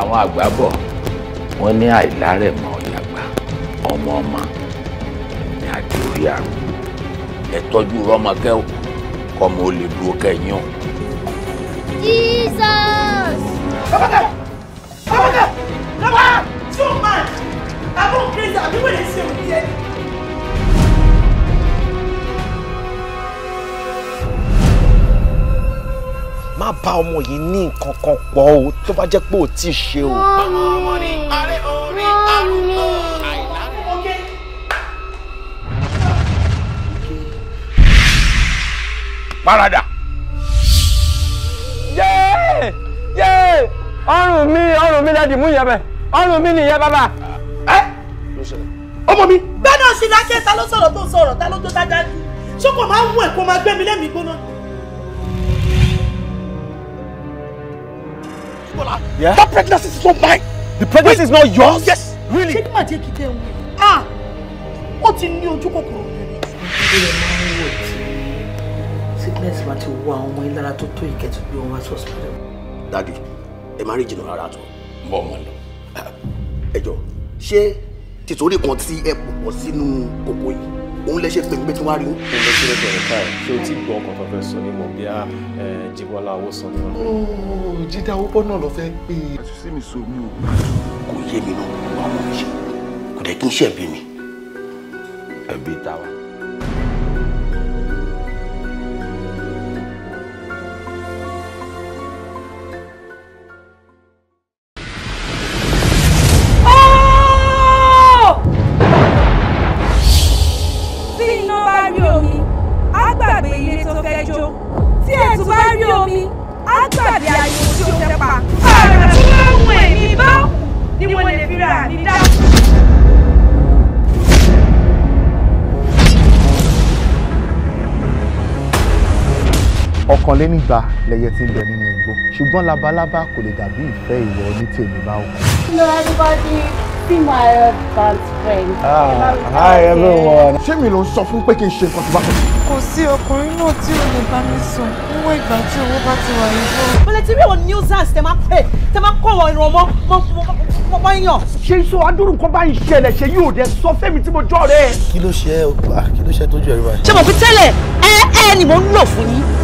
àwọn àgbà bọ̀ wọ́n ní àìlárẹ̀ mọ́ ìyàgbá ọmọ ọmọ ní àti orí àrùn ẹ tọ́jú rọ́mọ kẹ́ kọ́mọ ó lè dúró kẹ́yìn o. Jesus. Babaka! Babaka! Baba! Two man! I won't crazy. I mean, when o say we má bá ọmọ yìí ní nǹkan kan pọ̀ o tó bá jẹ́ pé ò tí ṣe o. parada. ọrùn mi ọrùn mi láti mú yẹn bẹ ọrùn mi nìyẹn bàbá. ọmọ mi. gbẹ́dọ̀ sí lákẹ́ ló sọ̀rọ̀ tó sọ̀rọ̀ ta ló tó dájú ṣé kò máa ń wù ẹ̀ máa gbẹ́mi lẹ́mìí gbóná Bola, yeah? that pregnancy is not mine. The pregnancy Wait. is not yours? Yes. Really? Ṣé kí màá jẹ́ kí Ah! what in you? ojú kòkòrò obìnrin. sickness máa ti wọ àwọn ọmọ yín lára tó tó ìkẹ́tù bí wọ́n wá hospital? Dadi, ẹ máa rí jìnnà rárá tó. Bọ́ ọmọ lọ. Ẹ jọ, ṣé tìtorí kan tí òun lẹ ṣe pé tí wọ́n á rí o. mo lọ sí lẹ́tọ̀ọ̀ nípa ṣé o ti gbọ́ ọkàn tó fẹ́ sọ ní mo bí a Jíbọ́lá owó sọ fún mi. ooo oh, jíde awọ́pọ̀ náà lọ fẹ́ pé. àtúnṣe mi sọ mi ò kò yé mi náà wàá mọ̀ mi kò dẹ̀ kí n ṣẹ̀bi mi. ẹ̀bi tàwa. lẹ́nìgbà lẹyẹ tí ń bẹ nínú igbó ṣùgbọ́n labalábá kò lè dàbí ìfẹ́ ìwọ ní tèmi báwo. hello everybody be my best friend. ah hi everyone. ṣé mi ló ń sọ fún pé kí n ṣe nǹkan tó bá fẹ́. kò sí ọkùnrin náà tí ò lè bá mi sùn níwọ̀ ìgbà tí owó bá ti wà yìí fún. mo lè ti rí àwọn new zealand tẹ máa pè tẹ máa kọ̀ wọ ìrànwọ́ mọ́ mọ́ yàn. ṣé iṣu adúrún kan bá ń ṣẹlẹ̀ ṣe yóò dé sọ fẹ́mi tí mo jọ́ rẹ̀. kí ló ṣe é ah, kí ló ṣe tójú ẹ̀rọ báyìí. ẹ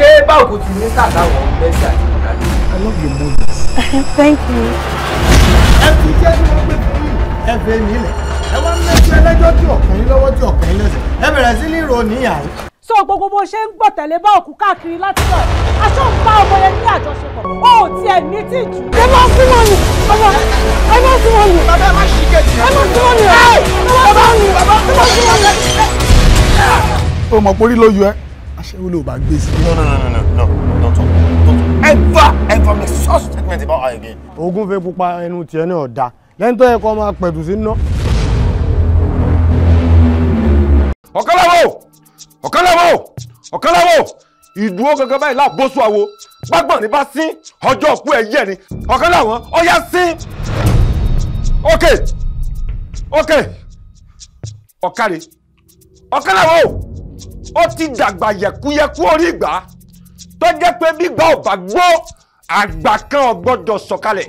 ṣé báwo kò ti ní kàdáwọ̀ mẹ́sì àti ìdájọ́. I love your mother. Thank you. ẹ fi jẹ́ kí wọ́n gbé fún mi ẹ fẹ́ mi lẹ̀ ẹ wá ń lẹ́jọ́ ẹlẹ́jọ́ tí ọkùnrin lọ́wọ́ tí ọkùnrin lẹ́sẹ̀ ẹ bẹ̀rẹ̀ sí ní ìròyìn ìyàwó. sọ gbogbo bó ṣe ń gbọ̀tẹ̀lé bá òkú káàkiri láti bọ̀ aṣọ ń bá ọmọ yẹn ní àjọṣepọ̀ ó tiẹ̀ ní tí jù. ẹ máa fún wọn nù ẹ máa fún wọn nù. bàbá máa ṣí kejì. ẹ máa fún wọn nù ẹ máa ẹ máa fún wọn nù. ó mọ̀ pórí lójú ẹ aṣẹ́wó ló bá gbé sí. no no no no no no don't talk don't ever ever make such statement about her again. ogun fẹ́ pupa ẹnu tiẹ̀ náà da lẹ́yìn tó yẹ kó máa pẹ̀tù sí ná. ọ̀kánláwọ̀ ọ̀kánláwọ̀ ọ̀kánláwọ̀ ìdúró gangan báyìí láàbọ̀sù àwo gbàgbọ́n ní bá sín ọjọ́ òkú ẹ̀ yẹ̀ ni ọ̀kánláwọ̀ ọ̀yá sín. ok ok ọ̀kàrẹ̀ ọ̀kánláwọ̀ ó ti dàgbà yẹ̀kúyẹ̀kú orí ìgbà tó jẹ́ pé bí gbà ò bá gbó àgbà kan ò gbọ́dọ̀ sọ̀kalẹ̀.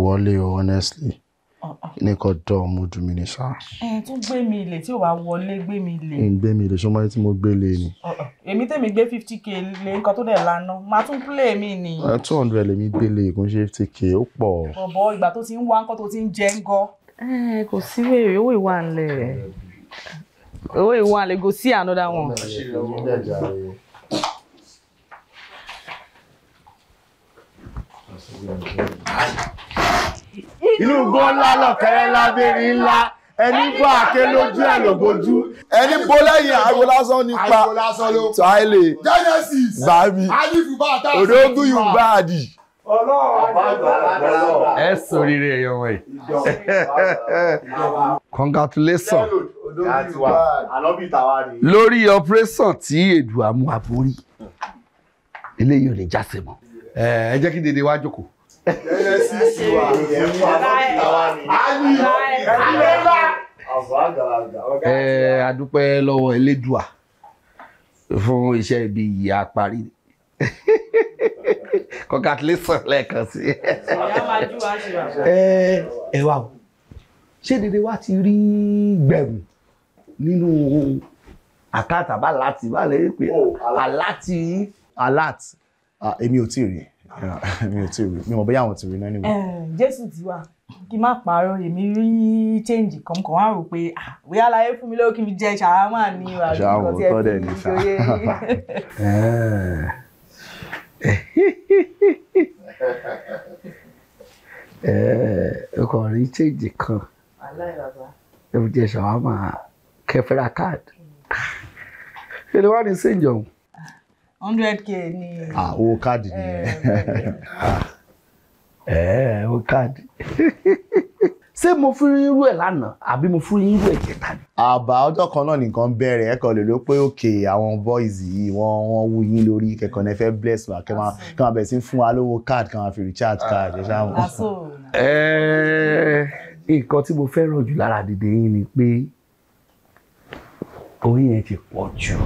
wọlé o honestly oh, oh. ní kò dọ̀ ọmọ ojú mi ni ṣá. ẹ tún gbé mi ilé tí ò wá wọlé gbé mi ilé. n gbé mi ilé ṣọmọ tí mo gbé lé ni. Oh, èmi tèmi gbé fifty k lé nǹkan tó dẹ̀ lánà máa tún play mi ni. two hundred lèmi gbé lé kò ń ṣe fifty k ó pọ̀. bọ̀bọ̀ ìgbà tó ti ń wá nǹkan tó ti ń jẹ ń gọ. kò sí wèrè owó ìwà ńlẹ̀ owó ìwà ńlẹ̀ go see another one. Thank you inú gbọ́nlá lọ̀kẹ́rẹ́ lábẹ́rin ńlá ẹni bọ́ àké lójú ẹ̀ ló bojú. ẹni bó lẹ́yìn aago lásán nípa tàìlè bàbí òdòdó yóò bá a dì. ẹ sòrire èèyàn wọ̀nyí. congratulations lórí operation tí èdùàmú aborí eléyìí ò ní jásẹ̀ mọ́. ẹ jẹ́ kí dèdè wá jókòó jẹ́nẹ́sìsì eh, wa yẹn fún àbáta wa ni. àmì àmì ńlá. àwọn àgbàlagbà. ẹ adúpẹ́ lọ́wọ́ elédùà fún iṣẹ́ ibi yìí a parí congratulations lẹ́ẹ̀kan sí ẹ. Eh, ẹ wá o ṣé dédé wá ti rí gbẹ̀rù nínú àkáàtà bá láti bá lè pè aláti oh, alert ah, èmi ò tí ì rí ẹ. mi ò tí ì rí mi mọ̀ bóyá àwọn ti rí náà nìwọ̀n. Eh, jésù ti wà kí n má parọ́ èmi rí change kọ̀ọ̀kan wá rò pé ah, bóyá láyé fún mi lówó kí mi jẹ ṣàwámà ní àdúgbò tí ẹ fi ìjòyè. ọkọ̀ rí change kan ẹ fi jẹ ṣàwámà kẹfẹ́ra card. kí ni wàá ní sèǹjọ̀ ọ̀hún. 100 k ni. ah owó káàdì nìyẹn ẹ ẹ owó káàdì ṣé mo fún yín irú ẹ̀ lánàá àbí mo fún yín irú ẹ̀ jẹta ni. àbá ọjọ́ kan náà nìkan bẹ̀rẹ̀ ẹ̀kọ́ lè ló pé òkè àwọn boys yìí wọ́n wọ́n wú yín lórí kẹ̀kọ́ náà fẹ́ bless wa kẹ́ máa kẹ́ máa bẹ̀rẹ̀ sí fún wa lówó card kẹ́ máa fi recharge card ẹ̀ ṣáà wọ́n. nǹkan tí mo fẹ́ràn jù lára dìde yín ni pé oyin yẹn ti pọ̀ jù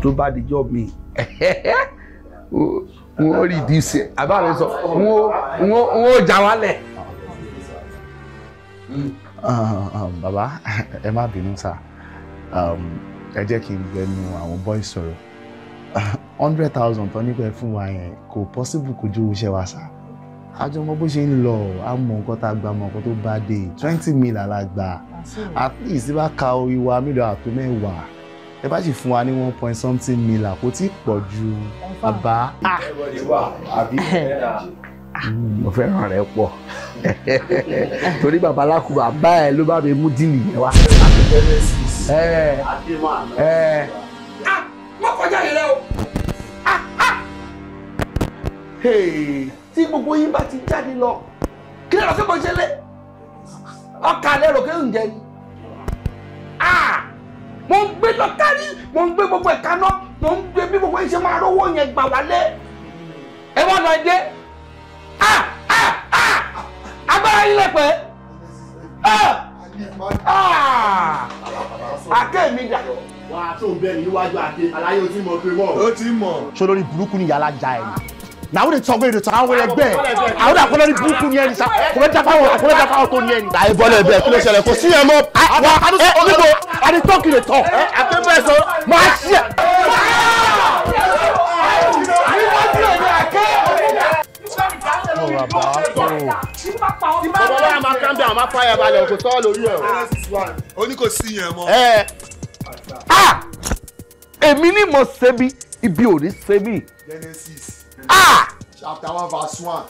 tó bá dijọ́ mi n ó rí ìdísẹ àbáàrẹ sọ n ó já wálẹ̀. Ah, um, bàbá ẹ má bínú sá um, ẹ jẹ́ kí n gbẹnu àwọn bọ́ì sọ̀rọ̀ hundred thousand tó nípa ẹ fún wa yẹn kò possible kò ju iṣẹ́ wa sá àjọ ọmọ bó ṣe ń lọ a mọ nǹkan tá a gba mọ nǹkan tó bá dé twenty mil àlàgbà at least bá ka orí wa mílíọ̀nù àtó mẹ́wàá ẹ bá sì fún wa ní one point something mil kò tí pọ̀ ju bàbá. Ah. Hmm, mo fẹ́ràn rẹ̀ pọ̀ torí bàbá alákùnrin bàbá ẹ ló bá mi mú díìlì yẹn wá. ẹ ẹ wọ́n ah, kọjá yìí rẹ o. tí gbogbo yín bá ti jáde lọ kí lè lọ sí mo ṣe lé ọkà lérò kí n jẹ ni mo ń gbé lọ kárí mo ń gbé gbogbo ẹ̀ kaná mo ń gbé bí gbogbo ìṣe máa rówó yẹn gbà wálé ẹ wá lọ dé agbára yín lẹ pẹ́ dà. wà á tó bẹ́ẹ̀ níwájú àti aláyé o ti mọ̀ pé mọ̀. o ti mọ̀. sọ lórí burúkú ni yàrá ja ẹ̀ na de tɔ ko eretɔ awo yɛ gbɛ awo de akɔlɔ ni buku ni ɛni sa akɔlɔ dafa akɔlɔ dafa awɔ to ni ɛni. a ye bɔlɔ ye bɛɛ kulo sɛlɛ ko siyɛn mɔ. a bɛ sɔn o bɛ bɔ. I dey talk you dey talk. I àpépẹ́ sọ. Màá ṣí ẹ. ọ̀rọ̀ àbá sọ̀rọ̀. bàbá báyà máa kán bí àwọn máa fàyà balẹ̀ kò tọ́ lórí ẹ̀ o. ó ní kò sí yẹn mọ́. ẹ a èmi ni mo ṣe bí ibi ò ní ṣe mí. Genesis a. chapter one verse one.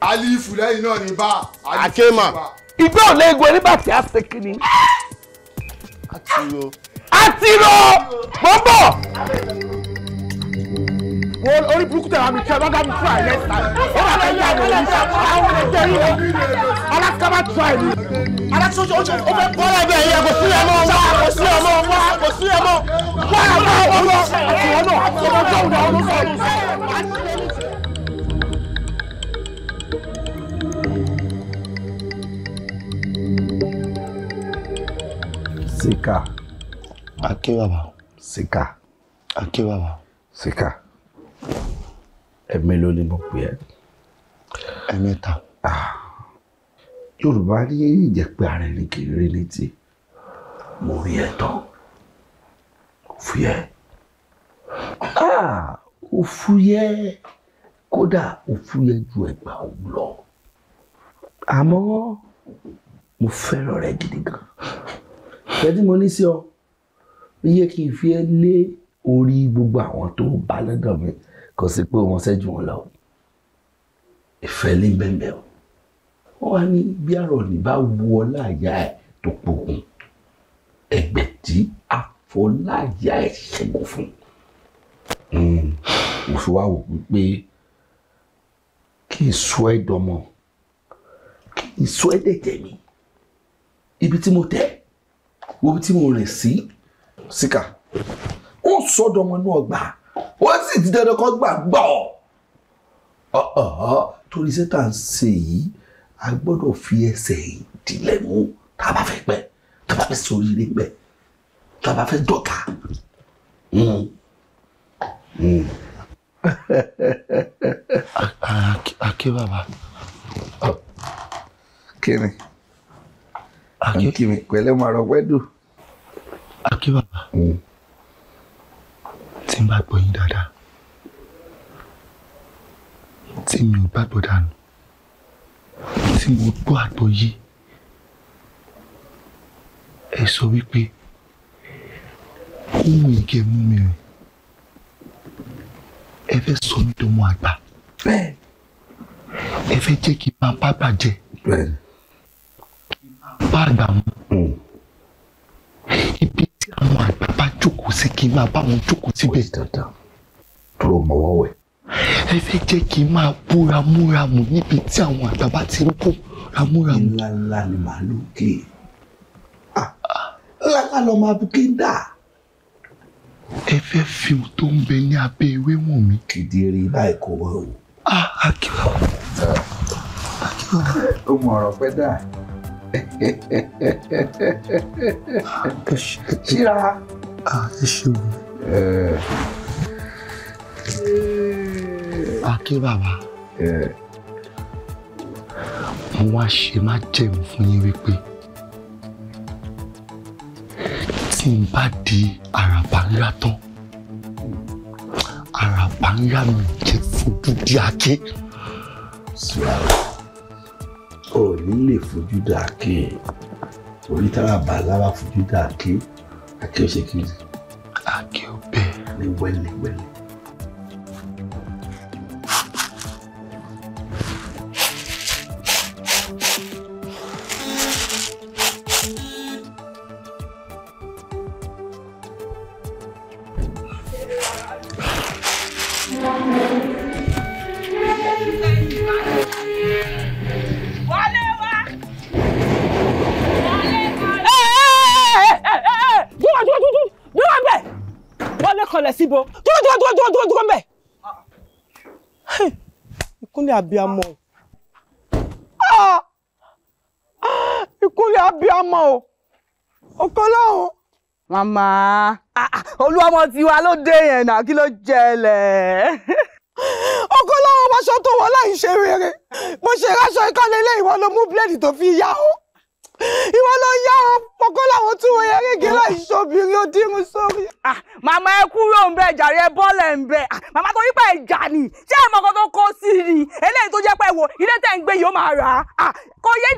alifu lẹ́yìn náà ní bá. akema ìgbé òlé egun nígbà tí a ṣe kíni. àtìrò. àtìrò mò ń bọ̀. wọ́n orí burúkú tẹ̀lé àmì tíra lọ́gàmì tíra ẹ̀ lẹ́sà ó rà bẹ́ẹ̀ yá àwọn oníṣẹ́ àwọn ọmọdé rí wọn aláṣẹ bá tíra ẹ̀ aláṣẹ ó ṣe ó fẹ́ bọ́ lábẹ́ ẹ̀yẹ kò sí ẹ̀mọ́ wá kò sí ẹ̀mọ́ wá kò sí ẹ̀mọ́ wá àwọn ọmọ àtìwọ́n náà àtìwọ́n náà ọ̀dọ́ ọ̀dọ́ Sika. Aké bàbá. Sika. Aké bàbá. Sika. Ẹ̀mélòó ni mo pè ẹ́? Ẹ̀mẹ́ta. Ah. Yorùbá ní ìjẹ̀pẹ̀ ara ẹni kì í rí létí. Mo rí ẹ tán. Ó fúyẹ́. Ó ah! fúyẹ́ kódà ó ju ẹgbà òun lọ. Àmọ́ mo fẹ́ràn rẹ gidi gan tẹ́tí mo ní sí ọ iye kì í fi ẹ́ lé orí gbogbo àwọn tó bá lọ́dọ̀ mi kò sí pé wọ́n ṣẹ́jú wọn lọ ìfẹ́ ní bẹ́ẹ̀ o wọ́n wá ní bí àrò ní bá wu ọ láàyà ẹ̀ tó pòkun ẹgbẹ́ tí àfọláyà ẹ̀ ṣẹ́gun fún òṣù hmm, wa wò pé kí n sọ ẹ́ dọmọ kí n sọ ẹ́ dẹ̀jẹ̀ mi ibi tí mo tẹ̀ wo bí tí mo rìn sí síkà ó sọdọ ọmọ inú ọgbà ó sì ti dandan kan gbàgbà ọ torí sẹta ń ṣe yìí a gbọ́dọ̀ fi ẹsẹ̀ ìdílé mú tá a bá fẹ́ pẹ́ tá a bá fẹ́ sórí ilé pẹ́ tá a bá fẹ́ dọ̀tá. Àké hmm. hmm. bàbá. Kí ni? Àké. Kí ni pẹ̀lẹ́ máa rọ pẹ́ dùn. Akí bàbá. Mm. Tí n bá gbọ́ yín dáadáa. Tí mi ò gbàgbọ́ dànù. Tí mo gbọ́ àgbọ̀ yìí. Ẹ sọ wípé ohun ìgẹ̀ mú mi rìn. Ẹ fẹ́ sọ mí dọmọ àgbà. Bẹ́ẹ̀ni. Ẹ fẹ́ jẹ́ kí n máa bá bàjẹ́. Bẹ́ẹ̀ni. Kí n máa bá àgbà mu. sí kí n máa bá wọn jókòó síbẹ̀. dandan dúró mọ́wọ́ wẹ̀. ẹ fẹ́ jẹ́ kí n máa bú ramúramù níbi tí àwọn àgbàbá ti ń bú ramúramù. ńlá ńlá ni màálù kì í ńlá lọ máa bí kí ẹ fẹ́ fi ohun tó ń bẹ ní abẹ́ ewé wọ̀n mi. kìdìrì láì kó wọ́n o. akíwọ́ akíwọ́. ó mọ ọ̀rọ̀ pẹ́ dà. ṣíra. Ah, ṣeun. akí bàbá mo wá ṣe má jẹ̀mú fún yín wípé tí n bá di àràbà ńlá tán àràbà ńlá mi jẹ́ fojú di aké. ò ní lè fojú di aké torí kí o ṣe kí ni. àkè ọbẹ̀. ní wẹ́lẹ̀wẹ́lẹ̀. abiyamọ ah! ah! ìkúnlẹ̀ abiyamọ o ọkọ lọ́hùn. màmá ah, olúwọmọ tiwa ló dé yẹn náà kí ló jẹlẹ̀. ọkọ lọ́hùn ọmọ aṣọ tó wọ láì ṣe rere mo ṣe ráṣọ ìkọ́lé ilé ìwọ ló mú bíléèdì tó fi yá o. iwọ lo yá ọkọ làwọn tún wọn yẹn kéèké láì ṣobìnrin ó dírun sórí. màmá ẹ kúrò ń bẹ jàre ẹ bọ́ọ̀lẹ̀ ń bẹ màmá tó yípa ni ṣé ẹ̀ mọ̀kọ́ tó kó sí ni eléyìí tó jẹ́ pé wo ilé tẹ̀ ń gbé yìí máa rà á kò ẹ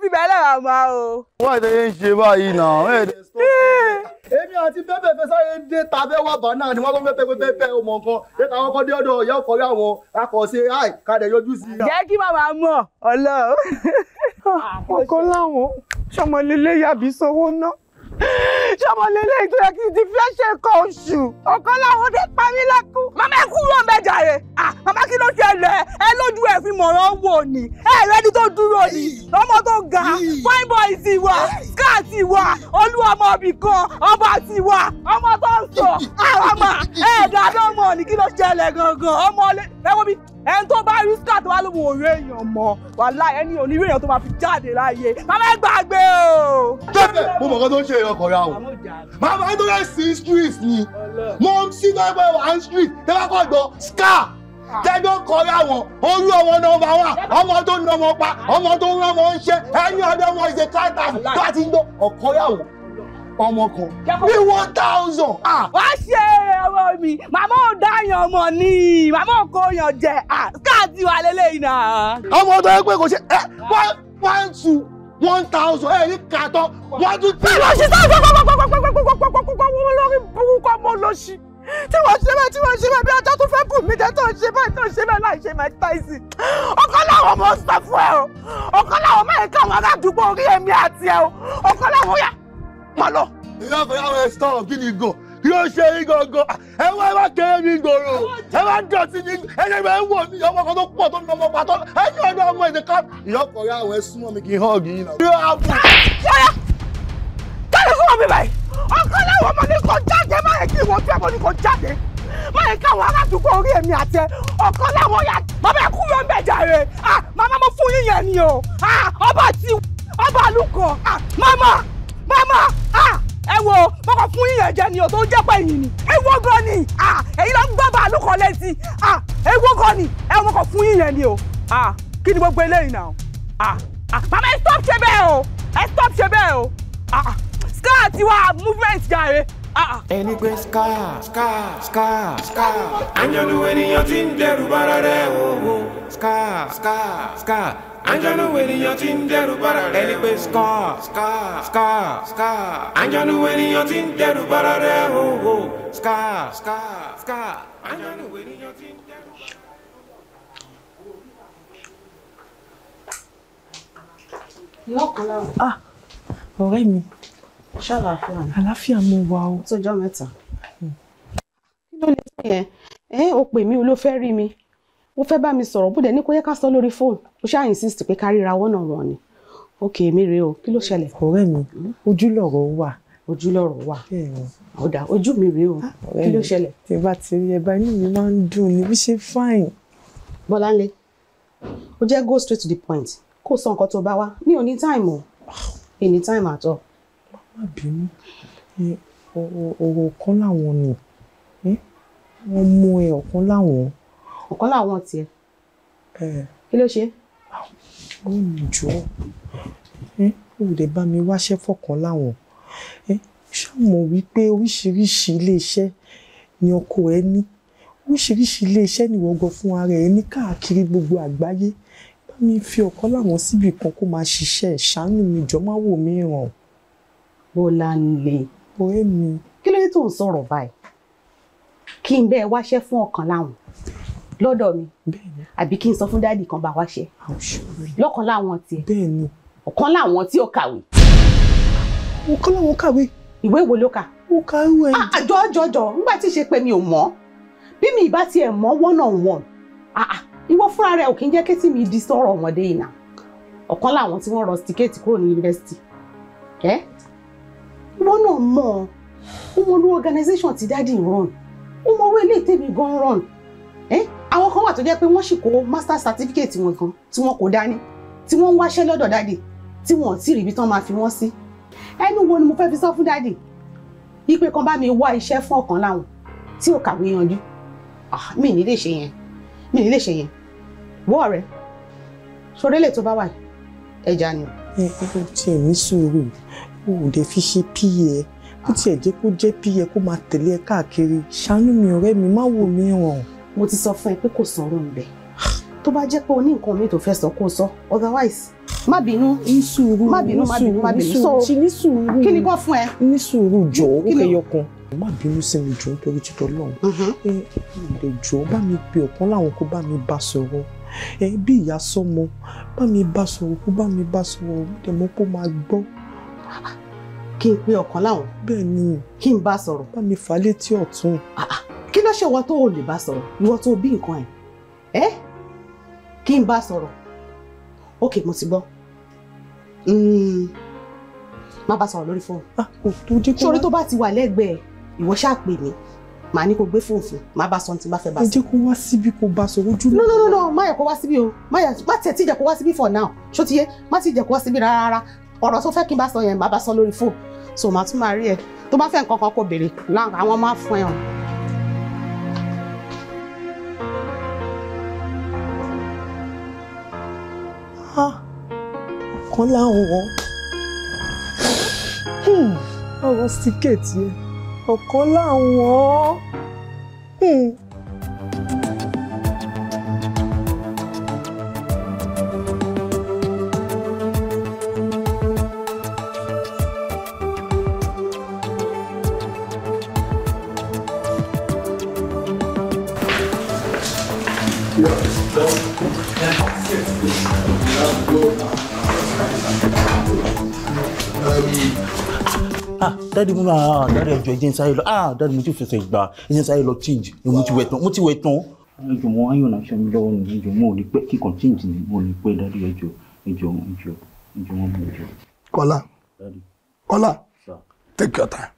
fi bẹ́ẹ̀ máa o. wọ́n ti ń ṣe báyìí náà. èmi àti bẹ́bẹ̀ fẹ́ sáré dé ta bẹ́ wà bá náà ni wọ́n kọ́ pẹ́pẹ́ pẹ́pẹ́ ọmọ nǹkan dé ta wọ́n kọ́ dé ọ̀dọ̀ ìyá ọkọ̀ rí àwọn akọ̀ọ̀ṣe àì kadẹ̀ yọjú sí i. jẹ́ kí màmá mọ̀ ọ̀lọ́. ọkọ láwọn sọmọlélé yàbí sówó ná sọmọlélé tó yẹ kí n ti fẹ́ oṣù ọkọ láwọn dé pa mí lẹ́kún. màmá ẹ kúrò ń bẹ jàre màmá kí ló ṣẹlẹ̀ ẹ lójú ẹ fi mọ̀ràn wò ni ẹ rẹ́ni tó dúró ni ọmọ tó ga fine boy sì wà àti ìwà olú ọmọ ibì kan ọmọ àti ìwà ọmọ tó ń sọ àràmà ẹ̀ẹ́dà lọ́mọ ní kí ló ṣẹlẹ̀ gangan ọmọ ẹwọ́n mi ẹni tó bá rí scar tó wá lóun ò rí èèyàn mọ́ wàhálà ẹni ò ní rí èèyàn tó máa fi jáde láàyè bàbá ẹ gbàgbé o. tẹ́tẹ̀ mo mọ̀ kan tó ń ṣe èèyàn kọ̀ọ̀ra o bàbá ẹ tó rẹ̀ sí street ni mo ń sí tó ń pẹ́ wà á street tẹ́lá kọ̀ gbọ́ scar tẹ́jọ́ kọrí àwọn olú ọmọ nọ́mbà wà ọmọ tó ń nọmọ pa ọmọ tó ń rọmọ ń ṣe ẹni ọdún ọmọ ìṣe káàtà láti gbọ́ ọ̀kọ́rí àwọn ọmọ kan ní one thousand. Ah. wá ṣe ọmọ mi màmá ò dáyàn ọmọ ni màmá ò kó yàn jẹ ah, káàdì wà lélẹ́yìn náà. ọmọ tó yẹ pé kò ṣe eh, one two one thousand ẹ̀ ní kàtọ́ one two three. bẹ́ẹ̀ ló ṣe sáà gbọ́gbọ́gbọ́gbọ́gbọ́gbọ́gbọ́gbọ́gbọ́gbọ́gbọ́gbọ́ lórí burúkú tí wọ́n ṣe bẹ́ẹ̀ tí wọ́n ṣe bẹ́ẹ̀ bí ọjọ́ tó fẹ́ bù mí jẹ́ tó ń ṣe bẹ́ẹ̀ tó ń ṣe bẹ́ẹ̀ láì ṣe Mike Tyson ọkọ làwọn ọmọ sọ fún ẹ o ọkọ làwọn máa ń káwọn aládùúgbò orí èmi àti ẹ o ọkọ làwọn yà má lọ. ìyá fẹ́ yàwó ẹ̀ sọ̀rọ̀ kí ni gan yóò ṣe yín gangan ẹ wá ẹ wá kéré mi gbòòrò ẹ wá dọ̀tí mi ẹni bẹ́ẹ̀ wò mí ọmọ kan tó pọ̀ tó ní ọmọ pàtó ẹ ní ọdún ọmọ ẹ̀dẹ̀ ká ìyọkọ̀ yà wọ ẹ súnmọ́ mi kì í hàn ọ̀gìn náà. yóò á bù. kálí fún mi báyìí ọkọ láwọn ọmọ ní kò jáde má yẹ kí ìwọ̀n fẹ́ mo ní kò jáde má yẹ káwọn aládùúgbò orí èmi àtẹ ọkọ láwọn ya bàbá ẹkú yọ ńbẹ jàre màmá mo fún yín yẹn ni o ọba ti ọba àlùkò màmá màmá ẹ wo mo kàn fún yín yẹn jẹ ni o tó ń jẹ́ pẹ́ yìí ni ẹ wo gan ni èyí ló ń gbọ́ bá àlùkò létí ẹ wo gan ni ẹ mo kàn fún yín yẹn ni o kí ni gbogbo eléyìí náà màmá ẹ stop ṣe bẹ́ẹ̀ o ẹ stop ṣe bẹ́ẹ̀ o scar ti movement jàre. Ah, ah. ẹni pé scar scar scar scar. àjọlù ènìyàn ti ń dẹrù bara rẹ̀ o. scar scar scar. Àjọ̀nú ènìyàn ti ń dẹrù bara rẹ̀. Ẹni pé scar scar scar scar. Àjọ̀nú ènìyàn ti ń dẹrù bara rẹ̀ o. scar scar scar. Àjọ̀nú ènìyàn ti ń dẹrù bara rẹ̀. Ah, ọ̀rẹ́ mi ṣàlàáfíà ni. àlàáfíà mo wà o. tọjọ́ mẹ́ta. kí ló lè tó yẹn ẹ ò pè mí o ló fẹ́ rí mi ó fẹ́ bá mi sọ̀rọ̀ bó dẹ̀ ní kó yẹ ká sọ lórí fóònù ó ṣáà insist pé ká ríra wọ́nà o kí ló ṣẹlẹ̀. ọ̀rẹ́ ojúlọ̀rọ̀ wà. ojúlọ̀rọ̀ ojú mi rèé o ah, kí ló ṣẹlẹ̀. tí bá ti rí ẹ̀bá inú mi máa ń dùn ní bí ṣe fine. bọ́láńlé ó jẹ́ go straight to the point kó sọ nǹkan tó bá wá ní òní time o any ah. time at all má bínú ọ̀rọ̀ kan láwọn nù wọ́n mú ẹ ọ̀kan láwọn. ọ̀kan láwọn tiẹ̀ kí ló ṣe. ó ní jọ ó lè bá mi wáṣẹ́ fọ̀kan láwọn ṣàmọ̀ wípé oríṣiríṣi iléeṣẹ́ ni ọkọ ẹ ní oríṣiríṣi iléeṣẹ́ nìwọ̀ngàn fún ara ẹ ní káàkiri gbogbo àgbáyé bá mi fi ọ̀kan láwọn síbi kan kó máa ṣiṣẹ́ ṣàánú mi jọ má wò mí ràn. Bọ́láńlé ọ̀rẹ́ mi kí ló dé tó ń sọ̀rọ̀ báyìí kí n bẹ́ẹ̀ wáṣẹ́ fún ọ̀kan láwọn lọ́dọ̀ mi àbí kí n sọ fún dáàdì kan bá wáṣẹ́ lọ́kan láwọn tiẹ̀ ọ̀kan láwọn tí ó kàwé. ọ̀kan láwọn kàwé. ìwé wo ló kà. ó ka ìwé ẹ̀jẹ̀. àjọ jọjọ nígbà tí ṣe pé mi ò mọ̀ bí mi ìbá tiẹ̀ mọ̀ one on one ah, ah, ìwọ fúnra rẹ ò kí ń jẹ́ kétí mi di sọ̀rọ̀ ọmọdé ìnà ọ̀kan láwọn tí wọ́n rọ stikẹ́ẹ̀tì kúrò ní yunifásitì ìwọ náà mọ̀ ọ́ ó mọ olú organization ti dáàdì run ó mọ owó ilé ìtẹ̀mí gan run àwọn kan wà tó jẹ́ pé wọ́n sì kó master certificate wọn kan tí wọ́n kò dání tí wọ́n ń wáṣẹ́ lọ́dọ̀ dáàdì tí wọ́n ti rí ibi tán máa fi wọ́n sí ẹnu wo ni mo fẹ́ fi sọ fún dáàdì ipe kan bá mi wá iṣẹ́ fún ọ̀kan láwọn tí ò kàwé yanjú ah, mi ní lè ṣe yẹn mi ní lè ṣe yẹn wọ́ ọ̀rẹ́ ṣoré lè tó bá wà ẹja ni. ẹ ẹ ṣe ní sùúrù o ò dẹ̀ fi ṣe pa ẹ̀ ó tiẹ̀ jẹ́ kó jẹ́ pa ẹ̀ kó máa tẹ̀lé ẹ káàkiri ṣàánú mi ọ̀rẹ́ mi má wò mí ràn. mo ti sọ fún ẹ pé kò sọ̀rọ̀ ń tó bá jẹ́ pé o ní nǹkan mi tó fẹ́ sọ kó sọ otherwise má bínú ní sùúrù má bínú má bínú má bínú so ní sùúrù kí ni kò fún ẹ. ní sùúrù jọ ó kẹyọ kan má bínú sí mi jù nítorí títọ́ lọ́hùn mm-hmm. ẹ lè jọ bá mi pe ọ̀kan láwọn kó bá mi bá sọ̀rọ̀ ẹ bí ìyá sọmọ bá mi bá sọ̀rọ̀ kó bá mi bá sọ̀rọ̀ ó dẹ̀ kó máa gbọ́ kí n pe ọ̀kan láwọn. bẹ́ẹ̀ ni kí n bá sọ̀rọ̀. bá mi fà á létí ọ̀tún. Ah, ah. kí ló ṣe wọ́n tó o lè bá sọ̀rọ̀ ìwọ tó bí nǹkan ẹ̀ ẹ́ kí n bá sọ̀rọ̀ ok mo ti gbọ́ hmm. má bá sọ̀rọ̀ lórí fóònù. Ah, sórí tó bá ti wà lẹ́gbẹ̀ẹ́ ìwọ ṣáà pè mí màá ní kó gbé fóònù fún má bá sọ ohun tí bá fẹ́ bá sọ. ẹ jẹ́ kó wá síbi kó bá sọ ojú. no no má yẹ kó wá síbi o má yẹ tí ìjà kó wá síbi for now ṣó ti yé má ti ìjà kó wá síbi rárá ọ̀rọ̀ tó fẹ́ kí n bá sọ yẹn màá bá sọ lórí fóònù so màá tún máa rí ẹ tó bá fẹ́ nǹkan kan kó béèrè láwọn àwọn máa fún ẹ hàn. kan láwọn wọ ọ̀rọ̀ síkẹ̀tì ẹ̀ ọ̀kan láwọn. ah dáàdi mo náà ah dáàdi ẹjọ ẹjẹ ń sáré lọ ah dáàdi mo ti fẹsẹ̀ gbà ẹjẹ ń sáré lọ change mo ti wẹ̀ tán mo ti wẹ̀ tán. ẹjọ mo wáyọ náà ṣe mi lọ́wọ́ nìyẹn ẹjọ mo ò ní pẹ́ kíkan change ni mo ò ní pẹ́ dáàdi ẹjọ ẹjọ ẹjọ ẹjọ wọn mú ẹjọ. Kọ́lá Kọ́lá take your time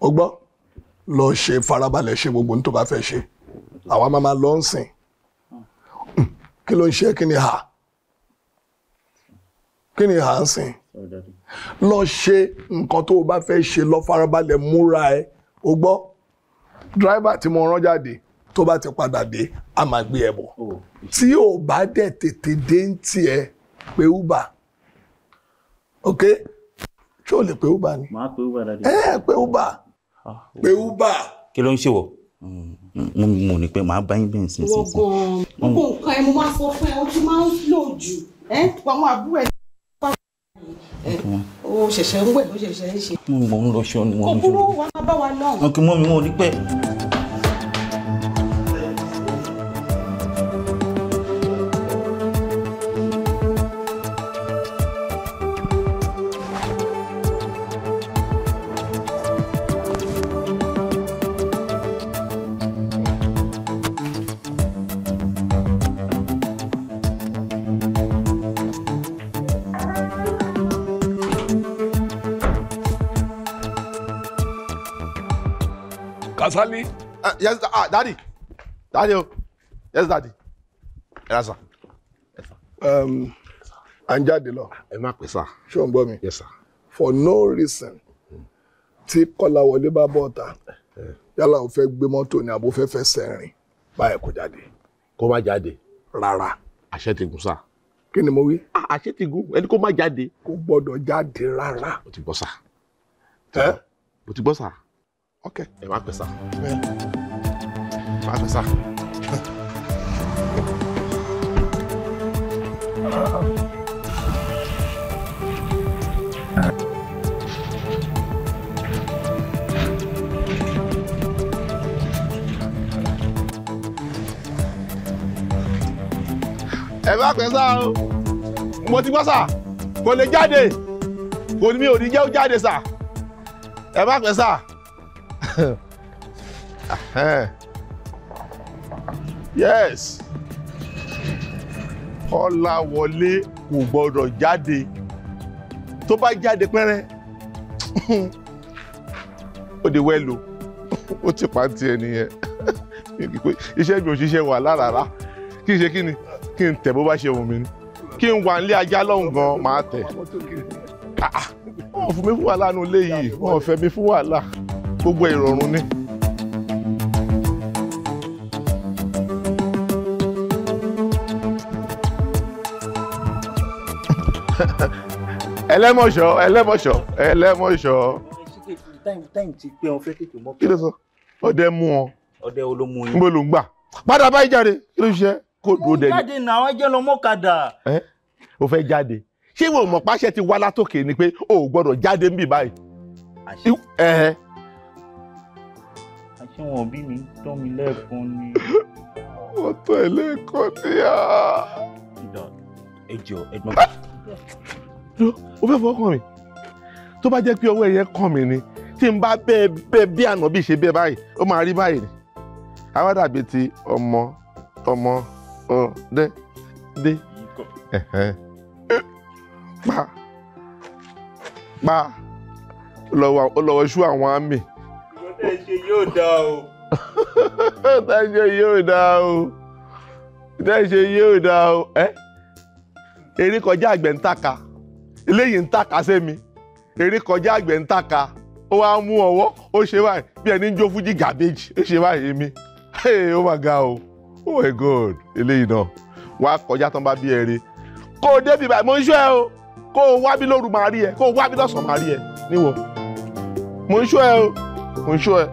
o gbọ́ lọ ṣe farabalẹ̀ ṣe gbogbo ní tó bá fẹ́ ṣe àwa máa máa lọ ń sìn ah. hmm. kí ló ń ṣe kí ni hà kí ni hà ń sìn lọ ṣe nǹkan tó o bá fẹ́ ṣe lọ farabalẹ̀ múra ẹ o gbọ́ dírẹ́fà tí mo rán jáde tó bá ti padà dé a máa gbé ẹ bọ̀ oh. tí o bá dẹ̀ tètè dé ń tiẹ̀ pé uber ok ṣé o lè pé uber ni. máa pé uber dáadé. ẹ ẹ pé uber ah, oh. pé uber. kí ló ń ṣe wọ mo mọ̀ ní pé màá bá yín bẹ́ẹ̀ sínsìn. wọ́n gan-an gbogbo nǹkan ẹ mo máa sọ fún ẹ ojú máa ń lò jù ẹ àwọn àbúrò ẹ ó ṣẹ̀ṣẹ̀ ń wẹ̀ ó ṣẹ̀ṣẹ̀ ń ṣe. mo ń lọ ṣọ́ ni mo ń ṣọ́. kò burú wàá bá wa náà. ọkùnrin mọ́ wọn ò ní pẹ́. Sali. Uh, ah, yes, ah, daddy. Daddy Yes, daddy. Yes, sir. sà. Um, à ń jáde lọ. Ẹ má sir. Show Ṣé o Yes, sir. For no reason tí Kọ́láwọlé bá bọ̀ ta yálà o fẹ́ gbé mọ́tò ni àbò fẹ́ fẹ́ sẹ́rin báyìí kò jáde. jade. má jáde. jade. Rara. ti gùn sà. Kí ni mo wí? Àṣẹ ti gùn ẹni kó má jáde. Kò gbọ́dọ̀ jade. Rara. O ti gbọ́ sà. Ẹ́ o ti gbọ́ sà ok ẹ má pẹ́ sá má ẹ bá pẹ́ sá o mo ti gbọ́ sá kò lè jáde kò ní mi ò ní jẹ́ jáde sá ẹ bá pẹ́ sá. yes Kọ́láwọlé kò gbọ́dọ̀ jáde tó bá jáde pẹ́rẹ́ ó di wẹ́lò ó ti pàǹtí ẹ nìyẹn iṣẹ́ mi ò ṣiṣẹ́ wà lárara kí n ṣe kí ni kí n tẹ̀ bó bá ṣe wù mí ni kí n wà nílé ajá lọ́hùn gan máa tẹ̀ wọ́n fún mi fún wàhálà nù léyìí wọ́n fẹ́ mi fún wàhálà gbogbo ìrọ̀rùn ni. ẹlẹ́mọ̀ṣọ́ ẹlẹ́mọ̀ṣọ́ ẹlẹ́mọ̀ṣọ́. kí ló sọ ọdẹ mú ọ ọdẹ olómú yín níbo ló ń gbà padà báyìí jáde kí ló ṣe kó dúró dẹni. jáde náà àwọn ẹjẹ lọ mọ́kadà. ẹ o fẹ́ jáde ṣé ìwọ mọ̀ ti wá látòkè ni pé o ò gbọ́dọ̀ jáde ń bì báyìí. àṣẹ ṣé wọn òbí mi tán mi lẹ́ẹ̀kan ni. wọ́n tán ẹ lẹ́ẹ̀kan ní à. Ah. ẹ jọ ẹ̀gbọ́n. o fẹ́ fọwọ́ kàn tó bá jẹ́ pé ọwọ́ ẹ̀yẹ kàn mí ni tí n bá bẹ́ẹ̀ bẹ́ẹ̀ bí ànábì ṣe bẹ́ẹ̀ báyìí ó máa rí báyìí ni àwa dàbí ti ọmọ ọmọ ọdẹ dé pa pa lọ́wọ́ ṣú àwọn àmì yóò dá o. tẹ́ṣe yóò dá o tẹ́ṣe yóò dá o ẹ́ erí kọjá àgbẹ̀ ń tàka eléyìí ń tàka sẹ́mi erí kọjá àgbẹ̀ ń tàka ó wá mú ọwọ́ ó ṣe báyìí bí ẹni ń jó fújì gàbéjì ó ṣe báyìí mi ó mà ga o oh my god eléyìí náà wá kọjá tán bá bí ẹ rí kó o débi báyìí mo ń ṣọ́ ẹ o kó wá bí lóru màá rí ẹ kó wá bí lọ́sàn-án màá rí ẹ níwọ̀ mo ń ṣọ́ ẹ o mo ń ṣọ́ ẹ.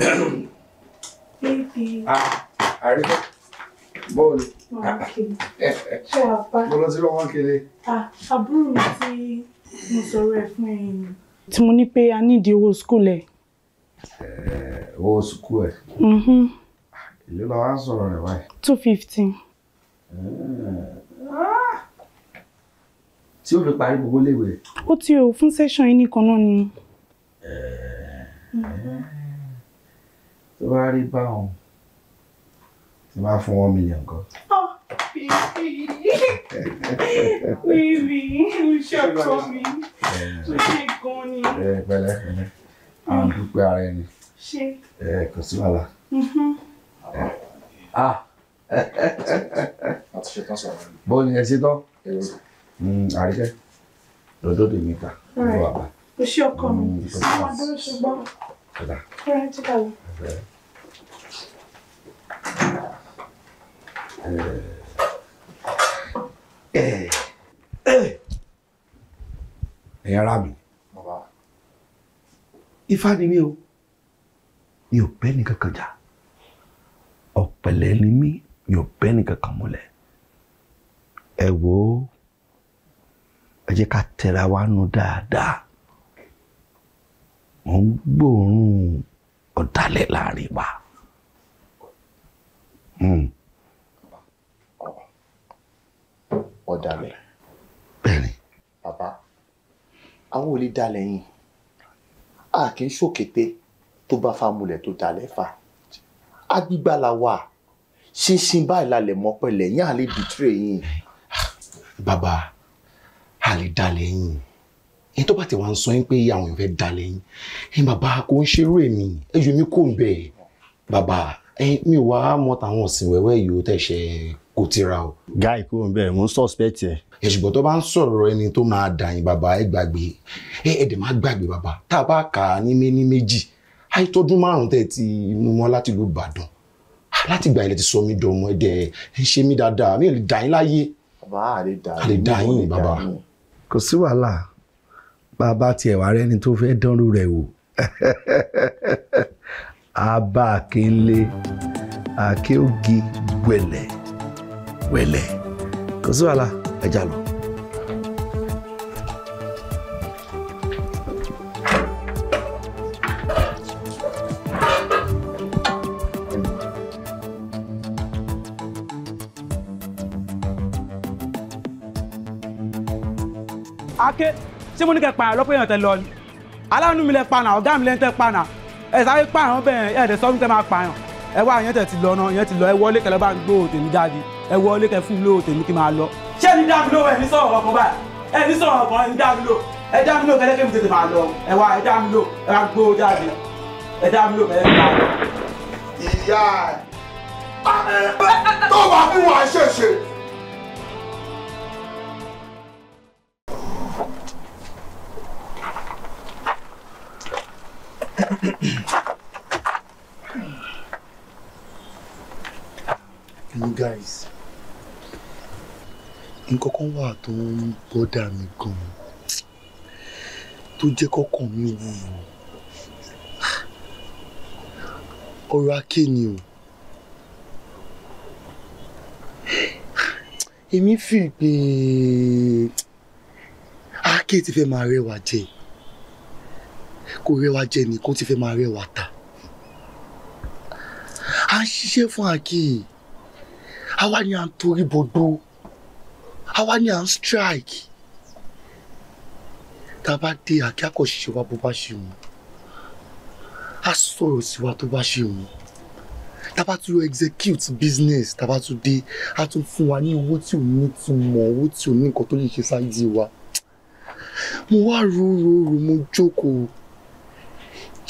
Baby. Ah, àríkọ́. Bọ́ọ̀lù. Ṣé apá? Mo lọ sí lọ́wọ́ kele. Ah, àbúrò mi tí mo sọ̀rọ̀ ẹ̀ fún ẹ̀yìn. Tí mo ní pé a nídìí owó skul ẹ̀. Eh, owó skul ẹ̀. Mhm. Èlé lọ wá ń sọ̀rọ̀ rẹ̀ báyìí. Two fifty. Ah! Tí ó fi parí gbogbo léwe. Ó ti o fún sẹ́ṣọ̀n yìí nìkan náà ni. Ẹ̀ẹ́. Eh, eh tó bá rí báwọn tí máa fún wọn mílíọ̀nù kan. bíbí ìṣọ̀kọ mi tó ṣe gan ni. pẹ̀lẹ́ pẹ̀lẹ́ a ń dúpẹ́ ara ẹni kò sí wàhálà. Mm-hmm. bó ni ẹ ṣe tán hmm, àríkẹ́ lọ́dọ̀ tèmi ta lọ́wọ́ àbá. kò sí ọkọ mi hmm, àwọn adúlọ ṣùgbọ́n. Right, you go. Okay ẹ̀yin ará mi ifá ni mí o mi ò bẹ́ nìkan kan jà ọ̀pẹ̀lẹ̀ ni mí mi ò bẹ́ nìkan kan múlẹ̀ ẹ wò ó ẹ jẹ́ ká tẹra wa nù dáadáa mò ń gbóòórùn ọ̀dàlẹ̀ láàrin wa ọ̀dàlẹ̀ hmm. bẹ́ẹ̀ni. bàbá àwọn ò lè dalẹ̀ yìí a kì í ṣòkété tó bá fa mulẹ̀ tó dalẹ̀ fa agbígbá la wà ṣinṣin báyìí lálẹ́ mọ́ pẹ̀lẹ́ yín àlè bìtírè yín. bàbá àlè dalẹ̀ yín ẹni tó bá ti wá ń sọ yín pé àwọn èèyàn fẹ́ dalẹ̀ yín ẹ bàbá kò ń ṣerú èmi ẹ̀yọ́ mi kò ń bẹ̀ bàbá mi wá mọ tàwọn ọ̀sìn wẹ́wẹ́ yìí ó tẹ̀sẹ̀ kò tira o. guy kúrò ń bẹ̀rẹ̀ mò ń suspect ẹ̀. ẹ ṣùgbọ́n tó bá ń sọ̀rọ̀ ẹni tó máa dà yín bàbá ẹ gbàgbé ẹ ẹ̀dẹ̀ má gbàgbé bàbá tá a bá kà á ní méní méjì àìtọ́dún márùn-ún tẹ̀ ti mú mọ́ láti ìlú Ìbàdàn láti ìgbà ilẹ̀ ti sọ mí dọ̀mọ́ ẹ̀dẹ̀ ẹ ṣe mí dáadáa mi ò lè dà yín láyé. bàbá àlè dà yín bàbá. kò sí wàhálà bàbá tiẹ̀ abá akínlé akéogi wẹ̀lẹ̀ wẹ̀lẹ̀ kò sí wàhálà ẹja lọ. ake ṣé mo ní kẹ́ pààyàn lọ́pọ̀ èèyàn tẹ lọ ni aláàánú mi lẹ pa náà ọ̀gá mi lẹ ń tẹ pa ẹ sáré pa àwọn bẹ́ẹ̀ ẹ̀ dẹ̀ sọ́mi tẹ́ máa pààyàn ẹ wá àyẹ̀tẹ̀ ti lọ náà ìyẹn ti lọ ẹ wọlé kẹlẹ́ bá ń gbó tèmi jáde ẹ wọlé kẹ fún mi lóò tèmi kí máa lọ. ṣé ní dáàbò lówó ẹ ní sọ̀rọ̀ ọkàn báyìí ẹ ní sọ̀rọ̀ ọkàn ní dáàbò lò ẹ dáàbò lò kẹlẹ́ kẹ́mi tètè máa lọ ẹ wá ẹ dáàbò lò ẹ wá gbó jáde ẹ dáàbò lò kẹlẹ́ kẹ́mi máa lọ. ìyá ẹ tó wàá fún wa ṣèṣe. nǹkan kan wà tó ń bọ́dà mi gan-an tó jẹ́ kọ́kàn mi wúwo ọ̀rọ̀ aké ni o èmi fi pé aké ti fẹ́ máa rẹwà jẹ kò rẹwà jẹ ni kò ti fẹ́ máa rẹwà ta à ń ṣiṣẹ́ fún aké àwa ni à ń torí bọ́dọ́ àwa ni à ń strike tá a bá dé àkí àkọ́ṣe wa bó bá ṣe wù á sọ̀rọ̀ sí wa tó bá ṣe wù tá a bá tún execute business tá a bá tún dé á tún fún wa ní owó tí ò ní ìtumọ̀ owó tí ò ní nǹkan tó lè ṣe sáyé wa mo wá ro mo jókòó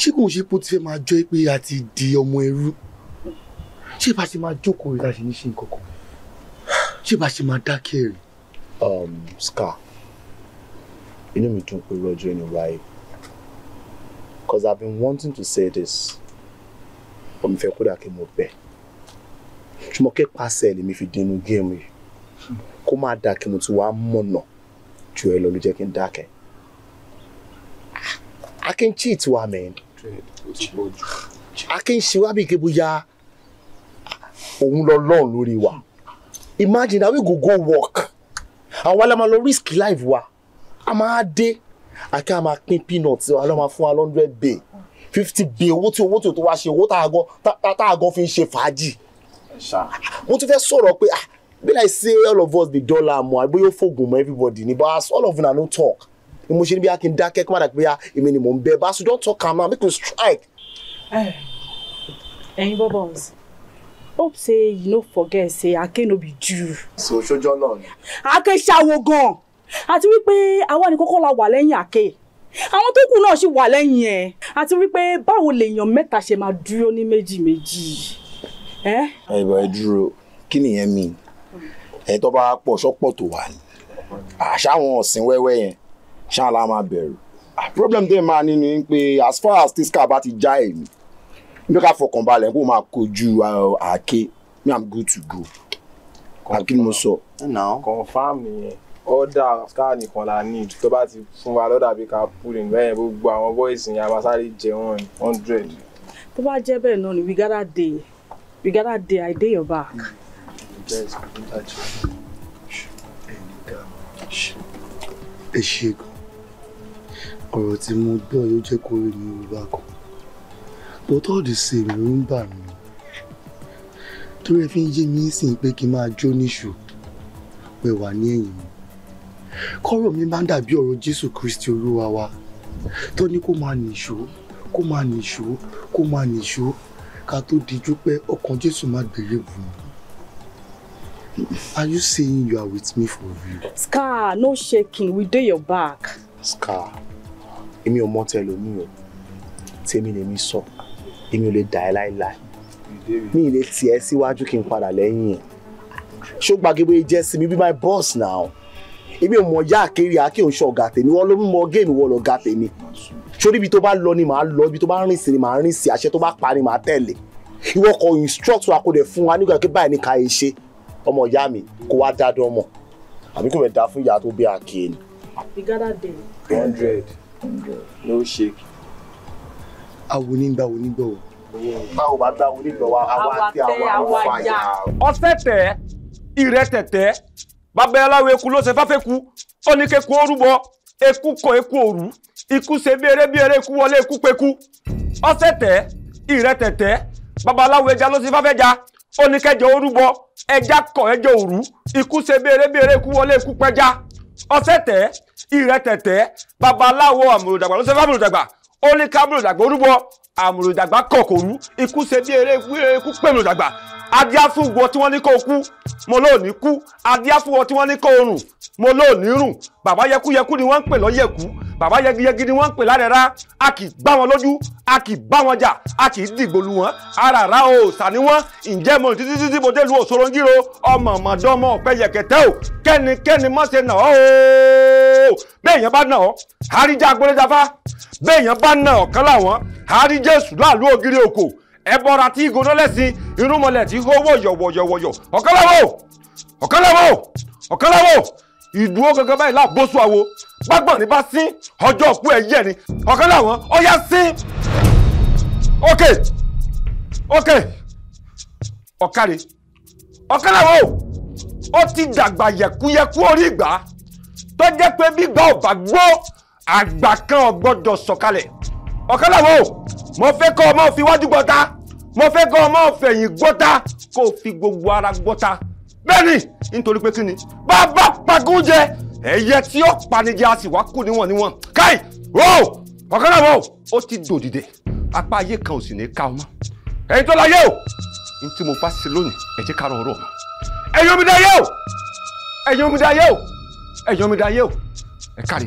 ṣé kò ṣe pé ó ti fẹ́ máa jọ pé a ti di ọmọ ẹrú ṣé bá ṣe máa jókòó ìdáṣe ní ṣe nǹkan kan ṣé bá ṣe máa dákẹ́ rèé um, scar inú mi dùn pé Roger ẹni wáyé because I've been wanting to say this but mi fẹ́ kódà kí mo You ṣùgbọ́n kí pàṣẹ lèmi fi dínú géèmù yìí kó má dà kí mo ti wá mọ̀nà ju ẹ lọ ló jẹ́ kí I can cheat wa man I can ṣe wá bí kébúyà òun lọ lọ́run lórí wa imagine that we go go walk àwa la máa lọ risk life wa a máa dé àkẹ́ a máa pín peanut wa lọ́ máa fún wa hundred bay fifty bay owó tí owó tí o tó wá ṣe owó tá a gan fi ń ṣe fàájì mo tún fẹ́ sọ̀rọ̀ pé ah be like say all of us be dollar mọ àbí yóò fògùn mọ everybody ni but as all of una no talk ni mo ṣe níbi akin dákẹ́ kí n má dàgbé ya ah, èmi ni mò ń bẹ but as you don talk am now make we strike. ẹyin bọ́bọ̀ ọ̀sìn hope say you no forget say ake no be jew. so sójọ́ náà ni. ake ṣàwo gan-an àti wípé àwa ni kókó la wà lẹ́yìn ake àwọn tó kù náà sì wà lẹ́yìn ẹ̀ àti wípé báwo lèèyàn mẹ́ta ṣe máa dúró ní méjì méjì. ẹ̀bà ẹ dúró kí nìyẹn mi ẹ̀ tó bá pọ̀ sọ́pọ̀ tó wà ní àṣà àwọn ọ̀sìn wẹ́wẹ́ yẹn ṣáà la máa bẹ̀rù ah, problem dé máa nínú pé as far as this car bá ti já èmi ní ká fọkàn balẹ̀ kó máa kojú uh, àáké me am good to go àkí ni mo sọ. confam yẹn ọ̀dà scar nìkan la need tó bá ti fún wa lọ́dà bí ká pull in bẹ́ẹ̀ gbogbo àwọn boys yẹn a máa sáré jẹ wọn ní hundred. tó bá jẹ́ bẹ́ẹ̀ náà ni we gather day we gather day i dey your back. Mm. ẹ ṣe gan ọ̀rọ̀ tí mo gbọ́ yóò jẹ́ kó rí mi wá kan but all the same ló ń bà mí torí ẹ fi ń yé mi sìn pé kí n máa jó níṣù pé wà ní ẹ̀yìn mi kọ́rọ̀ mi máa ń dàbí ọ̀rọ̀ Jésù Kristi olúwa wa tó ní kó máa nìṣó kó máa nìṣó kó máa nìṣó ká tó dijú pé ọkàn Jésù má gbèrè bù mí. Are you saying you are with me for real? Scar, no shaking. We dey your back. Scar, èmi ò mọ̀ tẹ́lómi o. Tèmi lèmi sọ. So èmi ò lè dà ẹ́ láéláé mi ì lè tì ẹ́ síwájú kí n padà lẹ́yìn ẹ̀ ṣó gbàgede jẹ́ sí mi bí my boss now èmi ò mọ̀ ya àkèrè àkè òun ṣe ọ̀gá tèmi wọ́n ló ń mọ géèmì wọ́n lọ́ọ́ ga tèmi sórí ibi tó bá lọ ni màá lọ ibi tó bá rìn sí ni màá rìn sí àṣẹ tó bá pa ni màá tẹ̀lé ìwọ kọ instruct wa kó dẹ̀ fún wa nígbà pé báyìí ni ká yẹ ṣe ọmọ ìyá mi kó wá dá dán mọ̀ àbí kò fẹ́ dá fún ìyá tó bí àkè ni. we gather there. hundred no shake àwọn onígbà onígbọ̀wọ́. báwo bá gbá onígbọ̀wọ́ àwa àti àwọn àwọn àyà. ọ̀sẹ̀ tẹ̀ ìrẹsẹ̀ tẹ̀ bàbá aláwo eku ló ṣe fáfẹ́ ku ó ní kéku ó rúbọ eku kọ eku òru ikú ṣe bí eré bí eré eku wọlé eku peku ọ̀sẹ̀ tẹ̀ ìrẹsẹ̀ tẹ̀ bàbá aláwo ẹja ló ṣe fáfẹ́ ja ó ní kẹjọ ó ẹja kọ ẹjọ òru ikú ṣe bí eré bí eré eku wọlé eku pẹja ọ̀sẹ̀ tẹ̀ ìrẹsẹ̀ tẹ̀ bàbá aláwo àmúlòdàgbà ló ṣe fámúlòdàgbà ó ní kámúròdàgbà orúbọ àmúròdàgbà kọkòrú ikú ṣe bí eré ikú pèmùròdàgbà adíáfúgbọ tí wọ́n ní kó kú mo lóò ní kú adíáfúgbọ tí wọ́n ní kó rùn mo lóò ní rùn bàbá yẹkúyẹkú ni wọ́n ń pè lọ́yẹ̀kú bàbá yẹgiyẹgi ni wọ́n ń pè lárẹ̀rá a kì í gbá wọn lójú a kì í bá wọn jà a kì í dìgbòlu wọn arara o sàní wọn ǹjẹ́ mo títí títí mo dé lu òṣòrongiro ọmọ ọmọdọ́mọ ọ̀pẹ yẹ̀kẹ̀tẹ́ o kẹ́nikẹ́ni má ṣe nà ọ́ o béèyàn bá nà ọ́ àríjà agbólédàfá béèyàn bá nà ọ́ kán láwọn àríjẹ́sù láàlú ògiri òkò ẹbọra tí ìgòdó lẹ́sìn irúnmọlẹ̀ tí hówó yọ̀wọ̀yọ̀wọ̀yọ̀ ọ̀kánláwọ̀ ọ̀kánláwọ̀ ọ̀kánláwọ̀ ìdúró gangan báyìí láàbóṣù àwo gbágbọ̀n ní bá sín ọjọ́ òkú ẹ̀ ni ọ̀kan láwọn ọ̀yá sín. ok ok ọ̀kàrẹ̀ ọ̀kan láwọn o ó ti dàgbà yẹ̀kúyẹ̀kú orí ìgbà tó jẹ́ pé gbígbà ọ̀bà gbó àgbà kan ò sọ̀kalẹ̀ ọ̀kan láwọn o mo fẹ́ kọ́ ọmọ fi wájú gbọ́ta mo fẹ́ kọ́ ọmọ fẹ̀yìn gbọ́ta kó o fi gbogbo ara gbọ́ta bẹ́ẹ̀ni nítorí pé kí ni bàbá pagún jẹ ẹyẹ tí ó panijẹ a sì wá kú níwọ̀n níwọ̀n káì o ọ̀kan náà wọ̀ ó ti dòdìdẹ̀ apá ayé kan ò sì ní ká ọ mọ́ ẹ̀yin tó láyé o ní tí mo bá ṣe lónìí ẹ jẹ́ ká rọ ọ̀rọ̀ mọ́ ẹ̀yin omi dáyé o ẹ̀yin omi dáyé o ẹ̀yin omi dáyé o ẹ kárí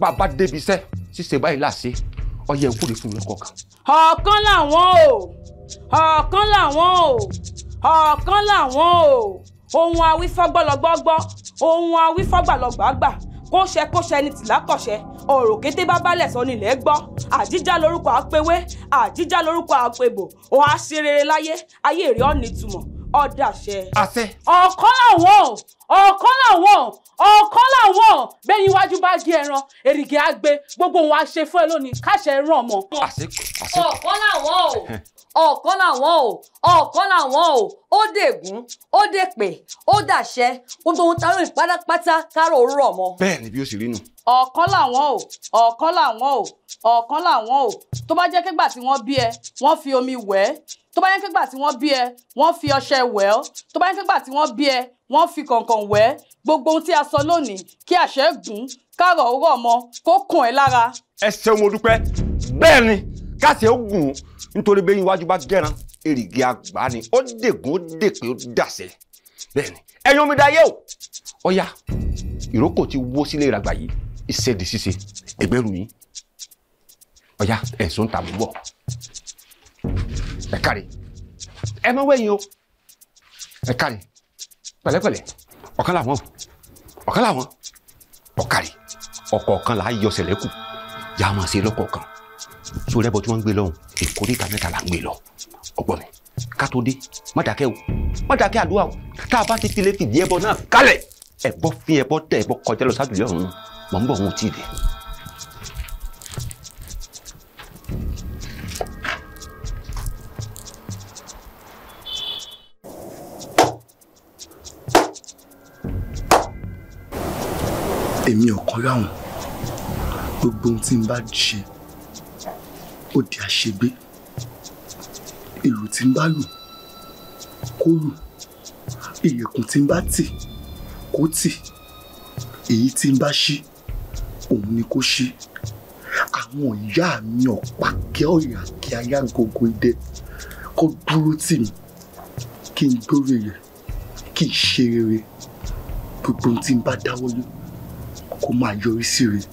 bàbá débi iṣẹ́ ṣíṣe báyìí láṣẹ ọyẹ ìwúre fún mi kọ̀ọ̀kan. ọ̀kan làwọn o ọ̀kan làwọn o ọ̀kan làwọn o ohun awífọ́gbọ́lọgbọ́gbọ́ ohun awífọ́gbàlọgbàgbà kóṣẹ kóṣẹ ni tìlákọ̀ṣẹ ọ̀rọ̀ kété bá balẹ̀ sọ nílẹ̀ gbọ́ àjíjà lórúkọ àpèwé àjíjà lórúkọ àpèbò òun á ṣe rere láyé ayé èrè ọ̀nì ìtumọ̀ ọ̀dàṣẹ. àṣẹ. ọ̀kan làwọn ọ̀kan làwọn ọ̀kan làwọn bẹ́ẹ̀ iwájú bá gé ẹran èrìgì á gbé gbogbo òun á ṣe fún ẹ lónìí káṣẹ ràn mọ́. àṣẹ àṣẹ. ọ̀kan làwọn o. ọ̀kan làwọn o ọ̀kan làwọn o ó dègún ó dèpè ó dàṣẹ gbogbo ohun taró ìpátápátá kárò rọ̀ mọ́. bẹ́ẹ̀ ni bí ó sì rí nù. ọ̀kan làwọn o ọ̀kan làwọn o ọ̀kan làwọn o tó bá jẹ́ kégbà tí wọ́n bí ẹ wọ́n fi omi wẹ̀ ẹ́ tó bá yẹ kégbà tí wọ́n bí ẹ wọ́n fi ọṣẹ wẹ̀ ọ́ tó bá yẹ kégbà tí wọ́n bí ẹ wọ́n fi kànkàn wẹ̀ ẹ́ gbogbo ohun tí a sọ lónìí kí àṣẹ gùn kárọ̀ rọ̀ mọ́ kó kùn ẹ́ lára. ẹ ṣeun mo dúpẹ́ bẹ́ẹ̀ ni káṣe ó gùn nítorí bẹ́ẹ̀ iwájú bá gẹ́ran èrìgì àgbà ni ó dègún ó dèpé ó dàṣẹ bẹ́ẹ̀ ni ẹ̀yin omi dayé o ọ̀ya ìrókò ti wó sílé ìràgbà yìí ìṣèdì ṣíṣe ẹgbẹ́rù yín ọ̀ya ẹ̀sùn tàbí bọ̀ ẹ káre ẹ má wẹ̀yìn o ẹ káre pẹ̀lẹ́pẹ̀lẹ́ ọ̀kan làwọn ọ̀kan làwọn ọ̀kàrẹ̀ ọ̀kọ̀ọ̀kan là á yọ sẹ̀lẹ́kù yà á máa ṣe lọ́kọ̀ọ̀kan sórí ẹbọ tí wọ́n ń gbé lọ́hùn ìkórìtà mẹ́ta là ń gbé lọ ọgbọ́n mi ká tó dé má dákẹ́ o má dákẹ́ àdúrà o tá a bá ti tilẹ̀ fìdí ẹbọ náà kálẹ̀ ẹbọ fi ẹbọ tẹ ẹbọ kọjá lọ sádùúgbò ọ̀hún mọ̀ ń bọ̀ wọn ò tí dé. èmi ò kọ́ láwọn gbogbo ohun tí n bá ṣe ó di àṣegbé ìlù tí ń bá lù kó lù ìyẹ̀kùn tí ń bá tì kó tì èyí tí ń bá ṣí òun ni kó ṣí àwọn ìyá mi ọ̀pákẹ́ ọ̀yà kí ayáǹgogo idẹ kó dúró tì mí kí n gbóre rẹ̀ kí n ṣe rere gbogbo tí n bá dáwọ́lé kó máa yọrí sí rere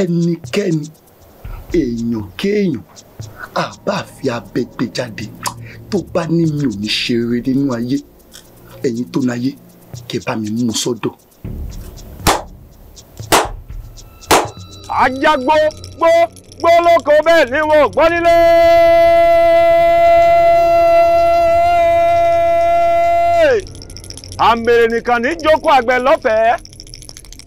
ẹnikẹ́ni èèyàn kéèyàn àbá fi abẹ gbé jáde tó bá ní mi ò ní ṣe rere nínú ayé ẹ̀yin tó náyé kẹ bá mi mú sọ́dọ̀. ajagbo gbó gbó lóko bẹ́ẹ̀ ni wọn ò gbọ́ nílé. àmèrè nìkan ní jókòó àgbẹ̀ lọ́fẹ̀ẹ́.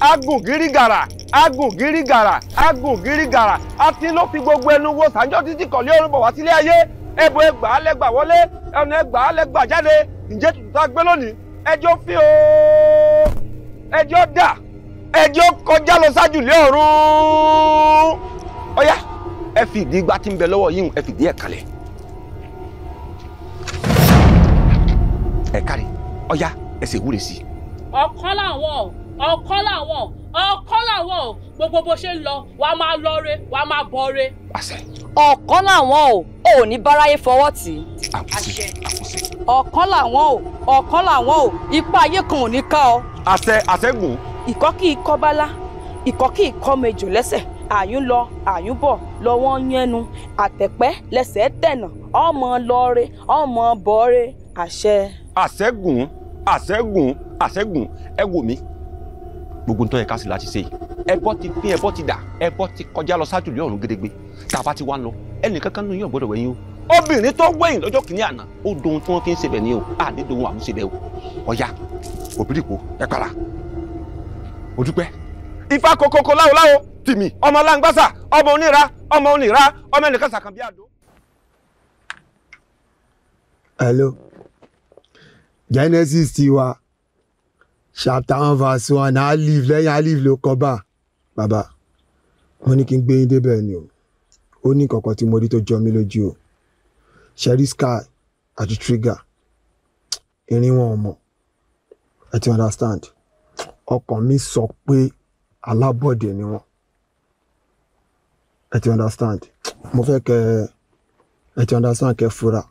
agùn gírígàrà agùn gírígàrà agùn gírígàrà àti ló fi gbogbo ẹnu wo sàjọ títí kọ̀lé orúbọ̀ wá sílé ayé ẹ̀bùn ẹgbàá lẹ́gbàá wọlé ẹnu ẹgbàá lẹ́gbàá jáde ǹjẹ́ tuntun tá a gbé lónìí fi ooo ẹjọ́ dà kọjá lọ lé ẹ fi ìdí igbá tí ń bẹ ẹ fi ìdí ẹ kalẹ. ẹ kárí wúre sí ọ̀kan làwọn ọ̀kọ́ làwọn ọ̀kọ́ làwọn o gbogbo bó ṣe ń lọ wàá máa lọ́re wàá máa bọ́re. ọ̀kọ́ làwọn o ò ní báráyé fọwọ́ tì í. àṣẹ ọ̀kọ́ làwọn o ọ̀kọ́ làwọn o ipa ayé kan ò ní ká ọ. àṣẹ àṣẹgùn. ìkọ́ kí ikọ́ bá lá ìkọ́ kí ikọ́ mejò lẹ́sẹ̀ àyún lọ àyún bọ̀ lọ́wọ́ yẹnu àtẹ̀pẹ́ lẹ́sẹ̀ tẹ̀nà ọmọ lọ́re ọmọ bọ́re àṣẹ. àṣẹgùn àṣẹgùn àṣẹgùn ẹ wò mí gbogbo ntọ́ yẹn ká sì láti ṣe ẹbọ ti fín ẹbọ ti dà ẹbọ ti kọjá lọ ṣáájú ilé ọ̀run gédégbé tàbá ti wá ń lọ ẹnìkankan nínú yín ọ̀gbọ́dọ̀ wẹ̀yìn o obìnrin tó wẹ̀yìn lọ́jọ́ kìíní àná ó dohun tí wọ́n fi ń ṣe bẹ̀ ni o à ní dohun àmúṣe bẹ́ẹ̀ o ọ̀ya òbíríkò ẹ para ó dúpẹ́ ifá kokoko láwoláwo tìmì ọmọ langbasa ọmọ onira ọmọ onira ọmọ ẹnìkan sàkàn bí àdó. hello genesis tiwa chapter one verse one alif lẹ́yìn alif ló kọ bá bàbá wọn ní kí n gbé yín débẹ̀ ni o ó ní kankan tí mo rí tó jọ mí lójú o sherry sky àti trigger irin wọn ò mọ̀ ẹ ti understand ọkàn mi sọ pé alábọ̀dé ni wọ́n ẹ ti understand mo fẹ́ kẹ́ ẹ ti understand kẹ́ fura.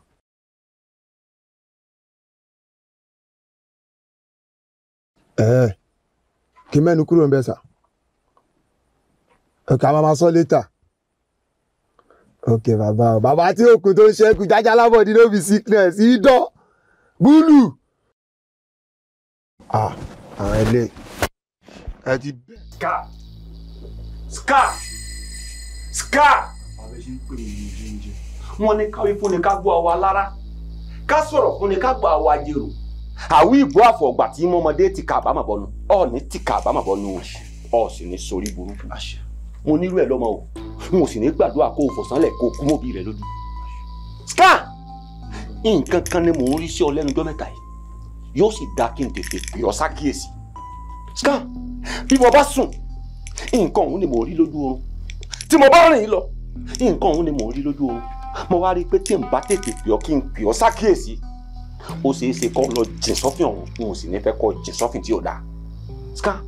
ẹ̀ẹ́ eh, kí mẹ́nu kúrò ń bẹ̀ sà ọkà máa ma sọ létà ok bàbá o bàbá tí òkun tó ń ṣẹ́kù jájá lábọ̀dí ló fi sickness idọ́ búlù. ah àwọn ilé ẹ ti bẹ́ẹ̀. ska ska ska wọ́n ní ká fún ni ká gbọ́ àwa lára ká sọ̀rọ̀ fún ni ká gbọ́ àwa jèrò àwí ìbò àfọ̀gbà tí mọ́mọdé ti kà àbámọ̀ bọ́nu ọ̀ọ́ni ti kà àbámọ̀ bọ́nu o ọ̀ sì ní sorí burúkú mo nírú ẹ̀ lọ́mọ o mo sì ní gbàdúrà kó o fọ̀sánlẹ̀ kó o kú mọ́bí rẹ lójú. scar nǹkan kan ni mò ń rí sí ọ lẹ́nu dọ́mẹ́ta yìí yóò sì dá kí n tètè pè ọ sákìyèsí scar bí mo bá sùn nǹkan òun ni mò ń rí lójú oorun tí mo bá rìn lọ nǹkan òun ni mò ń rí lójú oorun mo wá rí pé tí n bá tètè pè ọ kí n pè ọ sákìyèsí ó ṣeé ṣe kọ́ lọ jìn sọ́fìn ọ̀hún n ò sì ní fẹ́ kọ́ jìn sọ́fìn tí ò dáa scan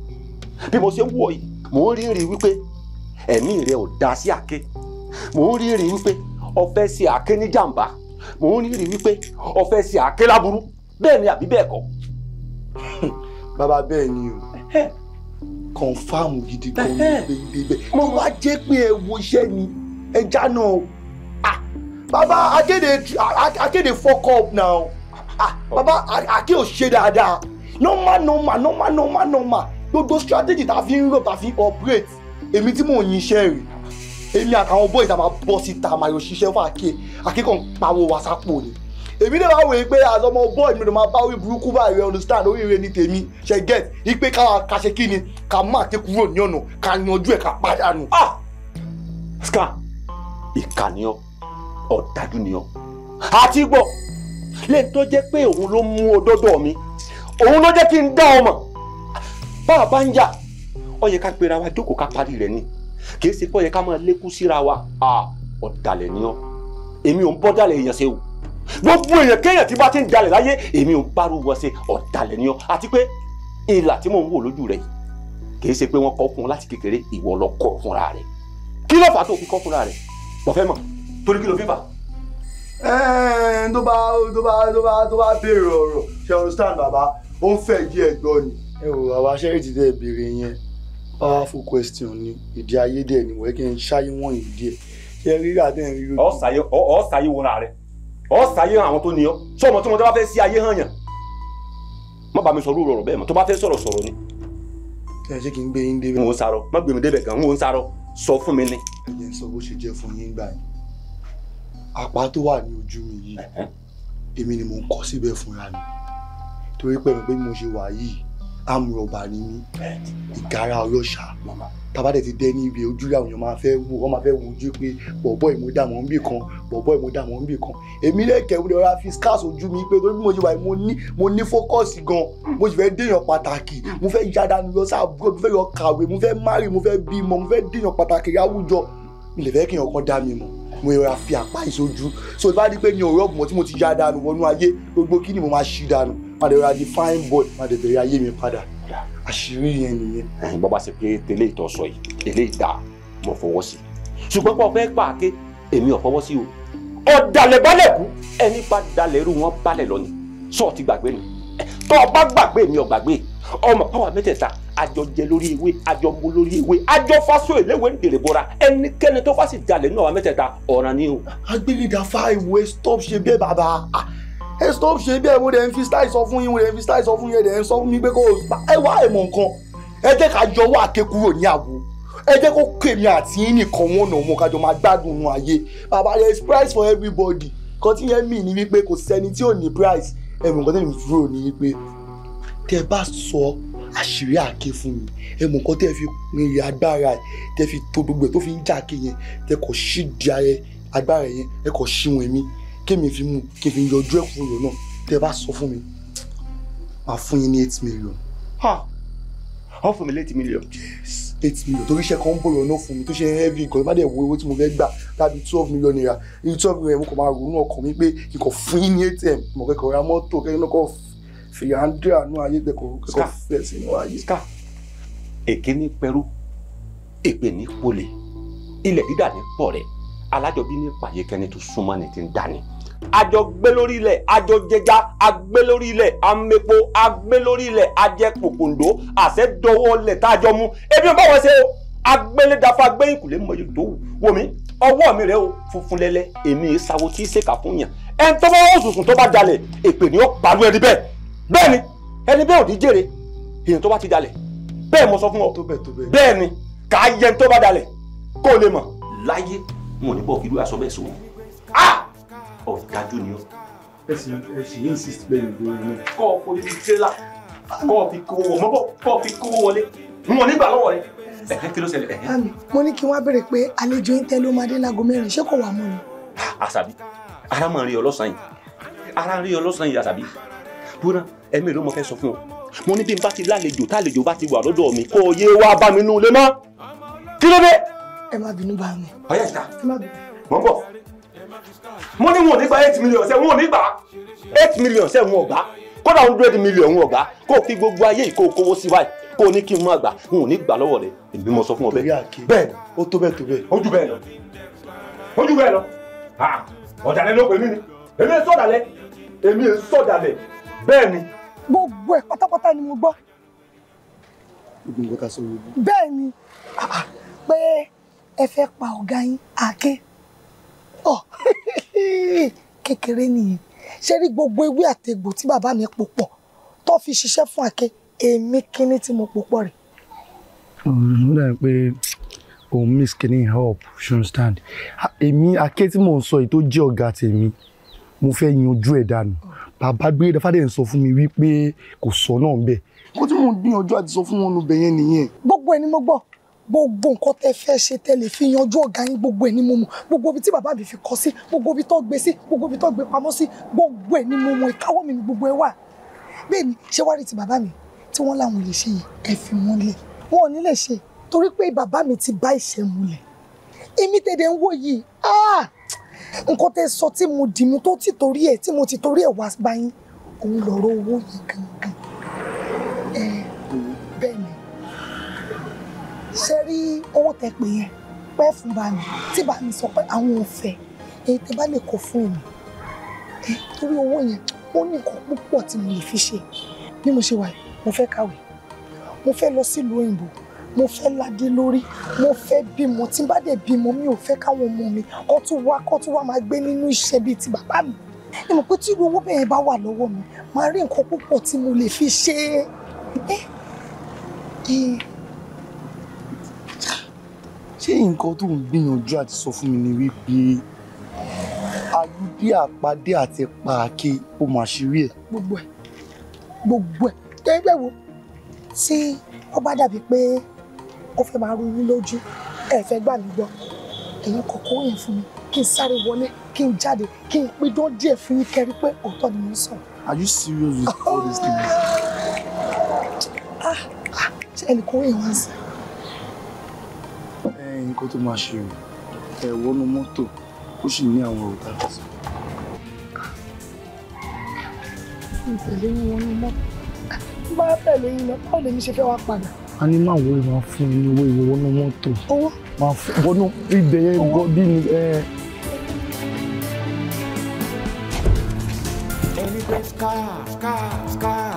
bí mo ṣe wọ̀ yìí mò ń rí wípé ẹ̀mí rẹ ò dáa sí àké mò ń rí wípé ọ̀fẹ́ sí àké ní jàǹbá mò ń rí wípé ọ̀fẹ́ sí àké láburú bẹ́ẹ̀ ni àbí bẹ́ẹ̀ kọ́. bàbá bẹ́ẹ̀ ni o confam gidi kan ní bẹ́ẹ̀ mo wá jẹ́ pé ẹ wo iṣẹ́ ni ẹja náà ah, bàbá akéde akéde fọkọ now. Ah, bàbá àkè ò ṣe dáadáa normal normal normal normal normal gbogbo strategy tá a fi ń rò tá a fi operate èmi tí mò ń yin iṣẹ́ rẹ̀ èmi àtàwọn boys àmà bọ́ síta àmà yóò ṣiṣẹ́ fún àkè àkè kan pawó wàsápò ni èmi náà wá wòye pé àtọmọ boy mi ló máa bá orí burúkú báyìí rẹ understand oríire ni tèmi ṣe get ipe ká ká ṣe kí ni ká má ké kúrò ní ọ̀nà ká yanjú ẹ̀ ká padà nù. Ah! Scar ìkànnì ọ ọ̀dájú ni ọ àti gbọ́ lẹ́yìn tó jẹ́ pé òun ló mú òdodo mi òun ló jẹ́ kí n dá ọmọ bá a bá ń jà ó yẹ ká pera wa jókòó ká parí rẹ̀ ni kì í ṣe pé ó yẹ ká máa lékún síra wa ọ̀dàlẹ̀ ni ọ́ èmi ò ń bọ́ dàlẹ̀ èèyàn ṣe o gbogbo èèyàn kéèyàn tí bá ti ń dalẹ̀ láyé èmi ò ń bá rúwọ́ ṣe ọ̀dàlẹ̀ ni ọ́ àti pé ìlà tí mò ń wò lójú rẹ̀ kì ṣe pé wọ́n kọ́ fún un láti kékeré ìwọ lọ kọ́ fúnra rẹ̀ kí ló fà á tó fi kọ́ fúnra rẹ̀ mo fẹ́ mọ̀ torí kí ló fi fà á. Eh, tó bá tó bá tó bá tó bá béèrè ọ̀rọ̀ ṣe understand bàbá ó ń fẹ́ yí ẹ̀gbọ́n ni. ẹ wò àwa ṣe èyí ti dẹ́ ìbéèrè yẹn powerful question ni ìdí ayé dẹ̀ ni wọ́n kí n ṣáyé wọ́n ìdí ẹ̀ ṣe rírà dẹ̀ ń rí. ọ̀ ṣàyé wọn rà rẹ̀ ọ̀ ṣàyé àwọn tó ní ọ ṣé ọmọ tí wọn bá fẹ́ sí ayé hàn yàn má bàa mi sọ rúurọ̀ bẹ́ẹ̀ mọ́ tó bá fẹ́ sọ̀rọ̀ sọ̀rọ̀ ni. ẹ ṣé kí n gbé yín débẹ̀. n ò ń sarọ má gbé mi débẹ̀ gan n ò ń sarọ sọ fún mi ni. ẹ jẹ́ sọ bó ṣe jẹ́ fún yín gbà yín apá tó wà ní ojú mi yìí èmi ni mo ń kọ síbẹ̀ fúnra mi torí pẹ̀lú pé mo ṣe wà yìí amúrọ̀bà ni mí ìgárá ọlọ́ṣà tabadẹ ti dẹ ní ibi ojú àwọn èèyàn máa fẹ́ wò wọ́n máa fẹ́ wojú pé bọ̀bọ̀ ìmúdàmọ́ ń bì kan bọ̀bọ̀ ìmúdàmọ́ ń bì kan èmi lẹ́kẹ̀ẹ́ ní ọ̀rá fiskas ojú mi pé torí bí mo ṣe wà mo ní mo ní fókọ́sì gan mo sì fẹ́ déèyàn pàtàkì mo fẹ́ yádanu lọ sáà mo fẹ́ lọ kàwé mo fẹ́ márì mo fẹ́ bímọ mo fẹ́ déèyàn pàtàkì láwùjọ mi lè fẹ́ kí èèyàn kan dá mi mọ̀ mo ìrora fi àpá ìsojú so bá rí pé mi ò rọ́ọ̀bù mọ́ tí mo ti já dànù wọnú ayé gbogbo kí ni mo máa ṣí dànù padà ìrora di fine boy padà bẹ̀rẹ̀ ayé mi padà àṣírí yẹn nìyẹn. bàbá ṣe pé tẹ́lẹ̀ ìtọ̀sọ yìí tẹ́lẹ̀ ìdá mo fọwọ́ sí ṣùgbọ́n pọ̀ fẹ́ pàáké èmi ò fọwọ́ sí o ọ̀dàlẹ̀ balẹ̀ kú ẹni pa dalẹ̀ irú wọn balẹ̀ lọ ni sọ́ọ̀ ti gbàgbé ni tó o bá gbàgbé mi ò gbàgbé ọmọ pàwọ́ mẹ́tẹ̀ẹ̀ta àjọ jẹ lórí ewé àjọ mu lórí ewé àjọ faso ìléwé ń dèrè bọ́ra ẹnikẹ́ni tó bá sì jalè nínú àwa mẹ́tẹ̀ẹ̀ta ọ̀ràn ni o. agbẹ́nidàfà ìwé stop ṣe bẹ́ẹ̀ bàbá ẹ stop ṣe bẹ́ẹ̀ mo dẹ̀ ń fi style sọ fún yín mo dẹ̀ ń fi style sọ fún yín ẹ dẹ̀ ń sọ fún mi pé kó ẹ wá ẹ̀mọ̀ nǹkan ẹ jẹ́ ká jọ wá àkékúrò ní àwo ẹ jẹ́ kó kèmí àti yín nìkan wọn náà mo kájọ máa gbádùn ayé bàbá there is price for everybody kan tí yẹn mì ní wípé kò sẹ́ni tí ò ní price ẹ mọ̀ nǹkan tẹ́mi dúró ní pé tẹ bá sọ àṣírí àké fún mi ẹ mọ̀ nǹkan tẹ fi rìnrìn agbára ẹ fi tó gbogbo ẹ tó fi ń jà ké yẹn tẹ kọ̀ sí di ayẹ agbára yẹn ẹ kọ̀ sí wọn mi kémi fi mú kémi yọjú ẹ̀kúrò náà tẹ bá sọ fún mi màá fún yín ní eight million. Ha wọ́n fún mi léètì mílíọ̀n. eight million torí iṣẹ́ kan ń bọ̀yọ̀ náà fún mi tó ṣe heavy gan bá dẹ̀ wo owó tí mo fẹ́ gbà tàbí twelve million naira iye twelve million mo kàn máa ronú ọkàn mi pé ikọ̀ fún yín ní atm mo kẹ́kọ̀ọ́ ra mọ́tò kẹ́kọ̀ọ́ náà kọ́ fìyà Andrea dé àánú ayé kẹ́kọ̀ọ́ fẹ́ sínú ayé. ska èké ní pẹrú èpè ní pọlẹ ilẹ̀ dídà ní pọ̀ rẹ̀ alájọbí ní pàyẹ́kẹ́ni tó súnmọ́ ni ti ń dání àjọ gbé lórí ilẹ̀ àjọ jẹja àgbé lórí ilẹ̀ àmẹ́po àgbé lórí ilẹ̀ àjẹ pòpòǹdó àṣẹ dọwọ́ lẹ̀ tá a jọ mú ebi ń bá wọn ṣe o agbélédàfà gbẹ́yìn kùlé mọ̀yì tó wù wọ́mi ọwọ́ mi rẹ o funfun lẹ́lẹ́ èmi ìsawo e tí í ṣèkà fún yàn ẹni tó bá wọ́n sùsùn tó bá dalẹ̀ èpè ni ó pàlú ẹni bẹ́ẹ̀ bẹ́ẹ̀ ni ẹni bẹ́ẹ̀ ò ní jèrè èèyàn tó bá ti dalẹ̀ bẹ́ẹ̀ mo sọ fún ọ bẹ́ẹ̀ ni kà á yẹn tó bá dalẹ̀ kó o lè mọ̀ láyé wọn ò ní bọ̀ kí ló aṣọ bẹ́ẹ̀ sọ wọn. Ah! ọ̀dájú oh, ni ó. ẹ sì ẹ sì insist pé ìgboro ni. kọ́ ọ kó níbi tírélà kọ́ ọ fi kówó wọ mọ́bọ̀ kọ́ ọ fi kówó wọlé wọn nígbà lọ́wọ́ rẹ ẹ̀hẹ́ kí ló ṣẹlẹ̀ ẹ̀hẹ́. mami mo ní kí wọ́n á bèrè pé àlejò ń tẹ́ ló máa dé láago mẹ́rin ṣé kò wá mọ́ ni. àṣàbí ara máa rí ọlọ́sàn yìí ara rí ọlọ́sàn yìí àṣàbí bóná ẹ̀mí ló mọ fẹ́ sọ fún ọ mo ní bí n bá ti lálejò tálejò bá ti wà lọ́dọ̀ mi kó yé wá bá mi nú ilé mọ́ kí ló dé. ẹ má bínú bá mi. ọyá ìta mọ bọ mo ní wọn ò ní gba eight million ṣe wọn ò ní gbà eight million ṣe wọn ò gbà kódà hundred million wọn ò gbà kó o fi gbogbo ayé yìí kó o kówó sí báyìí kó o ní kí n má gbà n ò ní gbà lọ́wọ́ rẹ èmi mo sọ fún ọ bẹ́ẹ̀. bẹ́ẹ̀ ó tó bẹ́ẹ̀ tó bẹ́ẹ̀. ojú bẹ́ẹ̀ lọ ojú bẹ́ẹ̀ lọ ọ̀dàlẹ̀ ló pè mí ni èmi ń sọ̀dàlẹ̀ èmi ń sọ̀dàlẹ̀ bẹ́ẹ̀ ni. gbogbo ẹ̀ pátápátá ni mo gbọ́. gbogbo ẹ̀ ká sọ wọlé. bẹ́ẹ̀ ni ah, ah. pé ẹ fẹ́ pa ọ̀gá yín àáké ọ oh, kékeré nìyẹn ṣé rí gbogbo ewé àtegbò tí bàbá mi pò pọ̀ tó fi ṣiṣẹ́ fún àkẹ́ èmi kíní tí mo pò rẹ̀. mo dàbí pé òun miss kíní help you understand èmi àkẹ́ tí mò ń sọ yìí tó jẹ́ ọ̀gá tèmi mo fẹ́ yanjú ẹ̀ dànù bàbá gbé dáfádé ń sọ fún mi wípé kò sọ náà bẹ́ẹ̀ kó tí mo gbìyànjú àti sọ fún wọn nù bẹ̀yẹn nìyẹn. gbogbo ẹ ni mo gbọ́ gbogbo nǹkan tẹ fẹ́ ṣe tẹ́lẹ̀ fi yanjú ọ̀gá yín gbogbo ẹ̀ ní mo mọ̀ gbogbo ibi tí bàbá mi fi kọ́ sí gbogbo ibi tó gbé sí gbogbo ibi tó gbé pamọ́ sí gbogbo ẹ̀ ní mo mọ̀ ìkáwọ́ mi ní gbogbo ẹ̀ wà. bẹ́ẹ̀ ni ṣé wá rí ti bàbá mi tí wọ́n láwọn lè ṣe yìí ẹ fi wọ́n lẹ̀ wọn ò ní lè ṣe torí pé bàbá mi ti bá ìṣẹ́ mulẹ̀ èmi tẹ̀dẹ̀ ń wò yìí ah! nǹkan tẹ sọ tí mo dì mú tó ti torí ẹ̀ tí mo ti torí ẹ̀ wá báyìí òun lọ̀rọ̀ owó yìí gangan ṣe rí owó tẹ pé yẹn pẹ́ fún bá mi tí bá mi sọ pé àwọn ò fẹ́ èyí tẹ bá lè kó fún mi ẹ torí owó yẹn ó ní nǹkan púpọ̀ tí mo lè fi ṣe bí mo ṣe wà yìí mo fẹ́ kàwé mo fẹ́ lọ sílùú òyìnbó mo fẹ́ ládé lórí mo fẹ́ bímọ tí n bá dẹ̀ bímọ mi ò fẹ́ káwọn ọmọ mi kó tún wá kó tún wá máa gbé nínú ìṣẹ́ bíi ti bàbá mi ẹ mọ̀ pé tí owó bẹ́ẹ̀ bá wà lọ́wọ́ mi máa rí nǹkan púpọ̀ tí mo lè fi ṣe é ṣé nǹkan tó ń gbìyànjú àti sọ fún mi ni wípé ayúdé àpadé àti pàáké ó mà ṣeré ẹ. gbogbo ẹ gbogbo ẹ gẹ́gẹ́ wo tí ó bá dàbí pé ó fẹ́ máa rúyún lójú ẹ fẹ́ gbà mí gbọ́ èyí kọ̀ọ̀kan yẹn fún mi kí n sáré wọlé kí n jáde kí n pidán díẹ̀ fún yín kẹrí pé òótọ́ ni mo ń sọ. are you serious with all these things. ah ah ṣe ẹnì kan yẹn wá sí i yín kó tó máa ṣe o ẹ wọnú mọ́tò ó sì ní àwọn òrùka lọ́sọ̀. mi tẹ̀lé yín wọnú mọ́tò bá tẹ̀lé yín lọ báwo lèmi ṣe fẹ́ wá padà. a ní máa wọ ìwà fún yín owó ìwọ wọnú mọ́tò. owó. máa wọnú ibẹ̀ yẹn gan bí ni. ẹni pé scar scar scar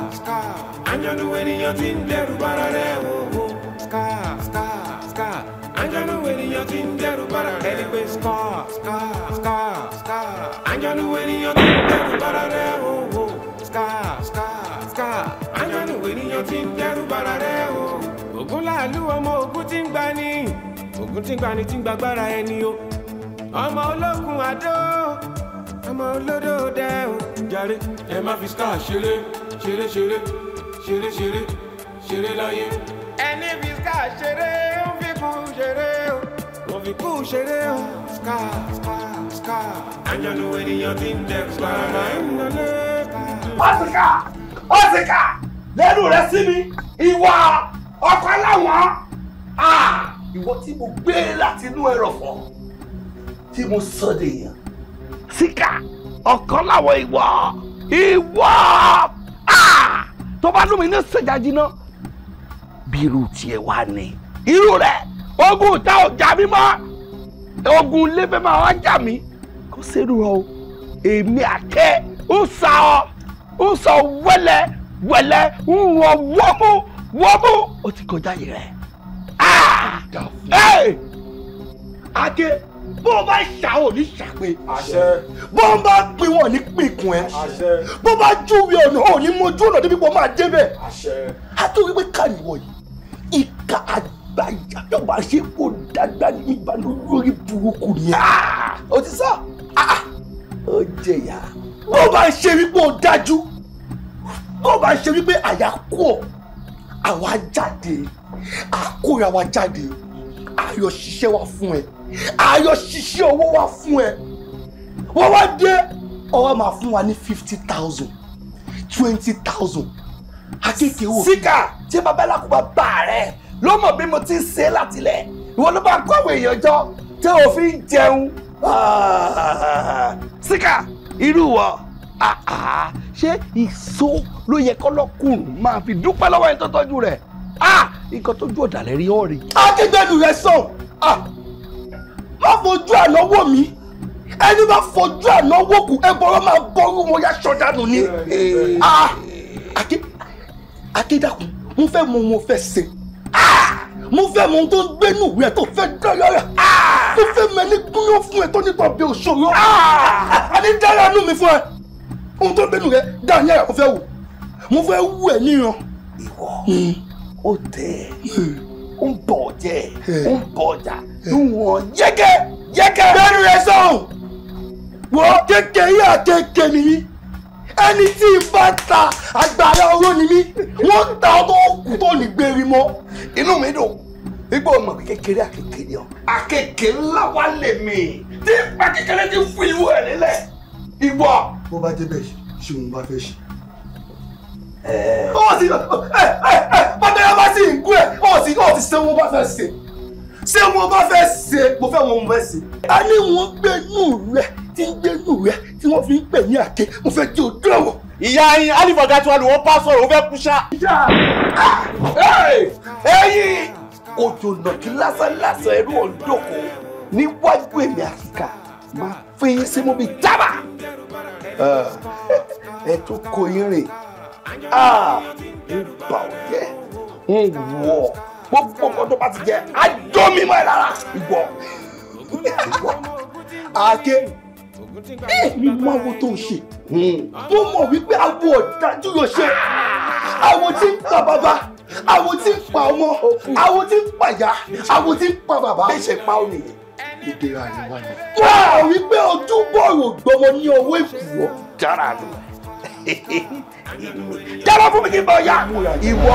ti ń dẹrù bára rẹ̀ wò ó scar scar àjọlù ènìyàn ti ń dẹ́rù bàrà rẹ. ẹni pé ska ska ska ska. àjọlù ènìyàn ti ń dẹ́rù bàrà rẹ o o ska ska ska. àjọlù ènìyàn ti ń dẹ́rù bàrà rẹ o. ògún làálù ọmọ ògún ti ń gbani ògún ti ń gbani ti ń gbàgbára ẹni o. ọmọ olókun àdó ọmọ olódò dẹ o. jàre ẹ má fi ska ṣeré ṣeré ṣeré ṣeré ṣeré ṣeré láyé. ẹni fi ska ṣeré ó fi fún ṣeré o mo fi kún ṣeré o ska ska ska. àjọlù ènìyàn ti ń dẹ̀ gbàrà ìmọ̀lẹ́. ọ̀sìkà ọ̀sìkà lẹ́nu rẹ sí mi ìwà ọkọ aláwọ̀n ìwọ tí mo gbé láti inú ẹrọ̀fọ̀ tí mo sọ dèèyàn síkà ọkọ láwọn ìwọ ìwọ tó bá lómi ní sèjà jiná bí irú tiẹ̀ wá ní irú rẹ̀ ogun ta o jà mí mọ́ ogun ilé fẹ́ máa wá jà mí kó sẹ́rù ọ èmi àtẹ ń sa ọ ń sọ wẹ́lẹ́ wẹ́lẹ́ ń wọ wọ́mú wọ́mú ó ti kọjá yìí rẹ̀ ah! ake bó o bá ṣàwọ̀ ní ṣàpè bó o bá pin wọn ní pìkún ẹ bó o bá júwe ọ̀nà ò ní mojú ọ̀nà débi pé máa débẹ̀ a tó wípé kàníwọ̀ yìí ìka àjẹ́ gbàjà tó bá ṣe kó dàgbà ní ìbànú lórí burúkú ni. Ah! o ti sọ ah, ah. ó jẹyà bó bá ṣe wípé ó dájú bó bá ṣe wípé àyà kú ọ àwa jáde àkóra wa jáde ayọ̀ wa fún ẹ ayọ̀ owó wa fún ẹ wọ́n wá dé ọwọ́ máa fún wa ní fifty thousand twenty thousand akéèké wò. síkà tí babaláwo bá bá rẹ ló mọ̀ bí mo ti ṣe látilẹ̀ ìwọ ló bá kọ́ àwọn èèyàn jọ tí o fi ń jẹun síkà irú wọ ṣé ìṣó ló yẹ kọ́lọ́kùnrin máa fi dúpẹ́ lọ́wọ́ ẹni tó tọ́jú rẹ̀ nǹkan tó ju ọ̀dàlẹ̀ rí ọ̀rẹ́. akíndéjú rẹ sọ má fojú ẹ lọ́wọ́ mi ẹni bá fojú ẹ lọ́wọ́ kù ẹbọrọ máa bọrú wọn yá sọdánù ni akíndàkùn mo fẹ́ mọ wọn fẹ́ ṣe mo fẹ́ mọ ohun tó ń gbénú ìwé ẹ̀ tó fẹ́ dáyọ̀ rẹ̀ tó fẹ́ mọ ẹni gúnyán fún ẹ tó nípa bí òṣòro a ní dára nù mí fún ẹ ohun tó gbénú rẹ dáa ní àyà mo fẹ́ wò mo fẹ́ wù ẹ níyan. ìwọ hmm. ó tẹ ó ń bọ̀ jẹ́ hmm. ó ń bọ̀ ọjà ń wọ̀n yẹ́kẹ́ yẹ́kẹ́. bẹ́ẹ̀ ni rẹ sọ̀rọ̀ wọ́n kékeré àkekèé nìyí ẹni tí ìbá ta àgbàrá owó ni mí wọ́n ta ọtọ́ òkú tó ní gbèrí mọ́ inú mi dùn gbígbó ọmọ kékeré àkékeré ọ àkékeré láwa lè mí tí ìgbà kékeré ti fún ìwọ ẹ nílẹ̀ ìwọ. bó bá débẹ̀ ṣé òun bá fẹ́ ṣe. ó sì bàtà yà bá sì ń kú ẹ̀ ó sì ó sì ṣe wọ́n bá fẹ́ ṣe ṣé mo bá fẹ́ ṣe mo fẹ́ wọn mo fẹ́ ṣe. a ní wọn gbẹnú rẹ tí ń gbẹnú rẹ tí wọn fi ń pè ní àké mo fẹ́ jẹ òdú ẹ̀wọ̀. ìyá yín alifọ̀gá tí wọn lò wọ́n bá sọ̀rọ̀ ó fẹ́ kú ṣá. ẹyin òjò nàkí lásánlásán ẹrú òǹdòkó níwájú èmi àṣìkà máa fi yín sí mú bíi tábà ẹ tún kó yín rè é ah! ń bà ọ́ jẹ́ ń wọ̀ ọ́ gbogbo nǹkan tó bá ti jẹ àjọ mímọ́ ẹ̀ lára ìwọ ìwọ àáké mi máa wo tó ń ṣe tó hmm. mọ̀ wípé awo ọ̀dájú ló ṣe àwọn tí ń ta bàbá àwọn tí ń pa ọmọ àwọn tí ń pàyà àwọn tí ń pa bàbá bẹ́ẹ̀ ṣe pa ó nìyẹn ìdèrà àríwá ni. wá a rí pé ojú bọ̀rọ̀ gbọmọ ní ọwọ́ ìfúwọ́. dára ló dára fún mi kí n bọ̀ ya ìwọ.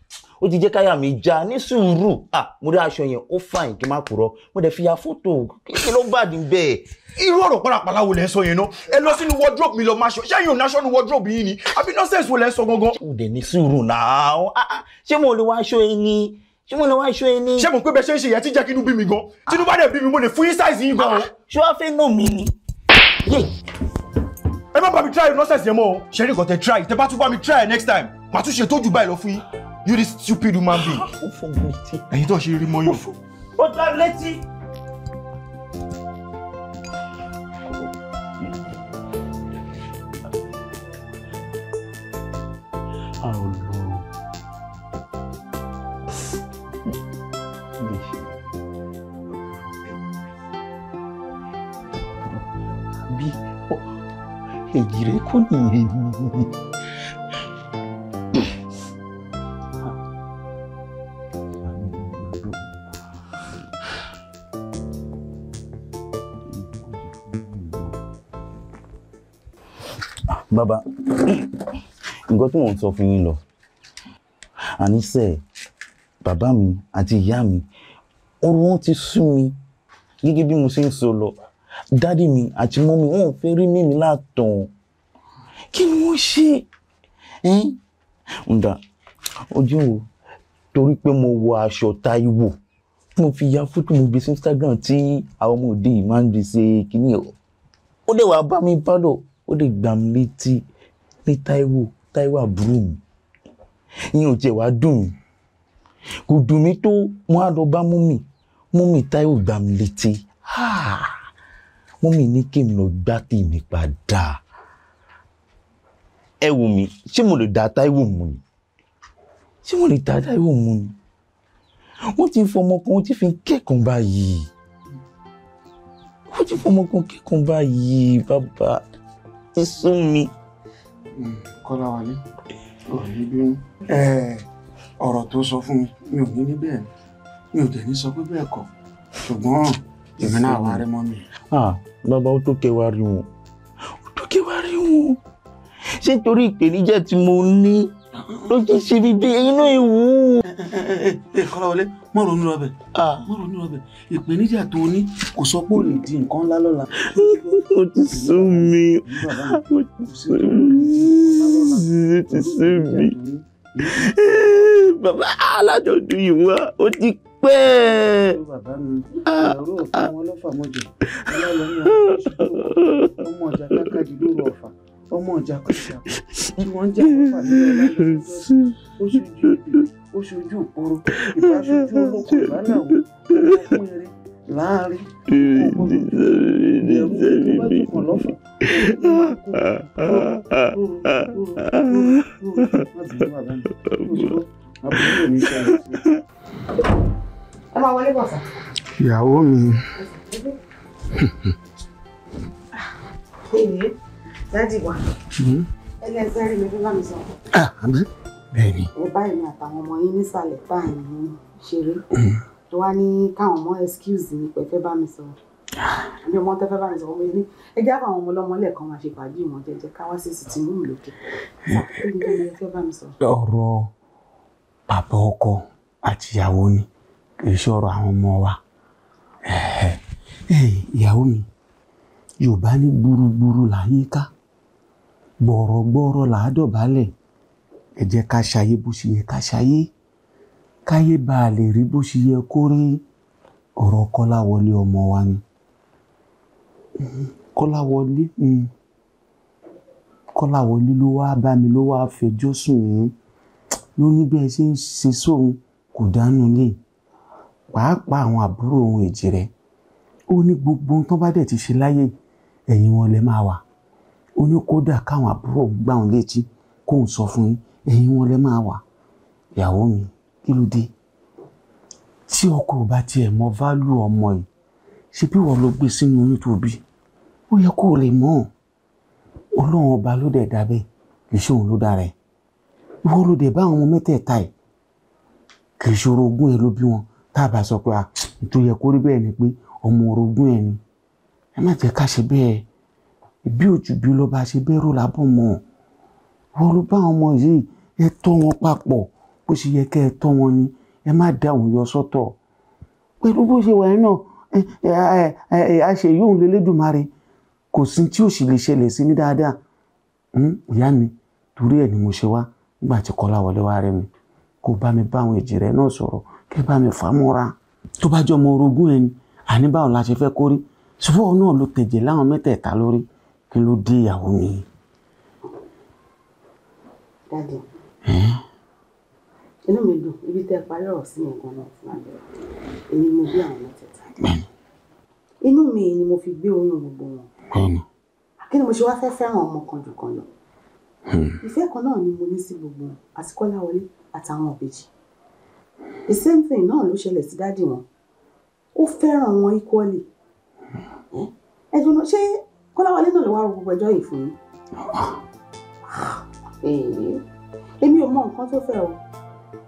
O ti jẹ́ káyà mi já ní sùúrù à mo rí aṣọ yẹn ó fàìn kí n má purọ́ mo dẹ̀ fi ya fótò kí ló bá dín bẹ́ẹ̀. irú ọ̀rọ̀ pàlàpàlà wo lẹ́ sọ yẹn náà ẹ lọ sínú wardrobe mi lọ máa ṣọ ṣẹ́yìn ònàṣọ́ ni wardrobe yìí ni àbí nọ́sẹ̀sì wo lẹ́ sọ gangan. ó dẹ̀ ní sùúrù náà ṣé mo lè wá aṣọ yẹn ni ṣé mo lè wá aṣọ yẹn ni. ṣé mo pé bẹ ṣe ń ṣe yẹn tí jẹ́ kí bí mi gan size yín gan o. ṣé wàá fẹ́ nù mí ni. ẹ má bá mi try nọ́sẹ̀sì yẹn mọ́ o ṣe é rí nǹkan tẹ try tẹ bá tún bá mi try next time màá tún ṣe tó jù báyìí lọ fún yín you this stupid human being. and fọ mi létí. ẹ̀yin you ṣe rí mọ́yọ̀. ó dá létí. èyí baba, nǹkan tí mò ń sọ fún yín lọ àníṣe bàbá mi àti ìyá mi ọ̀rọ̀ wọn ti sú mi gẹ́gẹ́ bí mo ṣe ń sọ lọ dádì mi àti mọ́mi wọn ò fẹ́ rí mímí látàn kí ni wọ́n ṣe ǹdà ojú wo torí pé mo wọ aṣọ Táíwò mo fi ya fótó mo gbé sí Instagram tí àwọn ọmọ òde yìí máa ń gbé ṣe kínní ó dẹ̀ wá bá mi bá dọ̀ ó lè gbà mí létí ní Táíwò Táíwò àbúrò mi ìyẹn ò tiẹ̀ wá dùn mí kò dùn mí tó wọn á lọ bá mọ́mì mọ́mì Táíwò gbà mí létí ah! mọ́mì ní kí n lọ gbá tèmi padà ẹ wò mí ṣé mo lè da Táíwò mu ni ṣé mo lè da Táíwò mu ni wọ́n ti fọmọ kan wọ́n ti fi kẹ́kọ̀ọ́ báyìí wọ́n ti fọmọ kan kẹ́kọ̀ọ́ báyìí bàbá ti sún mi. Hmm, Kọ́láwálé ò ní bínú eh, ọ̀rọ̀ tó sọ fún mi mi ò ní ní bẹ́ẹ̀ mi ò dẹ̀ ní sọ pé bẹ́ẹ̀ kọ́ ṣùgbọ́n èmi náà wà rí mọ́ mi. Ah, bàbá ó tó kẹwàá rí wọn ó tó kẹwàá rí wọn ṣé torí ìpèníjà tí mo ní ló tún ṣe mí dé inú ìwú. ẹ kọ́ra wọlé mọ̀ ronú lọ bẹ̀ mọ̀ ronú lọ bẹ̀ ìpèníjà tó ní kò sọ pé ò lè di nǹkan ńlá lọ́la. ó ti sú mi ó ti sú mi ó ti sú mi bàbá alájọdún yìí wá ó ti pẹ́. bàbá mi àárọ̀ ọmọ ọjà kákàdí ọ̀fà ọmọ ìjàkújà tí wọ́n ń jà fún fàmílẹ̀ ọ̀la lọ́sọ̀ọ́sọ̀ oṣù ojú òporo ìbáṣojú olóko ìbálàwò ọkùnrin rẹ láàrin ọgbọ́n ẹ̀rù tó bá tún kàn lọ́fọ̀ ìyàwó mi dádì wa mm-hmm. ẹlẹ́sẹ̀ rí mi fún bá mi sọ. Ah, bẹ́ẹ̀ni. ẹ báyìí ni àtàwọn ọmọ yín nísàlẹ̀ báyìí ní ṣeré mm-hmm. tó wá ní káwọn ọmọ excuse ni pẹ̀fẹ́ bá mi sọ ah. àbí ọmọ tẹ́fẹ́ bá mi sọ ọmọ ilé ẹ jẹ́ àwọn ọmọ ọlọ́mọ lẹ́ẹ̀kan máa ṣe fàájì wọn jẹjẹ káwá sí sì ti mú mi lókè ọ̀rọ̀ bàbá ọkọ àtìyàwó ni kì í ṣọ̀rọ̀ àwọn ọmọ wa ìyàwó mi Yorùbá ní gbúrúgbúrú là ń yíká gbọ̀rọ̀gbọ̀rọ̀ là á dọ̀bálẹ̀ ẹ jẹ́ ká ṣayé bó ṣe yẹ ká ṣayé káyé bá a lè rí bó ṣe yẹ kó rí ọ̀rọ̀ kọ́láwọlé ọmọ wa ni kọ́láwọlé hmm. kọ́láwọlé ló wá bá mi ló wá fẹjọ́ sùn yín ló ní bẹ́ẹ̀ ṣe ń ṣe sóhun kò dánú lé pàápàá àwọn àbúrò ohun èjì rẹ̀ ó ní gbogbo ohun tó bá dẹ̀ ti ṣe láyé ẹ̀yìn wọn lè máa wà ó ní kódà káwọn àbúrò gbà wọn létí kóun sọ fún yín ẹ̀yin wọn lẹ máa wà ìyàwó mi kí ló dé tí ọkọ ò bá tiẹ̀ mọ válù ọmọ yìí ṣe bí wọ́n ló gbé sínú oyún tó bí ó yẹ kó o lè mọ̀ ọlọ́run ọba ló dẹ̀ dábẹ́ kì í ṣe òun ló dára ẹ̀ ìwọ ló dẹ̀ bá àwọn mẹ́tẹ̀ẹ̀ta ẹ̀ kì í ṣòro ogún ẹ̀ ló bí wọn tá a bá sọ pé tó yẹ kó rí bẹ́ẹ̀ ni pé ọmọ orogún ẹ̀ ni ẹ má jẹ́ ká ṣe bẹ́ẹ̀ bí òjò bí lọ́ba ṣe bẹ́rù lábọ̀ mọ́ wọ́n ló bá àwọn ọmọ yìí ẹ tọ́ wọn papọ̀ bó ṣe yẹ kẹ́ ẹ tọ́ wọn ni ẹ má dá òun yọ sọ́tọ̀ pẹ̀lú bó ṣe wà ẹ́ náà àṣẹ yóò lélẹ́dùnmáre kò sí tí ò sì lè ṣẹlẹ̀ sí ní dáadáa hm, ìyá mi torí ẹ̀ ni mo ṣe wá nígbà tí kọ́lá wọlé wá rẹ mi kó bá mi bá àwọn èjì rẹ náà sọ̀rọ̀ kí bá mi fà á mọ́ra tó bá jọ ọmọ orogún ẹni àní la ṣe fẹ́ kórí ṣùgbọ́n náà ló tẹ̀jẹ̀ láwọn mẹ́tẹ̀ẹ̀ta lórí kí ló dé ìyàwó mi. dáàdì inú mi dùn ibi tẹ́ parí ọ̀rọ̀ sí yẹn gan-an fún abẹ́ èmi mo bí àwọn mẹ́tẹ̀ẹ̀ta inú mi ni mo fi gbé oyún gbogbo wọn kí ni mo ṣe wá fẹ́ fẹ́ràn ọmọ kan jù kan lọ hmm. ìfẹ́ kan náà ni mo ní sí gbogbo wọn àti kọ́láwọlé àtàwọn òbejì the same thing náà ló ṣẹlẹ̀ sí dáàdì wọn ó fẹ́ràn wọn equally hmm. ẹ jọ̀nà ṣé Kọ́láwálé náà ló wá ro gbogbo ẹjọ́ yìí fún mi. Èmi ò mọ nǹkan tó fẹ́ o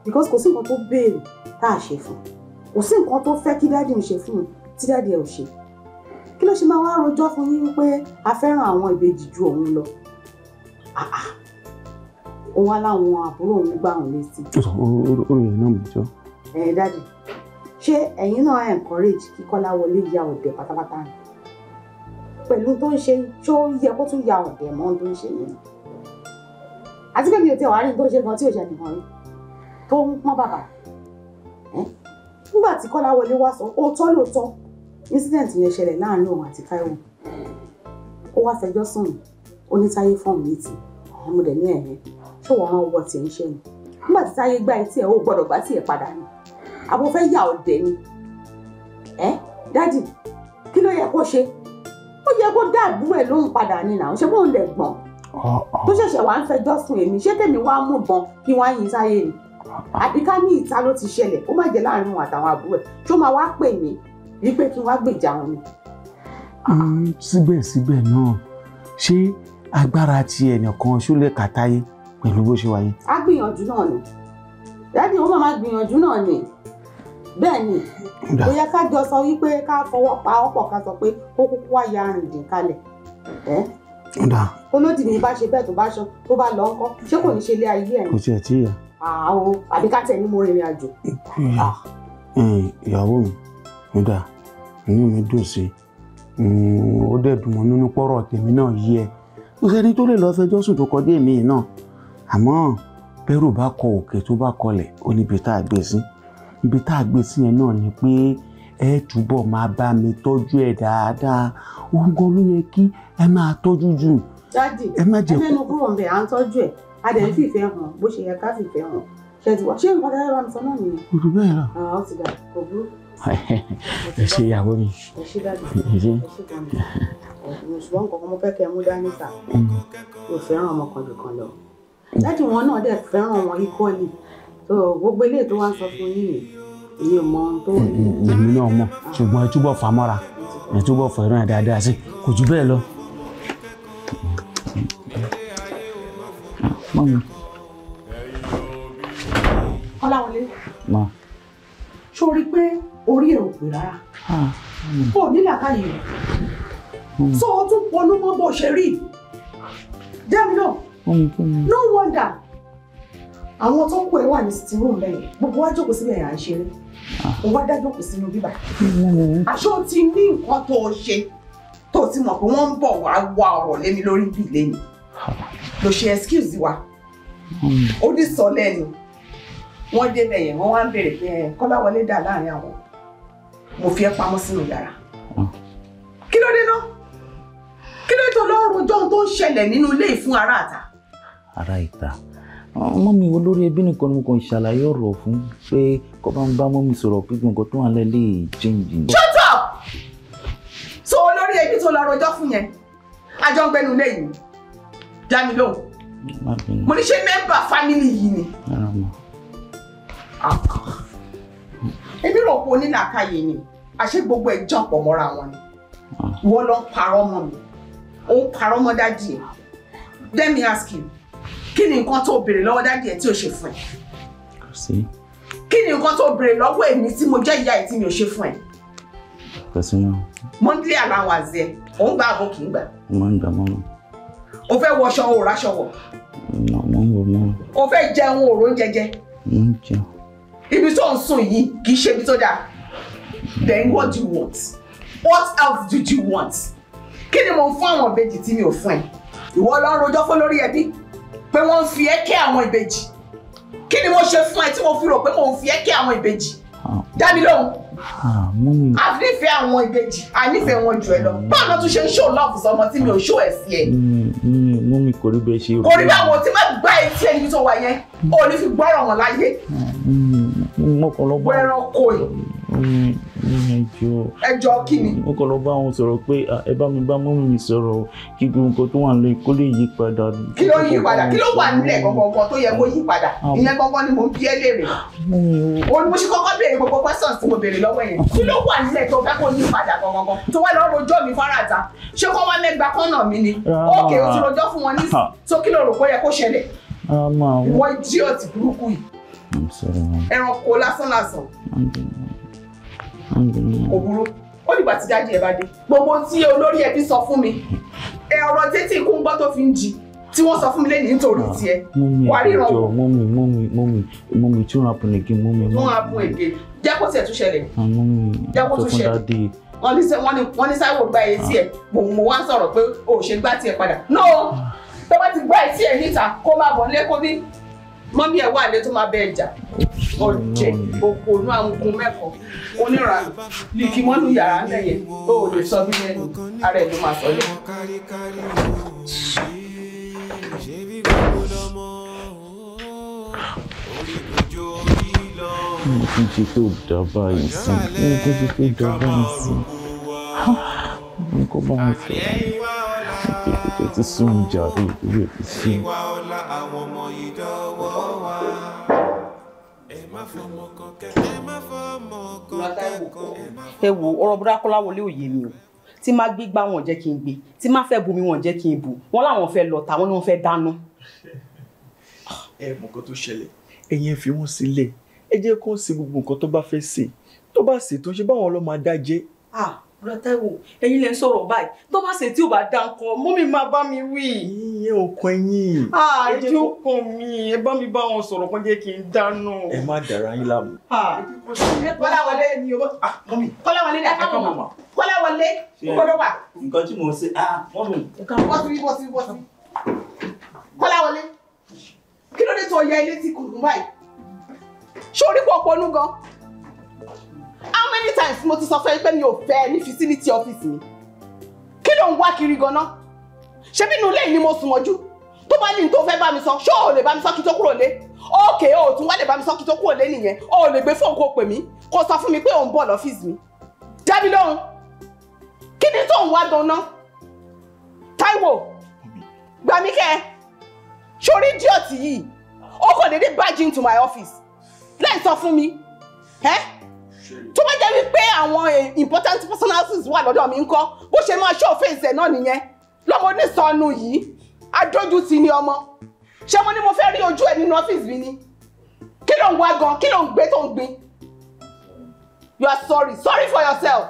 because kò sí nǹkan tó béèrè tá a ṣe fún kò sí nǹkan tó fẹ́ kí dáàdì ń ṣe fún mi tí dáàdì ẹ̀ ò ṣe. Kí ló ṣe máa wá rojọ́ fún yín wípé a fẹ́ràn àwọn ìbejì ju òun lọ? Òun wá láwọn àbúrò òun gbà òun létí. Ó ròyìn náà mọ̀ jọ. Ẹ dáàdì, ṣé ẹ̀yin náà encourage kí Kọ́láwọlé ya ọ̀dẹ̀ pátápátá ni? pẹ̀lú tó ń ṣe tó yẹ kó tún ya ọ̀dẹ̀ mọ́ tó ń ṣe yẹn àti pé mi ò tí wàá rí tó ń ṣe gan tí ò ṣe nìkan rí tó ń pọ́n bàbà nígbà tí kọ́lá wọlé wá sọ òótọ́ lóòótọ́ incident yẹn ṣẹlẹ̀ láàrin òun àti Táíwò ó wá fẹjọ́ sùn onítáyé fún mi tì mo dẹ̀ ní ẹ̀rẹ́ ṣé wọ́n máa wọ tiẹ̀ ń ṣe ni nígbà tí táyé gbá etí ẹ̀ ó gbọ́dọ̀ gbá tiẹ̀ padà ni àbò fẹ́ yà ọ̀dẹ̀ ni ẹ́ dádì kí ló yẹ kó ṣe yẹ kó dá àbúrò ẹ̀ lóhùn padà ni náà ṣé bóun lè gbọ̀n ah, ah. tó ṣẹ̀ṣẹ̀ wá ń fẹjọ́ sùn èmi ṣé tèmi wá mú bọ́n kí wọ́n á yin sáyé ni àbí ká ní ìta ló ti ṣẹlẹ̀ ó má jẹ́ láàrin òun àtàwọn àbúrò ẹ̀ tó máa wá pè mí wípé kí wọ́n á gbèjà wọn ni. Hmm, síbẹ̀síbẹ̀ náà ṣé agbára ti ẹnìkan ṣúlẹ̀ kàtáyé pẹ̀lú bó ṣe wáyé. á gbìyànjú náà ni dáàdi wọn máa gbìyànjú náà ni bẹ́ẹ̀ ni kò yẹ ká jọ sọ wípé ká fọwọ́ pa ọ̀pọ̀ ká sọ pé kó kúkú wá ya arìndìn kalẹ̀ olódì mi bá ṣe bẹ́ẹ̀ tó bá ṣan tó bá lọ ńkọ́ ṣé kò ní ṣe ilé ayé ẹ̀ ni. kò tiẹ̀ tí yà. àwo àbí ká mo rìnrìn àjò. ìyàwó mi nígbà inú mi dùn sí mm, ó dẹ̀ dùn mọ́ nínú pọ́rọ̀ tèmi náà yí ẹ kò sẹ́ni tó lè lọ́ọ́ fẹjọ́ sùn tó kọjá èmi náà àmọ́ bẹ́rù bá kọ òkè tó bá kọlẹ̀ ó níbi tá a gbé sí ibi tá a gbé sí yẹn náà ni pé ẹ túbọ̀ máa bá mi tọ́jú ẹ̀ dáadáa òun gan ló yẹ kí ẹ máa tọ́jú jù. dádì ẹ má jẹ kó ẹ fẹnu kúrò ń bẹ à ń tọ́jú ẹ̀ a dẹ̀ ń hàn bó ṣe yẹ ká fìfẹ́ hàn ṣe ṣé nǹkan tẹ́lẹ̀ bá sọ náà nìyẹn. kò jù bẹ́ẹ̀ lọ. ọ̀ ah, ti dà kò burú. ẹ ṣe ìyàwó mi. ẹ ṣe dádì ẹ ṣe dádì ṣùgbọ́n nǹkan mo fẹ́ kẹ́ ẹ mú dání ta kò fẹ́ràn ọmọkùnrin kan lọ dádì wọn náà dẹ̀ fẹ́ràn wọn ikọ́ ni so gbogbo eléyìí tó wá sọ fún yìnyín èyí ò mọ ohun tó wù mí. èmi náà mọ ṣùgbọ́n ẹ túbọ̀ famọ́ra ẹ túbọ̀ fẹ́ràn ẹ dáadáa sí kò jù bẹ́ẹ̀ lọ. Ọláwọlé ṣó rí pé orí ẹ̀ ò pè rárá kò ah, nílà káyè rẹ̀ so o tún pọnú mọ́ bó ṣe rí dem náà no wonder àwọn tó kù ẹ wà ní sitting room bẹ́ẹ̀ gbogbo wa jókòó síbẹ̀ yà á ṣeré ó ah. wá dá jókòó sínú bíbà mm-hmm. aṣọ ti ní nǹkan tó o ṣe tó o ti mọ̀ pé wọ́n ń bọ̀ wá wá ọ̀rọ̀ lémi lórí bíi lẹ́nu ló ṣe excuse wa mm. ó ní sọ lẹ́nu wọ́n débẹ̀ yẹn wọ́n wá ń béèrè pé kọ́láwọlé dà láàrin àwọn mo fi ẹ́ pamọ́ sínú yàrá ah. kí ló dé náà kí ló dé tó lọ́rùn ọjọ́ tó ń ṣẹlẹ̀ nínú ilé ìfún ara àta. ara ìta ọmọ mi olórí ẹbí nìkan ni mo kàn ṣàlàyé ọ̀rọ̀ fún pé kó bá ń bá mọ́ mi sọ̀rọ̀ pé nǹkan tó wà lẹ́ lè shut up so olórí ẹbí tó lọ rojọ́ fún yẹn àjọ ń gbẹnu lẹ́yìn dá mi lóhùn mo ní ṣe mẹ́mbà fámìlì yìí ni ah. èmi rò pé onílàákàyè ni àṣé gbogbo ẹ̀ jàn pọ̀ mọ́ra wọn ni ah. wọ́n lọ parọ́ mọ́ mi òun parọ́ mọ́ dádì ẹ̀ let me ask you kí ni nǹkan tó béèrè lọ́wọ́ dádì ẹ̀ tí ò ṣe fún ẹ? kò sí. kí ni nǹkan tó béèrè lọ́wọ́ èmi tí mo jẹ́ ìyá ẹ̀ tí mi ò ṣe fún ẹ? kò sí náà. monthly allowance ẹ ò ń gbà àbọ̀ kì í gbà. mo máa ń gbà mọ́. o fẹ́ wọṣọ o ò ráṣọ wọ̀. mo mọ̀ mo mọ̀. o fẹ́ jẹun o ò róúnjẹ jẹ. mo ń jẹun. ibi tó ń sùn yìí kì í ṣe ibi tó dáa. then what do you want? what else do you want? kí ni mo ń fún àwọn ìbejì tí mi ò fún ẹ? ìwọ ló ń rojọ́ fún lórí ẹbí pé wọ́n ń fi ẹ́ kẹ́ àwọn ìbejì kí ni mo ṣe fún ẹ tí mo fi rò pé mò ń fi ẹ́ kẹ́ àwọn ìbejì dá mi lóhùn a nífẹ̀ẹ́ àwọn ìbejì a nífẹ̀ẹ́ wọn jù ẹ lọ báwo ló tún ṣe ń ṣó lọ́ọ̀fù sọmọ tí mi ò ṣó ẹ̀ sí ẹ. mú mi kò rí bẹ́ẹ̀ ṣe. kò rí báwo tí máa gbá etí ẹni tó wà yẹn ò ní fi gbọ́rọ̀ wọn láyé. mo kàn lọ bá wọn. wẹ́rọ kò yìí ẹjọ́ ẹjọ́ kí mo kàn lọ bá wọn sọ̀rọ̀ pé ẹ bá mi bá mọ́mí mi sọ̀rọ̀ kí gbogbo nǹkan tó wà ń lé kó lè yí padà. kí ló yí padà kí ló wà nílẹ̀ gbọ̀ngàn tó yẹ kó yí padà ah, ìyẹn gbọ̀ngàn ni mo bí ẹ léèrè. mo ṣe kọ́kọ́ béèrè gbogbo questions tí mo béèrè lọ́wọ́ yẹn kí ló wà nílẹ̀ tó fẹ́ kó yí padà gbọ̀ngàn tó wá lọ́ọ́ rojọ́ mi fárata ṣé kó wá mẹ́gbàá kọ́nà mi ni ẹranko lásán lásán òwúrò ó dìgbà tí dájú ẹ bá dé gbogbo tí olórí ẹbí sọ fún mi ẹ ọ̀rọ̀ tètè ikú ń gbọ́ tó fi ń jí tí wọ́n sọ fún mi lẹ́yìn nítorí ah, tiẹ̀ wà á ríran o. mọ́mí mọ́mí mọ́mí mọ́mí tí wọ́n apun èké mọ́mí. wọ́n apun èké jákò tiẹ̀ tún ṣẹlẹ̀. Ah, jákò tún ṣẹlẹ̀ wọ́n ní wọ́n ní sáwọ́ gba etí ẹ̀ mo wá sọ̀rọ̀ pé o ò ṣe gbá tiẹ̀ padà. no tó bá ti gbá etí ẹ̀ níta kó má bọ̀ nílé kó ní mọ́mí ẹ̀ wà lé tó máa bẹ ẹja ọ̀jẹ̀ òpònú amukun mẹ́kọ̀ọ́ oníranù ní mọ́nú yàrá ń tó ò lè sọ bí lẹ́nu ara ẹ̀ ló máa sọ lé. Nǹkan ṣe tó dábàá yìí sí. Nǹkan ṣe tó dábàá yìí sí. Nǹkan bá mi fẹ́. Nǹkan tó sún ìjà rẹ̀ ìwé ìsìn. ẹ wo ọ̀rọ̀ búra kọ́lá wọlé òye mi o tí má gbé gbá wọn jẹ́ kí n gbé tí má fẹ́ bomi wọn jẹ́ kí n bù wọn láwọn fẹ́ lọ tàwọn ni wọ́n fẹ́ dáná. ẹ mọ nǹkan tó ṣẹlẹ̀ ẹ̀yin ẹ fi wọn sílẹ̀ ẹ jẹ́ kó ń ṣe gbogbo nǹkan tó bá fẹ́ ṣe tó bá ṣe tó ṣe báwọn ọlọ́mọ adájẹ́ ọ̀rọ̀ Táíwò ẹ̀yin lẹ ń sọ̀rọ̀ báyìí tó bá ṣe tí ò bá dá nǹkan mú mi máa bá mi wí. ìyẹn ò kan yín. àìjú kan mi ẹ bá mi bá wọn sọ̀rọ̀ kan jẹ́ kí n dáná. ẹ má dàra yín láàmú. kọ́láwọlé ni o kọ́láwọlé ni ẹ ká mọ̀ mọ̀ kọ́láwọlé kọ́lọ́ wà. nǹkan tí mo ṣe ah wọ́n mi. bọ́sibí bọ́sibí bọ́sibí kọ́láwọlé kí ló dé tó ya ilé tí kò dùn báyìí ṣé orí pọ̀ pọ̀ nú gan how many times mo ti sọ fún ẹ pé mi ò fẹ́ ní facility office mi kí ló ń wá kiri ganan ṣebí inú ilé yìí ni mo sùn mọ́jú tó bá ní ní tó fẹ́ bá mi sọ ṣé o lè bá mi sọ kí tó kúrò lé ókè o tún wá lè bá mi sọ kí tó kúrò lé nìyẹn o lè gbé fóònù kó pè mí kó sọ fún mi pé òun bọ̀ lọ́fíìsì mi dábì lóhùn kí ni tó ń wá ganan Táíwò gbà mí kẹ́ ẹ sórí díọ̀tì yìí o kò dédé barge into my office lẹ́yìn sọ fún mi ẹ́ tó bá jẹ́ wípé àwọn important personalities wà lọ́dọ̀ mi ńkọ́ bó ṣe máa show face ẹ̀ náà nìyẹn lọ́mọ onísọnù yìí adójú ti ní ọmọ ṣé mo ní mo fẹ́ rí ojú ẹ̀ nínú ọ́fíìsì mi ni kí ló ń wá gan kí ló ń gbé tó ń gbin you are sorry sorry for yourself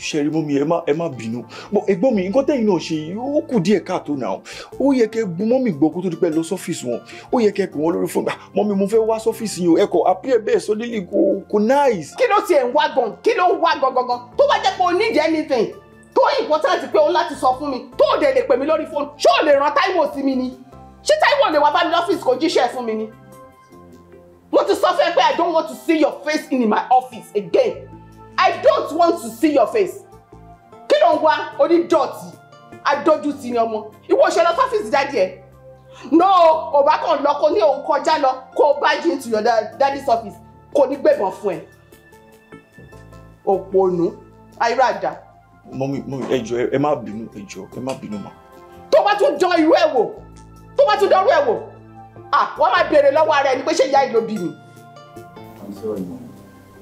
ṣẹ́rí mú mi ẹ má ẹ má bínú bọ ẹ̀gbọ́n mi nǹkan tẹ̀yin náà ṣe yìí ó kù díẹ̀ káàtó náà ó yẹ kẹ́ bu mọ́mì gbọ́ kó tó di pẹ́ lọ sọ́fíìsì wọn ó yẹ kẹ́ pè wọ́n lórí fóònù ah, mọ́mì mo fẹ́ wá sọ́fíìsì yìí o ẹ kò appear bẹ́ẹ̀ sọdílì kò kò nice. kí ló tiẹ̀ ń wá gan kí ló ń wá gan gangan tó bá jẹ́ pé o need anything tó important pé òun láti sọ fún mi tó ò dẹ̀ lè pè mí lórí fóònù ṣé ò lè ràn Táíwò sí mi ni ṣé Táíwò lè wá bá mi lọ́fíìsì kò jíṣẹ́ fún mi I don't want to see your face in my office again I don't want to see your face. Kí ló ń wá onídọ̀tí? Adójú ti ni ọmọ. Ìwọ ṣe lọ sọ́fíìsì dáàdì ẹ̀. No, ò bá kàn lọ kó ní òun kọjá lọ kó o bá jí into your daddy's office kó ní gbẹ̀bọ̀n fún ẹ. Òpònú, ayíràdà. Mọ́mí mọ́mí ẹ jọ̀ọ́ ẹ má bínú ẹ jọ̀ọ́ ẹ má bínú mà. Tó bá tún jọ irú ẹ̀ wò, tó bá tún dọ́rú ẹ̀ wò, à wọ́n máa béèrè lọ́wọ́ ara ẹni pé ṣé ìyá ìlóbi mi. I'm sorry, mom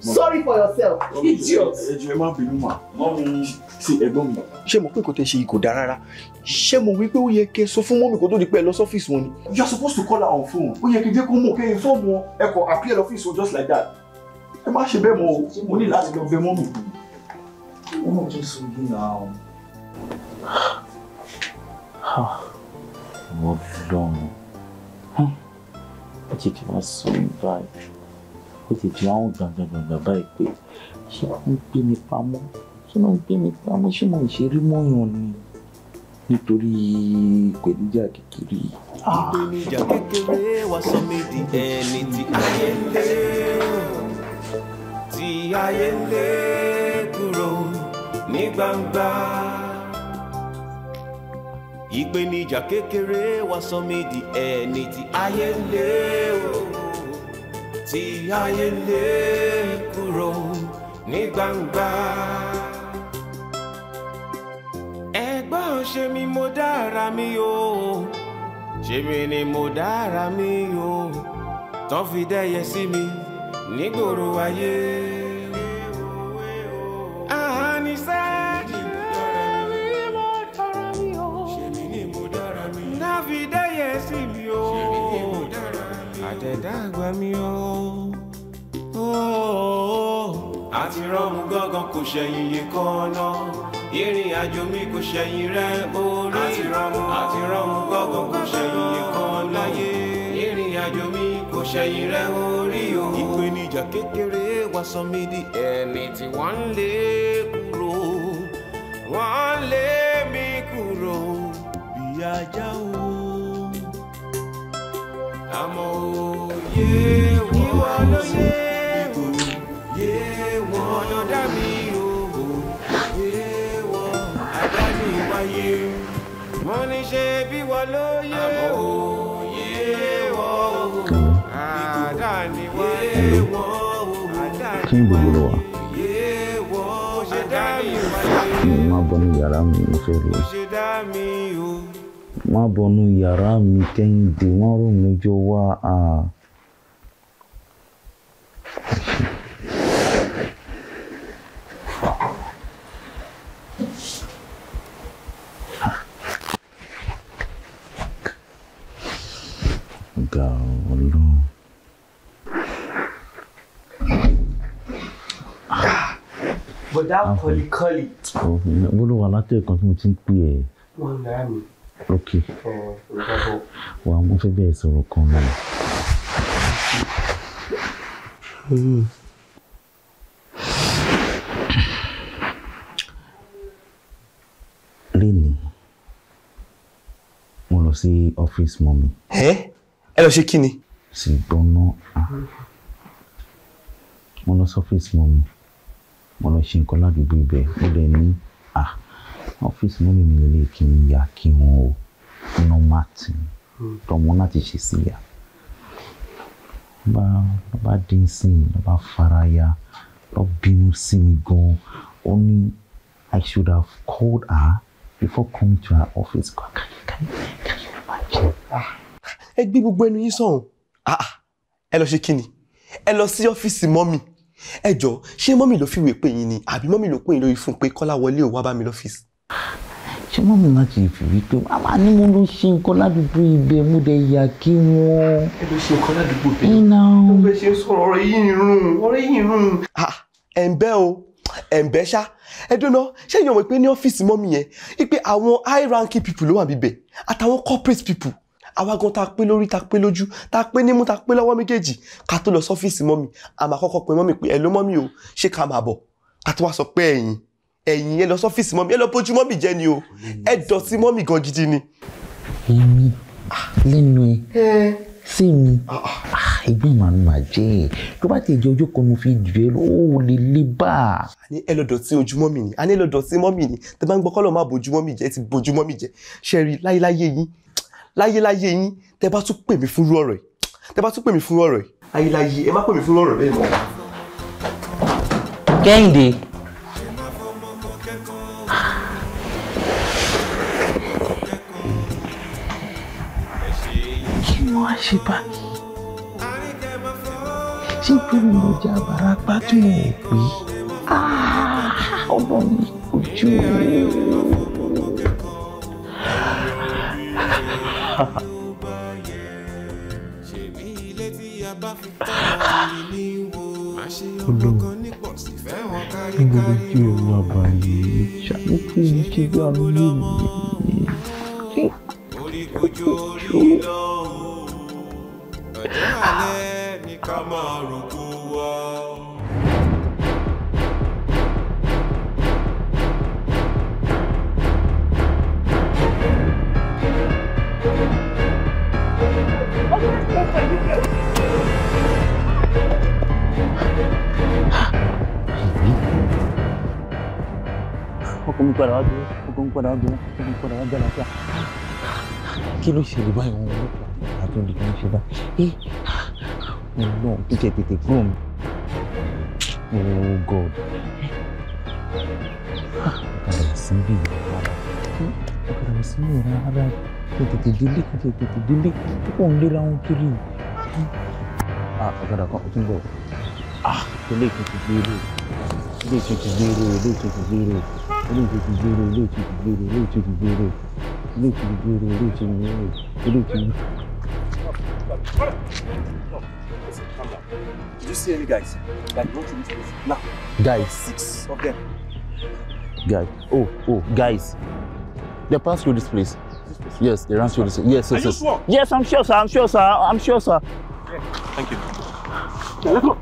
sorry for yourself idiot. ẹ jọ̀ọ́ ẹ má bínú mà mọ́mí sí ẹ̀gbọ́n mi. ṣé mo pé nǹkan tẹ ṣe yìí kò dáa rárá ṣé mo wí pé ó yẹ kẹ́ sọ fún mọ́mí kó tó di pé ẹ lọ sọ́fíìsì wọn ni. you are supposed to call her on phone ó yẹ kí n jẹ́ kó mọ̀ kẹ́yìn fọ́ọ̀mù ẹ kọ̀ appear lọ́fíìsì wọn just like that ẹ má ṣe bẹ́ẹ̀ mọ́ o mo ní láti lọ bẹ̀ mọ́mí. wọ́n náà tún sùn hm. yín náà o. wọ́n lọ́run ó ti kí wọ́n sùn báyìí ó sì ti àwọn gbàngàngàn báyìí pé ṣé wọ́n ń gbé mi pamọ́ ṣé wọ́n ń gbé mi pamọ́ ṣé wọ́n ń ṣe rí mọ́yàn ni nítorí ìpèníjà kékeré. ìpèníjà kékeré wá sọ mí di ẹni tí ayé ń lé tí ayé ń lé kúrò ní gbangba. ìpèníjà kékeré wá sọ mí di ẹni tí ayé ń lé o tí ayé lé kúrò ní gbangba. ẹ̀gbọ́n ṣe mi mo dára mi o ṣe mi ni mo dára mi o tán fi dẹ́yẹ sí mi nígboro ayé. ṣẹ̀yìn ìkan náà ìrìn àjò mi kò ṣẹ̀yìn rẹ orí àti rọrùn àti rọrùn gọ́gàn kò ṣẹ̀yìn ìkan láyé ìrìn àjò mi kò ṣẹ̀yìn rẹ orí o. ìpèníjà kékeré wá sọ mí di ẹni tí wọ́n ń lé kúrò wọ́n ń lé mi kúrò bí ajá o. àmọ́ òye wọ́n lóye. ní ṣe bí wọ́n ló yé o yé wọ́n o àdá ni yé wọ́n o ṣé ń gbogbo wa. má bọnú yàrá mi mo fẹ́ rò má bọnú yàrá mi kẹ́hìndé wọ́n rò mí jọ wá. Ah. ga Ọlọ́run. bọ̀dá ah, kọ́líkọ́lí. wọ́n ló wà látọ̀ ẹ̀kan tí mo ti ń pè ẹ́. wọ́n ń dára mi. ok wà mo fẹ́ bẹ́ẹ̀ sọ̀rọ̀ kan mi. lénìí mo lọ ẹ lọ ṣe kí ni. ṣùgbọ́n náà mo lọ sọ́fíìsì mọ́ mi mo lọ ṣe nǹkan ládùúgbò ibẹ̀ ó lè ní ọ́fíìsì mọ́ mi mi lè kí n yà kí n o iná máa tì í tọmọ láti ṣe sí yà bá bá dín sí i ló bá fara ya ló bínú sí mi gan ó ní I should have called her before coming to her office can you can you can you imagine ẹ gbé gbogbo ẹnu yín sọ̀hún ah, ah. ẹ lọ ṣe kí ni ẹ lọ sí ọ́fíìsì mọ́mì ẹ jọ ṣé mọ́mì ló fìwé pè yín ni àbí mọ́mì ló pè yín lórí fún pé kọ́lá wọlé ò wá bá mi lọ́fíìsì. ṣé mọ́mì náà ti fi wí pé màmá ni mo lọ ṣe nǹkan ládùúgbò ibẹ̀ mo dẹ̀ yà kí wọ́n. ẹ lọ ṣe nǹkan ládùúgbò bẹ́ẹ̀ mo fẹ́ ṣe sọ̀rọ̀ ọ̀rọ̀ yìí ń rún ọ̀rọ̀ yìí rún. Ah, ẹ̀ ń bẹ́ o ẹ̀ǹbẹ́ ṣá ẹ dúná ṣé èèyàn mọ̀ pé ní ọ́fíìsì mọ́mì yẹn wípé àwọn high ranking people ló wà bíbẹ̀ àtàwọn corporate people àwa gan ta pé lórí ta pé lójú ta pé nímú ta pé lọ́wọ́ méjèèjì ká tó lọ sọ́fíìsì mọ́mì a máa kọ́kọ́ pe mọ́mì pé ẹ ló mọ́mì o ṣé ká máa bọ̀ a ti wá sọ pé ẹ̀yin ẹ̀yin ẹ lọ sọ́fíìsì mọ́mì ẹ lọ bójú mọ́mì jẹ́ ni o ẹ dọ̀tí mọ́mì gan gidi ni. èmi lẹ́nu ẹ sí mi ẹgbẹ́ màá mà jẹ́ tó bá ti jẹ ojú kan mo fi jù ẹ ó lè lè bá. a ní ẹ lọ dọ̀tí ojúmọ́ mi ni a ní ẹ lọ dọ̀tí mọ́mì ni tẹ bá ń gbọ́ kọ́lọ̀ máa bójúmọ́ mi jẹ́ ti bójúmọ́ mi jẹ́ ṣẹ́rí láyéláyé yín láyéláyé yín tẹ bá tún pè mí fún irú ọ̀rọ̀ yìí tẹ bá tún pè mí fún irú ọ̀rọ̀ yìí láyéláyé ẹ má pè mí fún irú ọ̀rọ̀ bẹ́ẹ̀ mọ́. kẹ́hìndé. kí ni wọ́n á ṣe báyìí ṣé pé mi ò jẹ́ àbárapá tó yẹ pé ah, ọmọ mi kò jó o. olóhùn ní gbogbo tí o wà báyìí ṣàmì kí n ṣe gbà mí lónìí ọjọ́ alẹ́ ní ká máa rògbò wá. हुकुम करा दो हुकुम करा दो हुकुम करा दो क्या aquilo chegou em um outro né, né, de quem chega e não tite tite gum oh god cara assim bem cara cara assim era titik kiri. Ah, kau Ah, titik titik biru. C'est titik biru, titik titik biru. Titik Did you see any guys? Like, not this Guys. Six of them. Guys. Oh, oh, guys. They passed through this place. station. Yes, the Rancho Station. Yes, yes, Are yes. Yes, I'm sure, sir. I'm sure, sir. I'm sure, sir. Thank you. Yeah, let's go.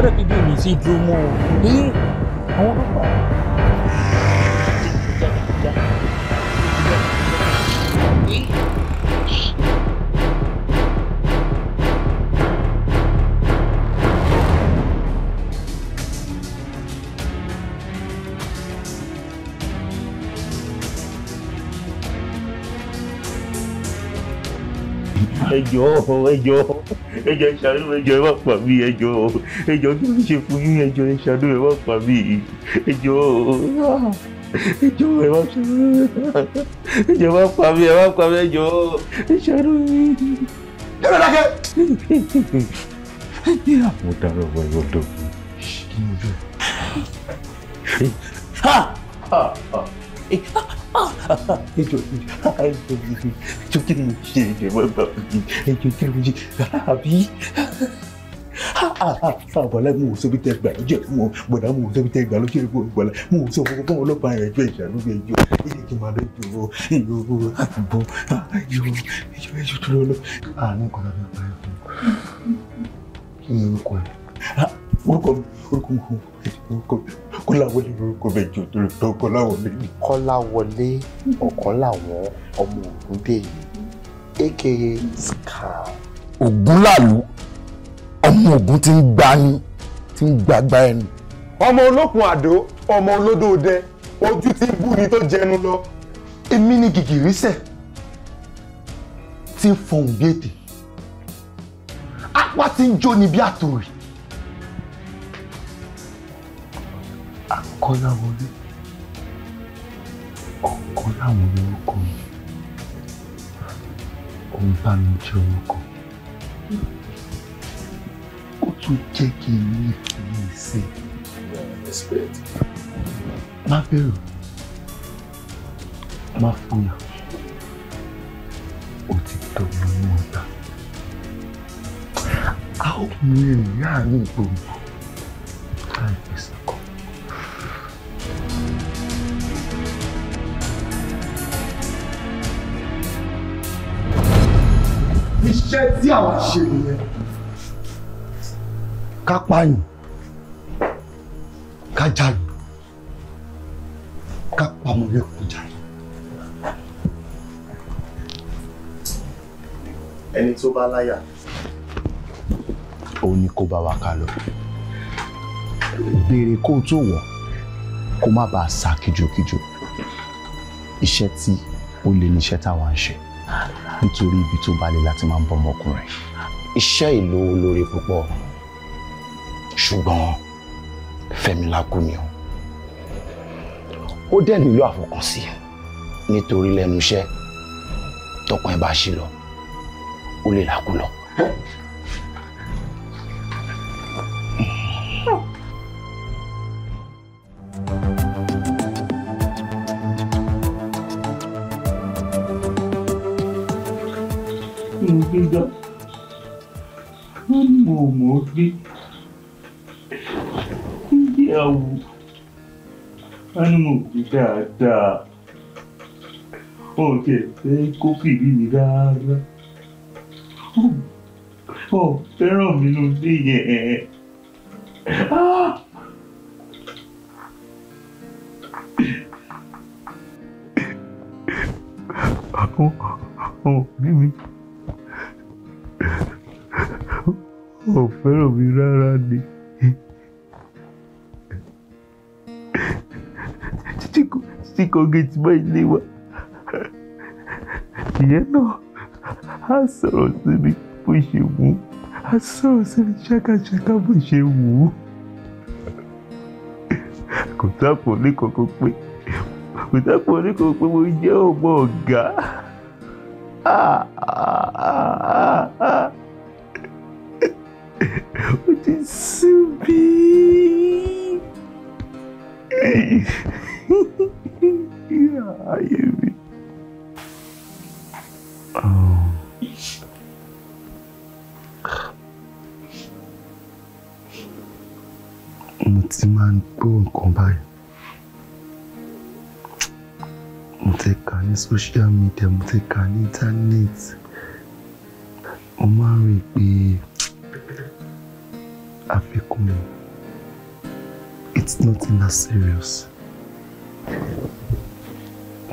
ọmọ bọ́dẹ̀ bíbí you sí dúró Yeah. ẹjọ ẹjọ ẹjọ ìṣàánú ẹjọ ẹ má pa mí ẹjọ ẹjọ kí ló ń ṣe fún yín ẹjọ ìṣàánú ẹ má pa mí ẹjọ ẹjọ ẹ má ṣàánú ẹjọ ẹ pa mí ẹ má pa mí ẹjọ ìṣàánú mi. ẹ dákẹ́. mo dáná wọ ìwọ dọ kí ni ojú ẹjọ ẹjọ ẹjọ kí ni mo ṣe ẹjọ ẹ bá mi ẹjọ kí ni mo ṣe àbí àbọ̀lá mo sọ bí tẹ gbà lójú ẹ̀ mo gbọ̀dá mo sọ bí tẹ gbà lójú ẹ̀ mo gbọ̀dá mo sọ fún fún ọlọ́pàá rẹ̀ ẹjọ́ ìṣàlùbí ẹjọ́ ẹjọ́ kí n máa lọ ìjòwò ìyòwò àbùbọ ẹjọ́ ẹjọ́ ẹjọ́ tó lọ lọ. àánú kan lábẹ́ ọ̀pá ẹ̀kọ́ kí ni orúkọ ẹ̀. orúkọ mi orúkọ mi orúkọ mi kọ́láwọlé lórúkọ mẹ́jọ tó lè tọ́ kọ́láwọlé ni. kọ́láwọlé ọ̀kan làwọn ọmọ ògúndèyí aka scam. ògúnlàlú ọmọ ògún ti ń gbani ti ń gbagba ẹnu. ọmọ olókun àdó ọmọ olódò dẹ ojú ti bú ni tó jẹnu lọ èmi ni gìgìrísẹ̀ tí ń fọhùn bí ètè apá ti ń jó ni bí àtòrì. akọ́láwọlé ọ̀kan láwọn lórúkọ mi ó ń bá mi jẹ orúkọ ó tún jẹ́ kí n ní ìfìyà ìsẹ́ má bẹ̀rù má fòyà ó ti tọ́jú ní ọ̀tá a ó mú ìrìn láàrin gbòǹgbò láìpẹ́ sí. iṣẹ́ tí àwa ṣe nìyẹn ká pààyàn ká jalè ká pamọ́ lẹ́kùn jalè. ẹni tó bá láyà ó ní kó bá wa ká lọ béèrè kó tó wọ̀ kó má bàa sá kíjokíjo iṣẹ́ tí ó lè ní iṣẹ́ táwa ń ṣe nítorí ibi tó bá lè láti máa ń bọ́ ọmọkùnrin iṣẹ́ ìlú olóore púpọ̀ ṣùgbọ́n Fẹ́mi lákùnmí o ó dẹ̀ nílò àfọkànsí nítorí lẹ́nu iṣẹ́ tọkàn ẹ bá ṣí lọ ó lè lákú lọ. ń gbé dá wọ́n ní mo mọ̀ ọ́ gbé nígbéyàwó wọ́n ní Oh, gbé dáadáa wọn ò tiẹ̀ fẹ́ kó fìdí mi rárá ọ̀ fẹ́ràn mi ló dé yẹn. Oh, oh, oh, Mimi. ò fẹ́ràn mi rárá ni títí kan géètì mọ́ ilé wa ìyẹn náà á sọ̀rọ̀ sí mi bó ṣe wù ú á sọ̀rọ̀ sí mi ṣákàṣákà bó ṣe wù ú kò sápò oníkókó pé kò sápò oníkókó pé mo jẹ́ ọmọ ọ̀gá. Ah. kà ní social media mo ti kà ní íńtánẹ́ẹ̀tì mo máa ń rí i pé àfikún it's nothing that serious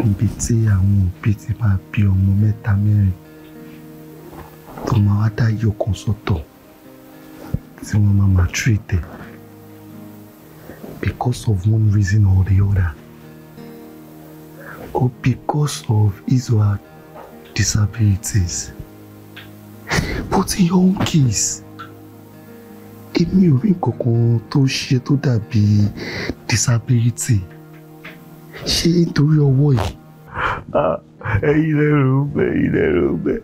níbi tí àwọn òbí ti máa bí ọmọ mẹ́ta mẹ́rin tó máa wá dá yọkan sọ́tọ̀ tí wọ́n máa máa treat ẹ̀ because of one reason or the other or because of his or her disabilities. But in your own case, èmi ò rí nǹkan kan tó ṣe tó dàbí disability. Ṣé nítorí ọwọ́ yìí? Ah, ẹyin lè rò ó bẹ́ẹ̀, ẹyin lè rò ó bẹ́ẹ̀,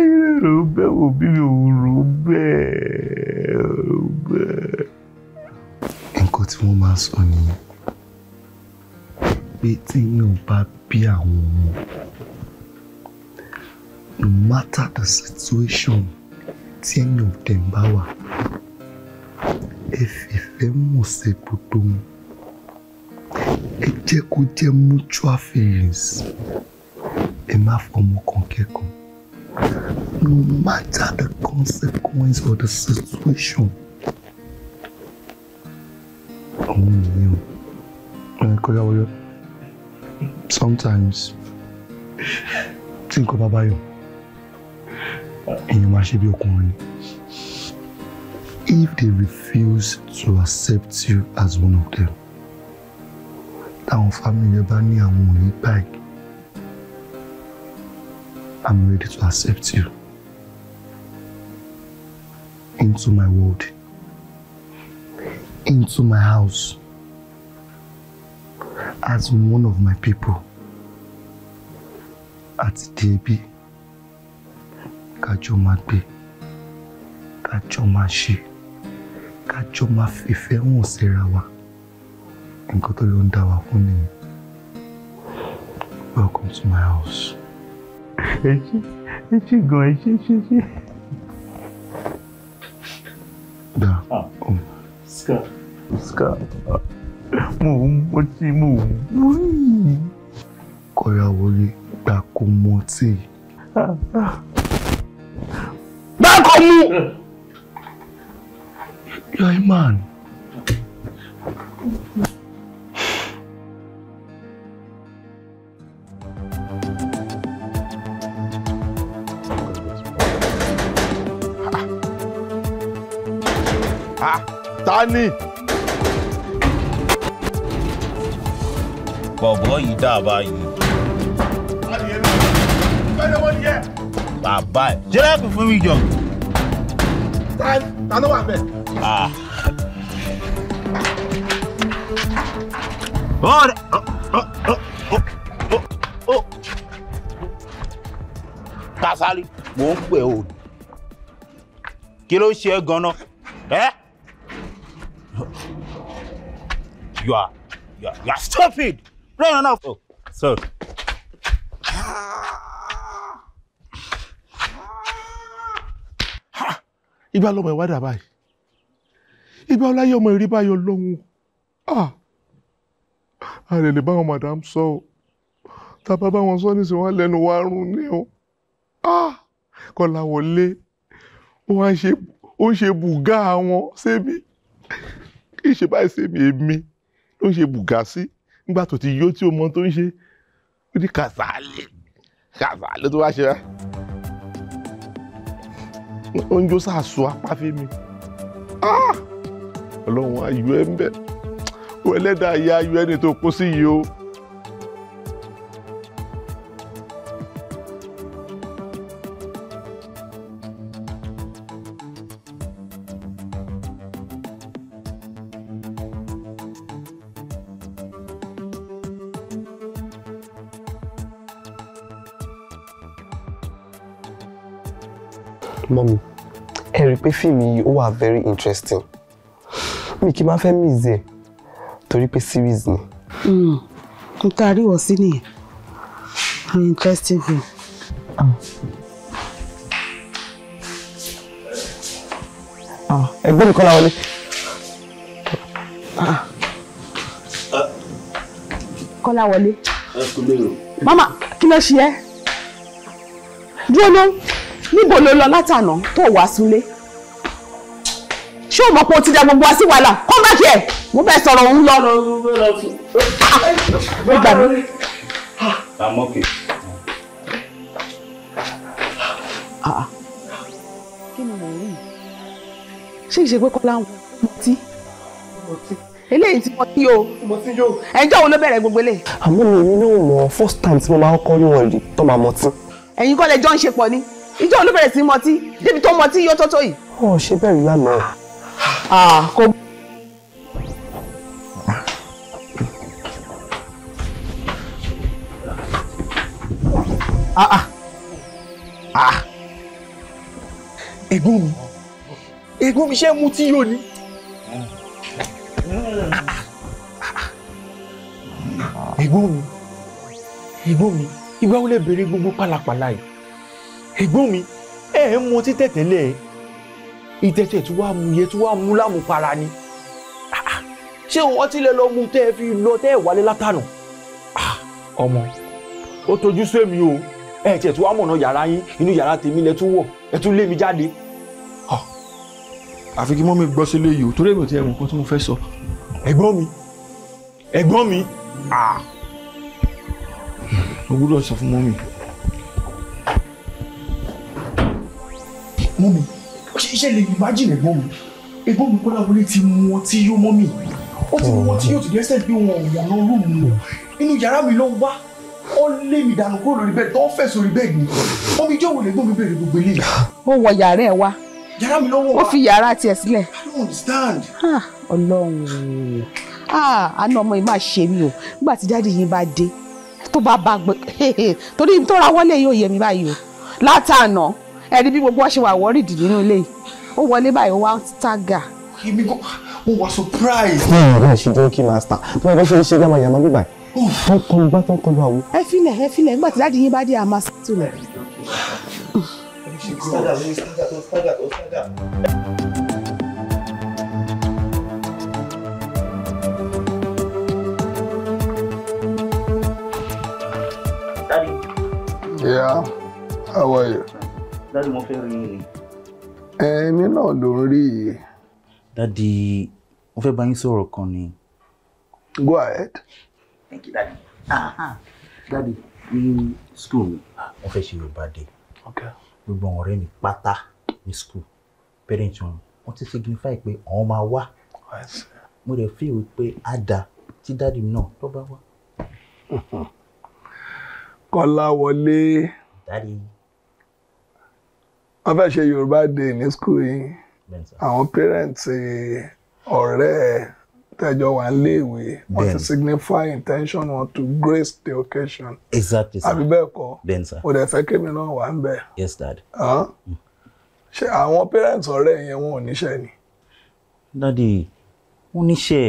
ẹyin lè rò ó bẹ́ẹ̀, òbí mi ò rò ó bẹ́ẹ̀. Nǹkan tí wọ́n máa sọ nìyẹn pé tí yín ò bá bí àwọn ọmọ no matter the situation tí ẹ̀yin ò tẹ̀ ń bá wà ẹ fìfẹ́ mọ̀ sí gbogbo wọn ẹ jẹ́ kó jẹ́ mutual feelings ẹ má fọmọ kan kẹ́kọ̀ọ́ no matter the consequence of the situation àwọn ènìyàn ẹ kọjá wọlé sometimes think of bá bá yọ èèyàn máa ṣe bí if they refuse to accept you as one of them our family ẹ bá ní àwọn ò I'm ready to accept you into my world into my house as one of my people at di ẹbí B, máa gbé kájọ máa ṣe kájọ máa fìfẹ́ hàn síra welcome to my house. ẹ ṣé ẹ ṣé gan ẹ ṣé ṣé ṣé. Да. А. Ска. Ска mò ń mọtí mò ń wí. kọ́ra wọlé gbà kó mọtí. gbà kó mu. yọ imán. ta bọ̀bọ̀ yìí dàbà yìí. bàbá ẹ̀ jẹ́lẹ́kùn fún mi jọ. ta ló wà bẹ́ẹ̀. bọ́ọ̀dà. Ah. Kasali mò ń pè ò kí ló ṣe é ganan ẹ you are you are you are stupid rain on off. Oh, sorry. Ìgbà lọmọ ìwádà báyìí. Ìgbà ọláyé ọmọ ìrí báyọ̀ lọ́hùn. A lè lè báwọn madam sọ o. Tàbá báwọn sọ ní sìn wọ́n lẹ́nu wá rún ni o. Kọ́lá wọlé. Ó wá ń ṣe bùgá wọn ṣébi. Kì í ṣe báyìí ṣébi èmi ló ń ṣe bùgá sí nígbà tó ti yó tí o mọ tó ń ṣe ó di kàzálẹ̀ kàzálẹ̀ tó wá ṣe rá ó ń jó sàṣọ apáfẹ́mi ah! ọlọ́run ayọ̀ ẹ̀ ń bẹ̀ ó ẹlẹ́dàá ayé ayọ̀ ẹni tó kó sí yìí o. mọ́mi ẹ rí i pé fíìmù yìí ó wà very interesting mi kì í máa fẹ́ miss ẹ̀ torí pé series ni. Hmm. n ta àríwọ̀ sí nìyẹn very interesting film. Ah, ah, ẹgbẹ́ mi kọ́ la wọlé. Ah. kọ́lá wọlé. mama kí ló ṣe ẹ́ dúró náà níbo ló lọ látànà tó wá súnlé ṣé o mọ̀ pé o ti da gbogbo wa sí wàhálà kọ́ bá kí mo fẹ́ sọ̀rọ̀ òun lọ. mo gbà mí. Ah, ah. ń rí ṣé eléyìí ti mọtí o ẹjọ́ wo ló bẹ̀rẹ̀ gbogbo eléyìí. àmọ́ mi nínú mọ̀ first time tí mo máa ń kọ́ yín wọ̀nyí tó máa mọtí. ẹ̀yin kọ́ jọ ń ṣe pọ̀ ni ìjọ ló bẹ̀rẹ̀ sí mọtí débi tó mọtí yóò tótó yìí. ó ṣe bẹ́ẹ̀ lánàá. ah kò. ah ah ẹ̀gbọ́n mi ẹ̀gbọ́n mi ṣe é mutí yóò ní. ẹ̀gbọ́n mi ẹ̀gbọ́n mi ìgbà wo lè béèrè gbogbo pálapàla yìí ẹ̀gbọ́n mi ẹ ẹ mu ọtí tẹ̀tẹ̀lẹ̀ ìtẹ̀tẹ̀ tí wàá mu yẹ tí wàá mu lámupara ni ṣé ọtí lẹ lọ mu tẹ́ ẹ fi lọ tẹ́ ẹ wálé látànà ọmọ ó tojú sí èmi o ẹ tiẹ̀ tí wàá mọ̀nà yàrá yín inú yàrá tèmi lẹ tún wọ̀ ẹ tún lé mi jáde. àfi kí mọ́mí gbọ́ sílé yìí o torí èmi ò tiẹ̀ mọ̀ nǹkan tí mo fẹ́ sọ. ẹ̀gbọ́n mi ẹ̀gbọ́n mi. Ah. mo gbọ́dọ̀ sọ fún mọ́mí. mú mi ṣe lè imagine ẹ̀gbọ́n mi ẹ̀gbọ́n mi kọ́lá wọlé ti mu ọtí yó mọ́ mi ó ti mu ọtí yóò ti dẹ́sẹ̀ bí wọn ò wọ̀nà rúùmù mi inú yàrá mi ló ń wá ó lé mi dànù kúrò lórí bẹ́ẹ̀ tó ń fẹ̀ sórí bẹ́ẹ̀ mi omi jẹ́ òun lẹ́gbọ́n mi bèrè gbogbo eléyìí. ó wọ yàrá ẹ wá yàrá mi ló wọ wá ó fi yàrá tiẹ̀ sílẹ̀. I don't understand. ọlọ́run àná ọmọ yìí máa ṣe mí o nígbà tí dáàdi yìí bá dé tó bá bá gbé torí tó ra wọlé yóò yẹ mi báyìí o látàná ẹni bí gbogbo ọṣẹ wà wọ́ọ̀rì dì nínú ilé yìí ó wọlé báyìí ó wá tága. èmi kò mo wà surprise. ní ọ̀rọ̀ náà ṣe dọ́kì master tí wọ́n bá ṣe ń ṣe gbàmọ̀ yàrá bíbà tó ń kọlu bá tó ń kọlu àwo. ẹ filẹ̀ ẹ filẹ̀ nígbà tí dáàdi yín bá dé àmà sàtúlẹ̀. Yeah, how are you? dáàdi mo fẹ́ rí yín. ẹni náà ló ń rí yìí. dáàdi mo fẹ́ bá yín sọ̀rọ̀ kan ni. go ahead. thank you dadi, ah, ah. dáàdi ní school mi ah, mo fẹ́ ṣe yorùbá dé gbogbo àwọn ọ̀rẹ́ mi pátá ní school parents wọn wọ́n ti signify pé àwọn máa wá mo dẹ̀ feel pé á da tí dáàdi náà tó bá wá. kọ́lá wọlé. dadi wọ́n fẹ́ ṣe Yorùbá Day ní school yìí àwọn parents ọ̀rẹ́ tẹjọ wà léèwé wọ́n ti signify intention wọn to grace the occasion. exactly sir àbí bẹ́ẹ̀ kọ́ o dẹ̀ fẹ́ kémi náà wà ń bẹ̀. yes dad. ṣe àwọn parents ọ̀rẹ́ yẹn wọn ò níṣẹ́ ni. dadi wọ́n níṣẹ́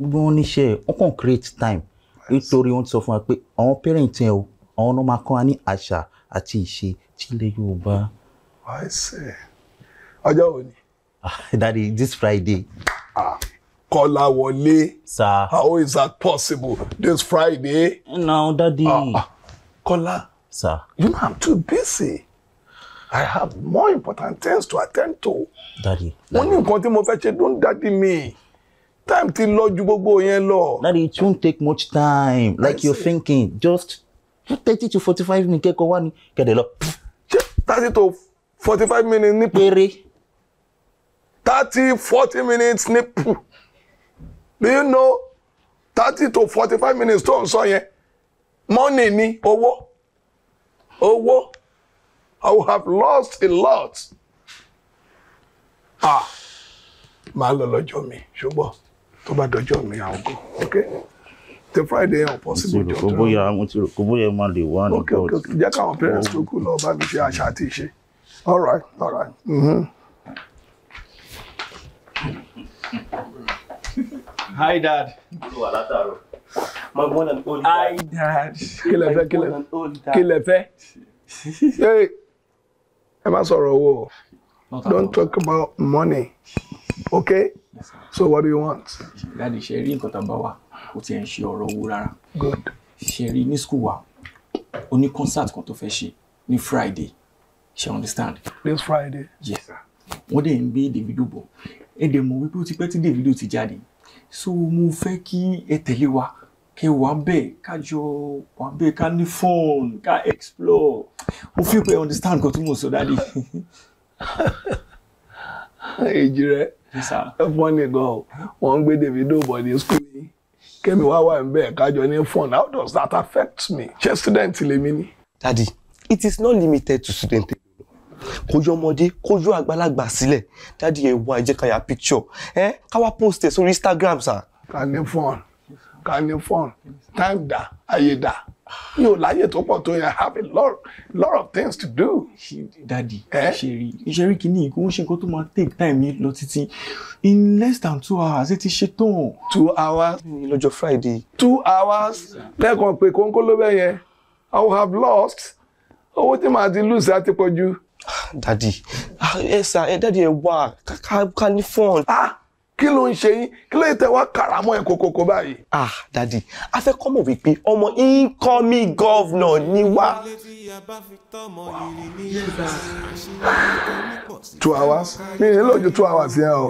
gbogbo wọn níṣẹ́ wọ́n kàn create time nítorí wọ́n ti sọ fún wa pé àwọn parents yẹn o àwọn ọmọ máa kọ́ wa ní àṣà àti ìṣe tí ilẹ̀ Yorùbá. Mm -hmm àìsè ọjọ́ wo ni. Ah, daddy this friday. Ah. Kọ́lá wọlé. Sir. How is that possible this Friday? No, daddy. Uh, uh, Sir. You know I'm too busy. I have more important things to attend to. Daddy. Mo ní nǹkan tí mo fẹ́ ṣe don't daddy me. Time ti lọ ju gbogbo yẹn lọ. Daddy, it won't take much time. Like you're thinking, just thirty to forty-five minutes kẹ́kọ̀ọ́ wá ní kẹ̀dẹ̀ lọ. Ṣé thirty to forty five minutes ní péré thirty forty minutes ní do you know thirty to forty five minutes tó ń sọ yẹn money ni owó owó I would have lost a lot ah màá lọ lọ́jọ́ mi ṣùgbọ́n tó bá dọjọ́ mi àwọn ok the Friday or possible jọ kò bóyá mo ti rò kò bóyá mo lè wá ní. ok ok jẹ́ káwọn parents oh. tó kù lọ bá mi ṣe àṣà àti ìṣe. All right, all right. Mm-hmm. Hi, Dad. My one and only dad. Hi, Dad. Kí lẹ fẹ́, kí lẹ fẹ́. Kí Hey, I'm má sọ̀rọ̀ Don't talk about money. Okay? Yes, so what do you want? Daddy, Sherry got a bá wà, kò tiẹ̀ ń ṣe Good. Sherry, rí ní school wa, ó concert kan tó fẹ́ ṣe ní Friday. She understand. this friday. yes sir What they ń gbé davido bọ̀ ẹ dẹ̀ mọ̀ wípé ó The video tí jadi. so move fẹ́ kí ẹ tẹ̀lé wa kẹ wà bẹ́ẹ̀ ká jọ wà bẹ́ẹ̀ explore mo feel pé understand nǹkan tí mo sọ Daddy. èjì rẹ ẹ fọ́n one gan wọ́n ń gbé davido bọ̀ ní school yìí kẹ́mi wá wà ń bẹ́ẹ̀ ká jọ ní how does that affect me ṣé student lèmi daddy it is not limited to student alone kò yọ ọmọdé kò yọ àgbàlagbà sílẹ̀ dáàdi ẹ̀ wá ẹ jẹ́ picture ẹ káwá post ẹ̀ sórí Instagram sà. ká ní fọ́ọ̀n ká ní fọ́ọ̀n time da, ayé dà mi ò láyè tó pọ̀ tó yẹn have a lot, lot of things to do. dadi ṣeré ìṣeré kìíní kò ń ṣe nǹkan tó máa take time yẹn lọ títí in less than two hours ẹ ti ṣe tán. two hours. lọ́jọ́ friday. two hours lẹ́ẹ̀kan pé kóńkó ló bẹ̀ yẹn i will have lost owó tí màá ti lose àti pọ̀ jù dadi ẹ sà ẹ dadi ẹ wá ká ní fún ọ. Ah, kí ló ń ṣe yín kí ló ń tẹ wá karamọ́ ẹ kókókó báyìí. ah dadi a fẹ́ kọ́ mọ̀ wípé ọmọ incoming governor ni wá. two hours mi ní lójú two hours yẹn o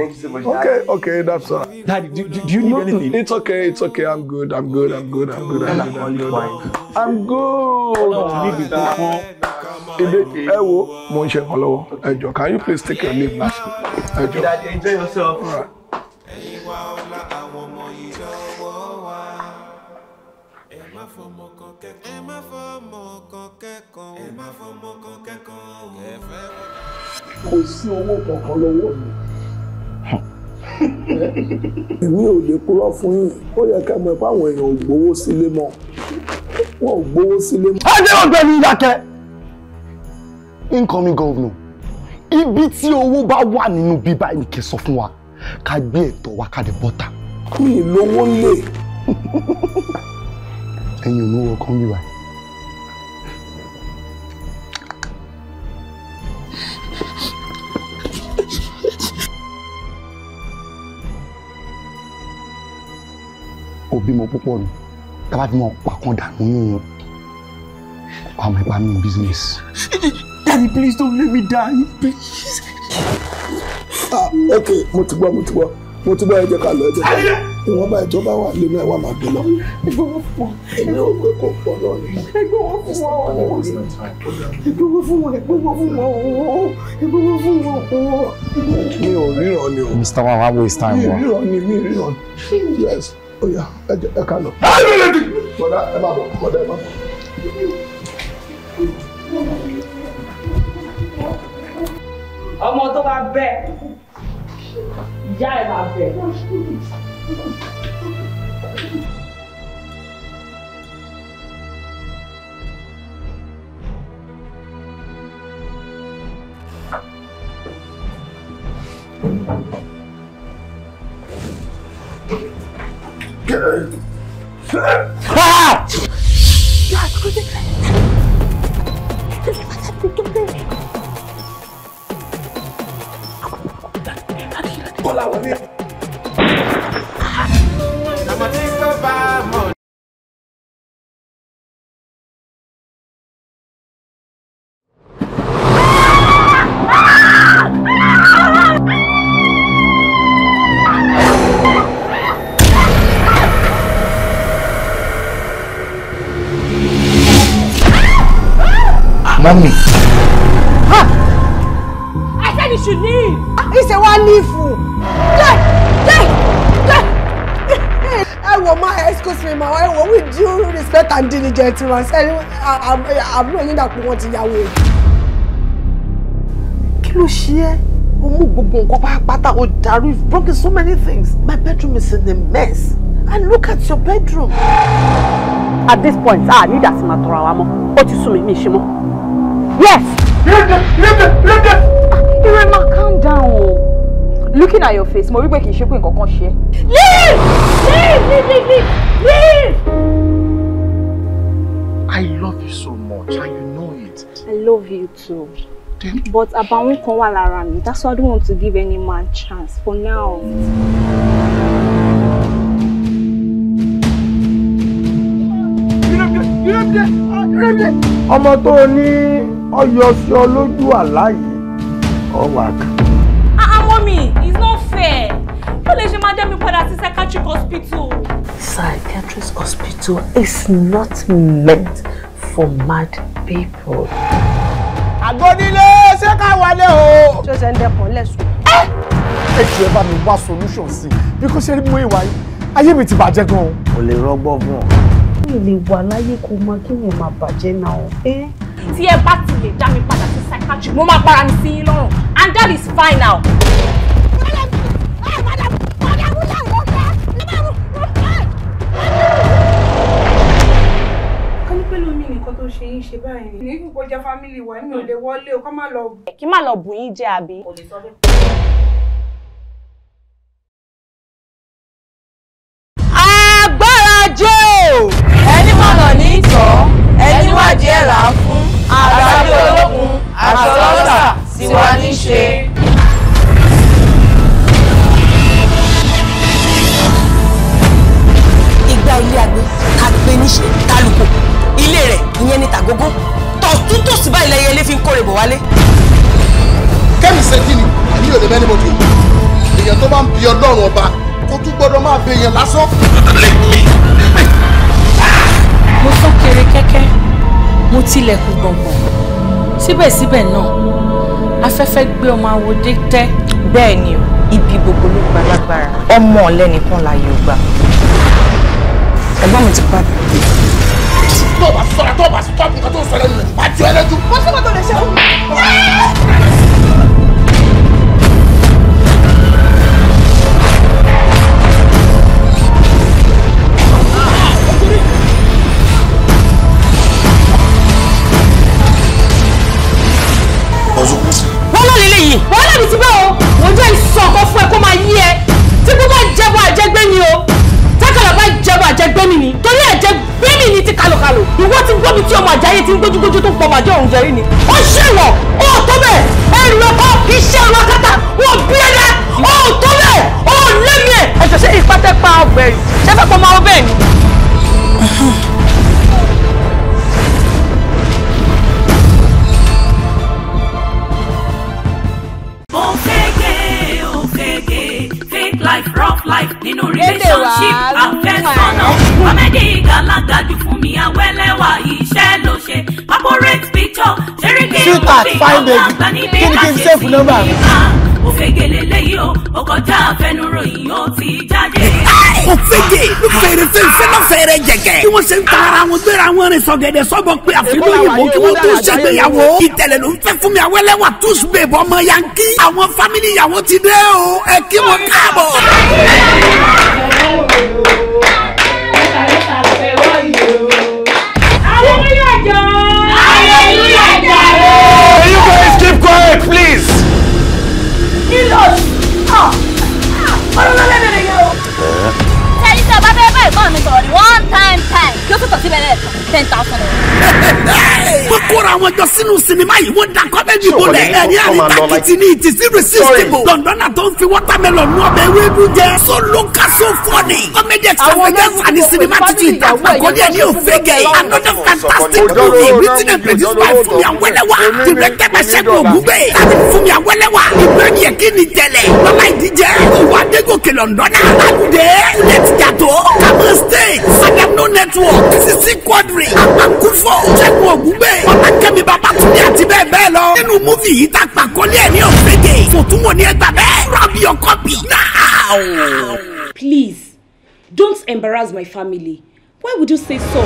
okay okay that's all. dadi do, do, you need anything. it's okay it's okay i'm good i'm good i'm good i'm good i'm good. i'm good. I'm good. I'm good. I'm good. I'm good. Ede ẹ wo mo ń ṣe nǹkan lọ́wọ́ ẹ jọ can you please take your leave now ẹ jọ. Ìdàdí enjoy yourself. Ẹ̀yin wa ọlá àwọn ọmọ yìí lọ́wọ́ wa. Ẹ má fọmọ kan kẹ́kọ̀ọ́. Ẹ má fọmọ kan kẹ́kọ̀ọ́. Ẹ má fọmọ kan kẹ́kọ̀ọ́. Kò sí owó kankan lọ́wọ́ mi èmi ò lè purọ́ fún yín ó yẹ ká mọ̀ pé àwọn èèyàn ò gbowó sílé mọ́ wọn ò gbowó sílé mọ́. ẹ jẹ́ ọ̀gbẹ́ni ìdákẹ́ incoming governor ibi tí owó bá wà nínú bíbá ìnìkè sọ fún wa ká gbé ẹ̀tọ́ wa ká lè bọ́ta. mi lówó lè. ẹ̀yin ò ní wọ kán wíwá. ó mo púpọ̀ nù tá a bá fi mọ pàkàndà nínú wọn wàá mọ ẹ bá business. Daddy, please don't let me die. Please. Ah, okay, mo ti gbọ́, mo ti gbọ́, mo ti gbọ́ ẹ jẹ́ ká lọ ẹ jẹ́ ká lọ. Ìwọ̀n bá ìjọba wà lẹ́nu ẹ̀ wà máa gbé lọ. Ẹgbẹ́ wọn fún wọn. Èmi ò gbé kò pọ̀ lọ ni. Ẹgbẹ́ wọn fún wọn o. Ẹgbẹ́ wọn fún wọn, ẹgbẹ́ wọn fún wọn o. Ẹgbẹ́ wọn fún wọn o. Mi ò ríran ni o. Mr. Wan, wá waste time wa. Mi ríran ni, mi ríran. Yes, ó yá, ẹ ká lọ. Bọ́dá ẹ má bọ̀, bọ́dá ẹ má bọ̀. ọmọ tó bá bẹ́ ìyá ẹ̀ máa bẹ̀. Ah! God, look at that. Bọ́lá wọlé. Mommy. Ah! I said you should leave. Ah, he said, "Why leave?" ẹ wò ma excuse me ma ẹ wò with due respect and diligence ma sẹ́ni àbúrò yín dàpọ̀ wọn ti yàwó èyí. kí ló ṣe é o mú gbogbo nǹkan pátá o dàrú you've broken so many things my bedroom is in a mess and look at your bedroom. at this point a ní ìdásí máa tọrọ àwa mọ ó ti sún mi ní ìṣe mọ. yes. ìrẹ́jẹ ìrẹ́jẹ ìrẹ́jẹ. ìrẹ́mà looking at your face mo rí pé kì í ṣe pé nǹkan kan ṣe é. leave leave leave leave I love you so much and you know it. I love you too. Then... But àbàwọ́n kan wà lára mi that's why I don't want to give any man chance for now. ọmọ tó ní ọyọ sí ọ lójú àlá yìí ọwọ àkàndá. father to psychiatric hospital. Psychiatric hospital is not meant for mad people. Àgbónílé ṣé ká wọlé o. Ṣé o ṣe ń dẹkùn lẹ́sùn? Ẹ jù ẹ mi wá solution sí i bí kò ṣe rí mú ìwà yìí. Ayé mi ti bàjẹ́ gan-an. Kò lè rọ́gbọ́n fún ọ. Mi lè wà láyé kó máa kí mi máa bàjẹ́ náà tí ẹ bá ti lè dá mi padà sí psychiatry mo máa para mi sí yín and that is fine now. ń ṣe yín ṣe báyìí ní kókó jẹ́ fámìlì wa mi ò lè wọlé o kó má lọ. kí má lọ bù yín jẹ àbí. kò lè sọ bẹ́ẹ̀. ẹni mọ̀nà ní ìtọ́ ẹni wádìí ẹ̀ là ń fún àgbàdo ológun àtọlọ́sà sì wá ní ṣe. ìgbà ilé àgbẹ̀ àgbẹ̀ níṣe kálukú ìyẹn ni tàgógó tọ̀tún tòsí báyìí lẹ́yìn ilé fi ń kórè bọ̀ wálé. kẹ́mi ṣẹ́jì ni èmi ò lè mẹ́ni mo fi èèyàn tó bá ń bi ọlọ́run ọba kó tún gbọ́dọ̀ máa bẹ èèyàn lásán. mo sún kiri kẹ́kẹ́ mo tilẹ̀kùn gbọ̀ngbọ̀n síbẹ̀síbẹ̀ náà afẹ́fẹ́ gbé ọmọ awodé tẹ́ bẹ́ẹ̀ ni o ibi gbogbo ló gba lágbára ọmọ ọ̀lẹ́nìkan láàyè ò gbà ẹ̀gbọ́n mi ti padà sí tó o bá sọ̀rọ̀ tó o bá sọ̀rọ̀ nǹkan tó ń sọ̀rọ̀ nù wá jọ ẹlẹ́jú. mo sọ́kọ̀ tó lè ṣe fún mi. wọ́n lọ nílé yìí. ti bẹ́ẹ̀ o mo jẹ́ ìsọ̀kan fún ẹ kó máa yí ẹ tí kò bá jẹ́ bọ́ àjẹgbẹ́ ni o ọmọ àjẹ gbẹ́mì ni torí ẹ̀jẹ̀ gbẹ́mì ni ti kalokalo ìwọ ti gbọ́mi tí ọmọ àjẹyé ti ń gbójúgbójú tó ń pọ̀ màjọ òun jẹrí ni ó ṣèwọ̀ ó tó bẹ̀ ẹ̀rù ọkọ iṣẹ́ ọlọ́kàtà wọn bí ẹ̀dá ó tó bẹ̀ ó lẹ́mìí ẹ̀ ẹ̀jọ̀ ṣe ìpàtẹ́pà ọbẹ̀ ṣẹ́fẹ́ pọ̀ máa ọbẹ̀ ni. life nínú relationship àfẹ́sọ̀nà kọ́mẹ́dì gàlágàjù fún mi àwẹ́lẹ́wà iṣẹ́ ló ṣe corporate picture ṣeréke ìwọ́de ìwọ́de àgbà níbi káṣe sí ìgbà òfegele lẹ́yìn o ọkọjá àfẹnuròyìn ó ti jáde kò fege ló fèrè fẹ́ fẹ́lá fẹ́rẹ́ jẹ̀kẹ́. bí wọ́n ṣe ń tara wọn gbéra wọn rìn sọ̀gẹ̀dẹ̀ sọ́gbọ́ pé àfihàn òyìnbó kí wọ́n tó ṣègbéyàwó. ìtẹ̀lẹ̀ ló ń fẹ́ fún mi awẹ́lẹ́wà tous bèbè ọmọ yankí. àwọn fámìlì ìyàwó ti dé o ẹ kí wọn káàbọ̀. Can you guys keep quiet, please? Kilos! Ah! Ah! ten thousand. wọ́n kóra àwọn jọ sínú sinimá yìí wọ́n da kọ́mẹ́dì bolẹ̀ ẹ̀rí ẹ̀rí takiti ní it is irresistible. lọ́ndọ́nà tó ń fi wọ́tàmẹ́lọ̀ nú ọbẹ̀ ewédú jẹ. so local so funny. comedy extravaganza ní sinimá títí ìdàgbà kọ́ni ẹni ò fẹ́gẹ̀. another fantastic movie written and produced by Fúnmi Awẹ́lẹ́wà. directed by Ṣẹ́gun Ògúngbè. tàbí Fúnmi Awẹ́lẹ́wà. ìbẹ́ni yẹ ni tẹ̀lẹ̀. lọ́la ìdíjẹ́ ìwà adégòkè lọ́ndọ́nà. àgùdẹ́ ilẹ̀ tìjà tó. kàmú glory àkúfọ̀ ṣẹ́gun ògúngbè ọlákẹ́mi babatunde àti bẹ́ẹ̀ bẹ́ẹ̀ lọ nínú múfì yìí tá a ẹ̀ ní ọ̀fẹ́gẹ̀ fòtúnwò ní ẹgbà bẹ́ẹ̀ grab your copy now. please don't embarrass my family why would you say so.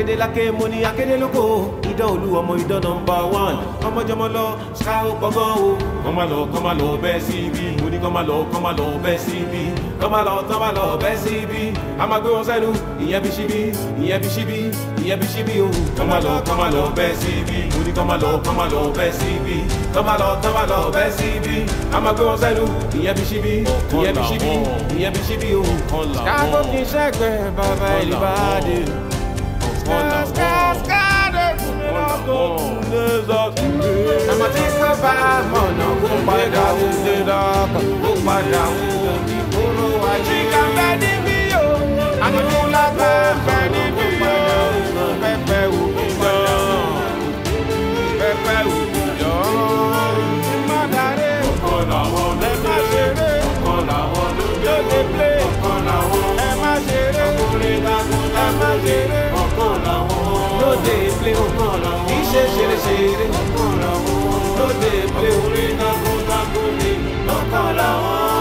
akédéláké mo ní akédélókò idán olú ọmọ idán nọmba one ọmọjọmọ lọ ṣá ó pọgán o kọ́ má lọ kọ́ má lọ bẹ́ẹ̀ sí ibi mo ní kọ́ má lọ kọ́ má lọ bẹ́ẹ̀ sí ibi kọ́ má lọ tọ́ má lọ bẹ́ẹ̀ sí ibi a máa gbé wọn sẹ́nu ìyẹn bí síbí ìyẹn bí síbí ìyẹn bí síbí o kọ́ má lọ kọ́ má lọ bẹ́ẹ̀ sí ibi mo ní kọ́ má lọ kọ́ má lọ bẹ́ẹ̀ sí ibi kọ́ má lọ tọ́ má lọ bẹ́ẹ̀ sí ibi a máa gbé wọn sẹ́nu ìyẹn bí síbí ìyẹn bí síbí ìyẹn bí síbí o. ká tó kí iṣẹ́ bàbá ìlú bá dé. Àmọ́ tí ó lágbàá fẹ́ ni. orí takuntakun ni lọ́kọ̀ làwọn.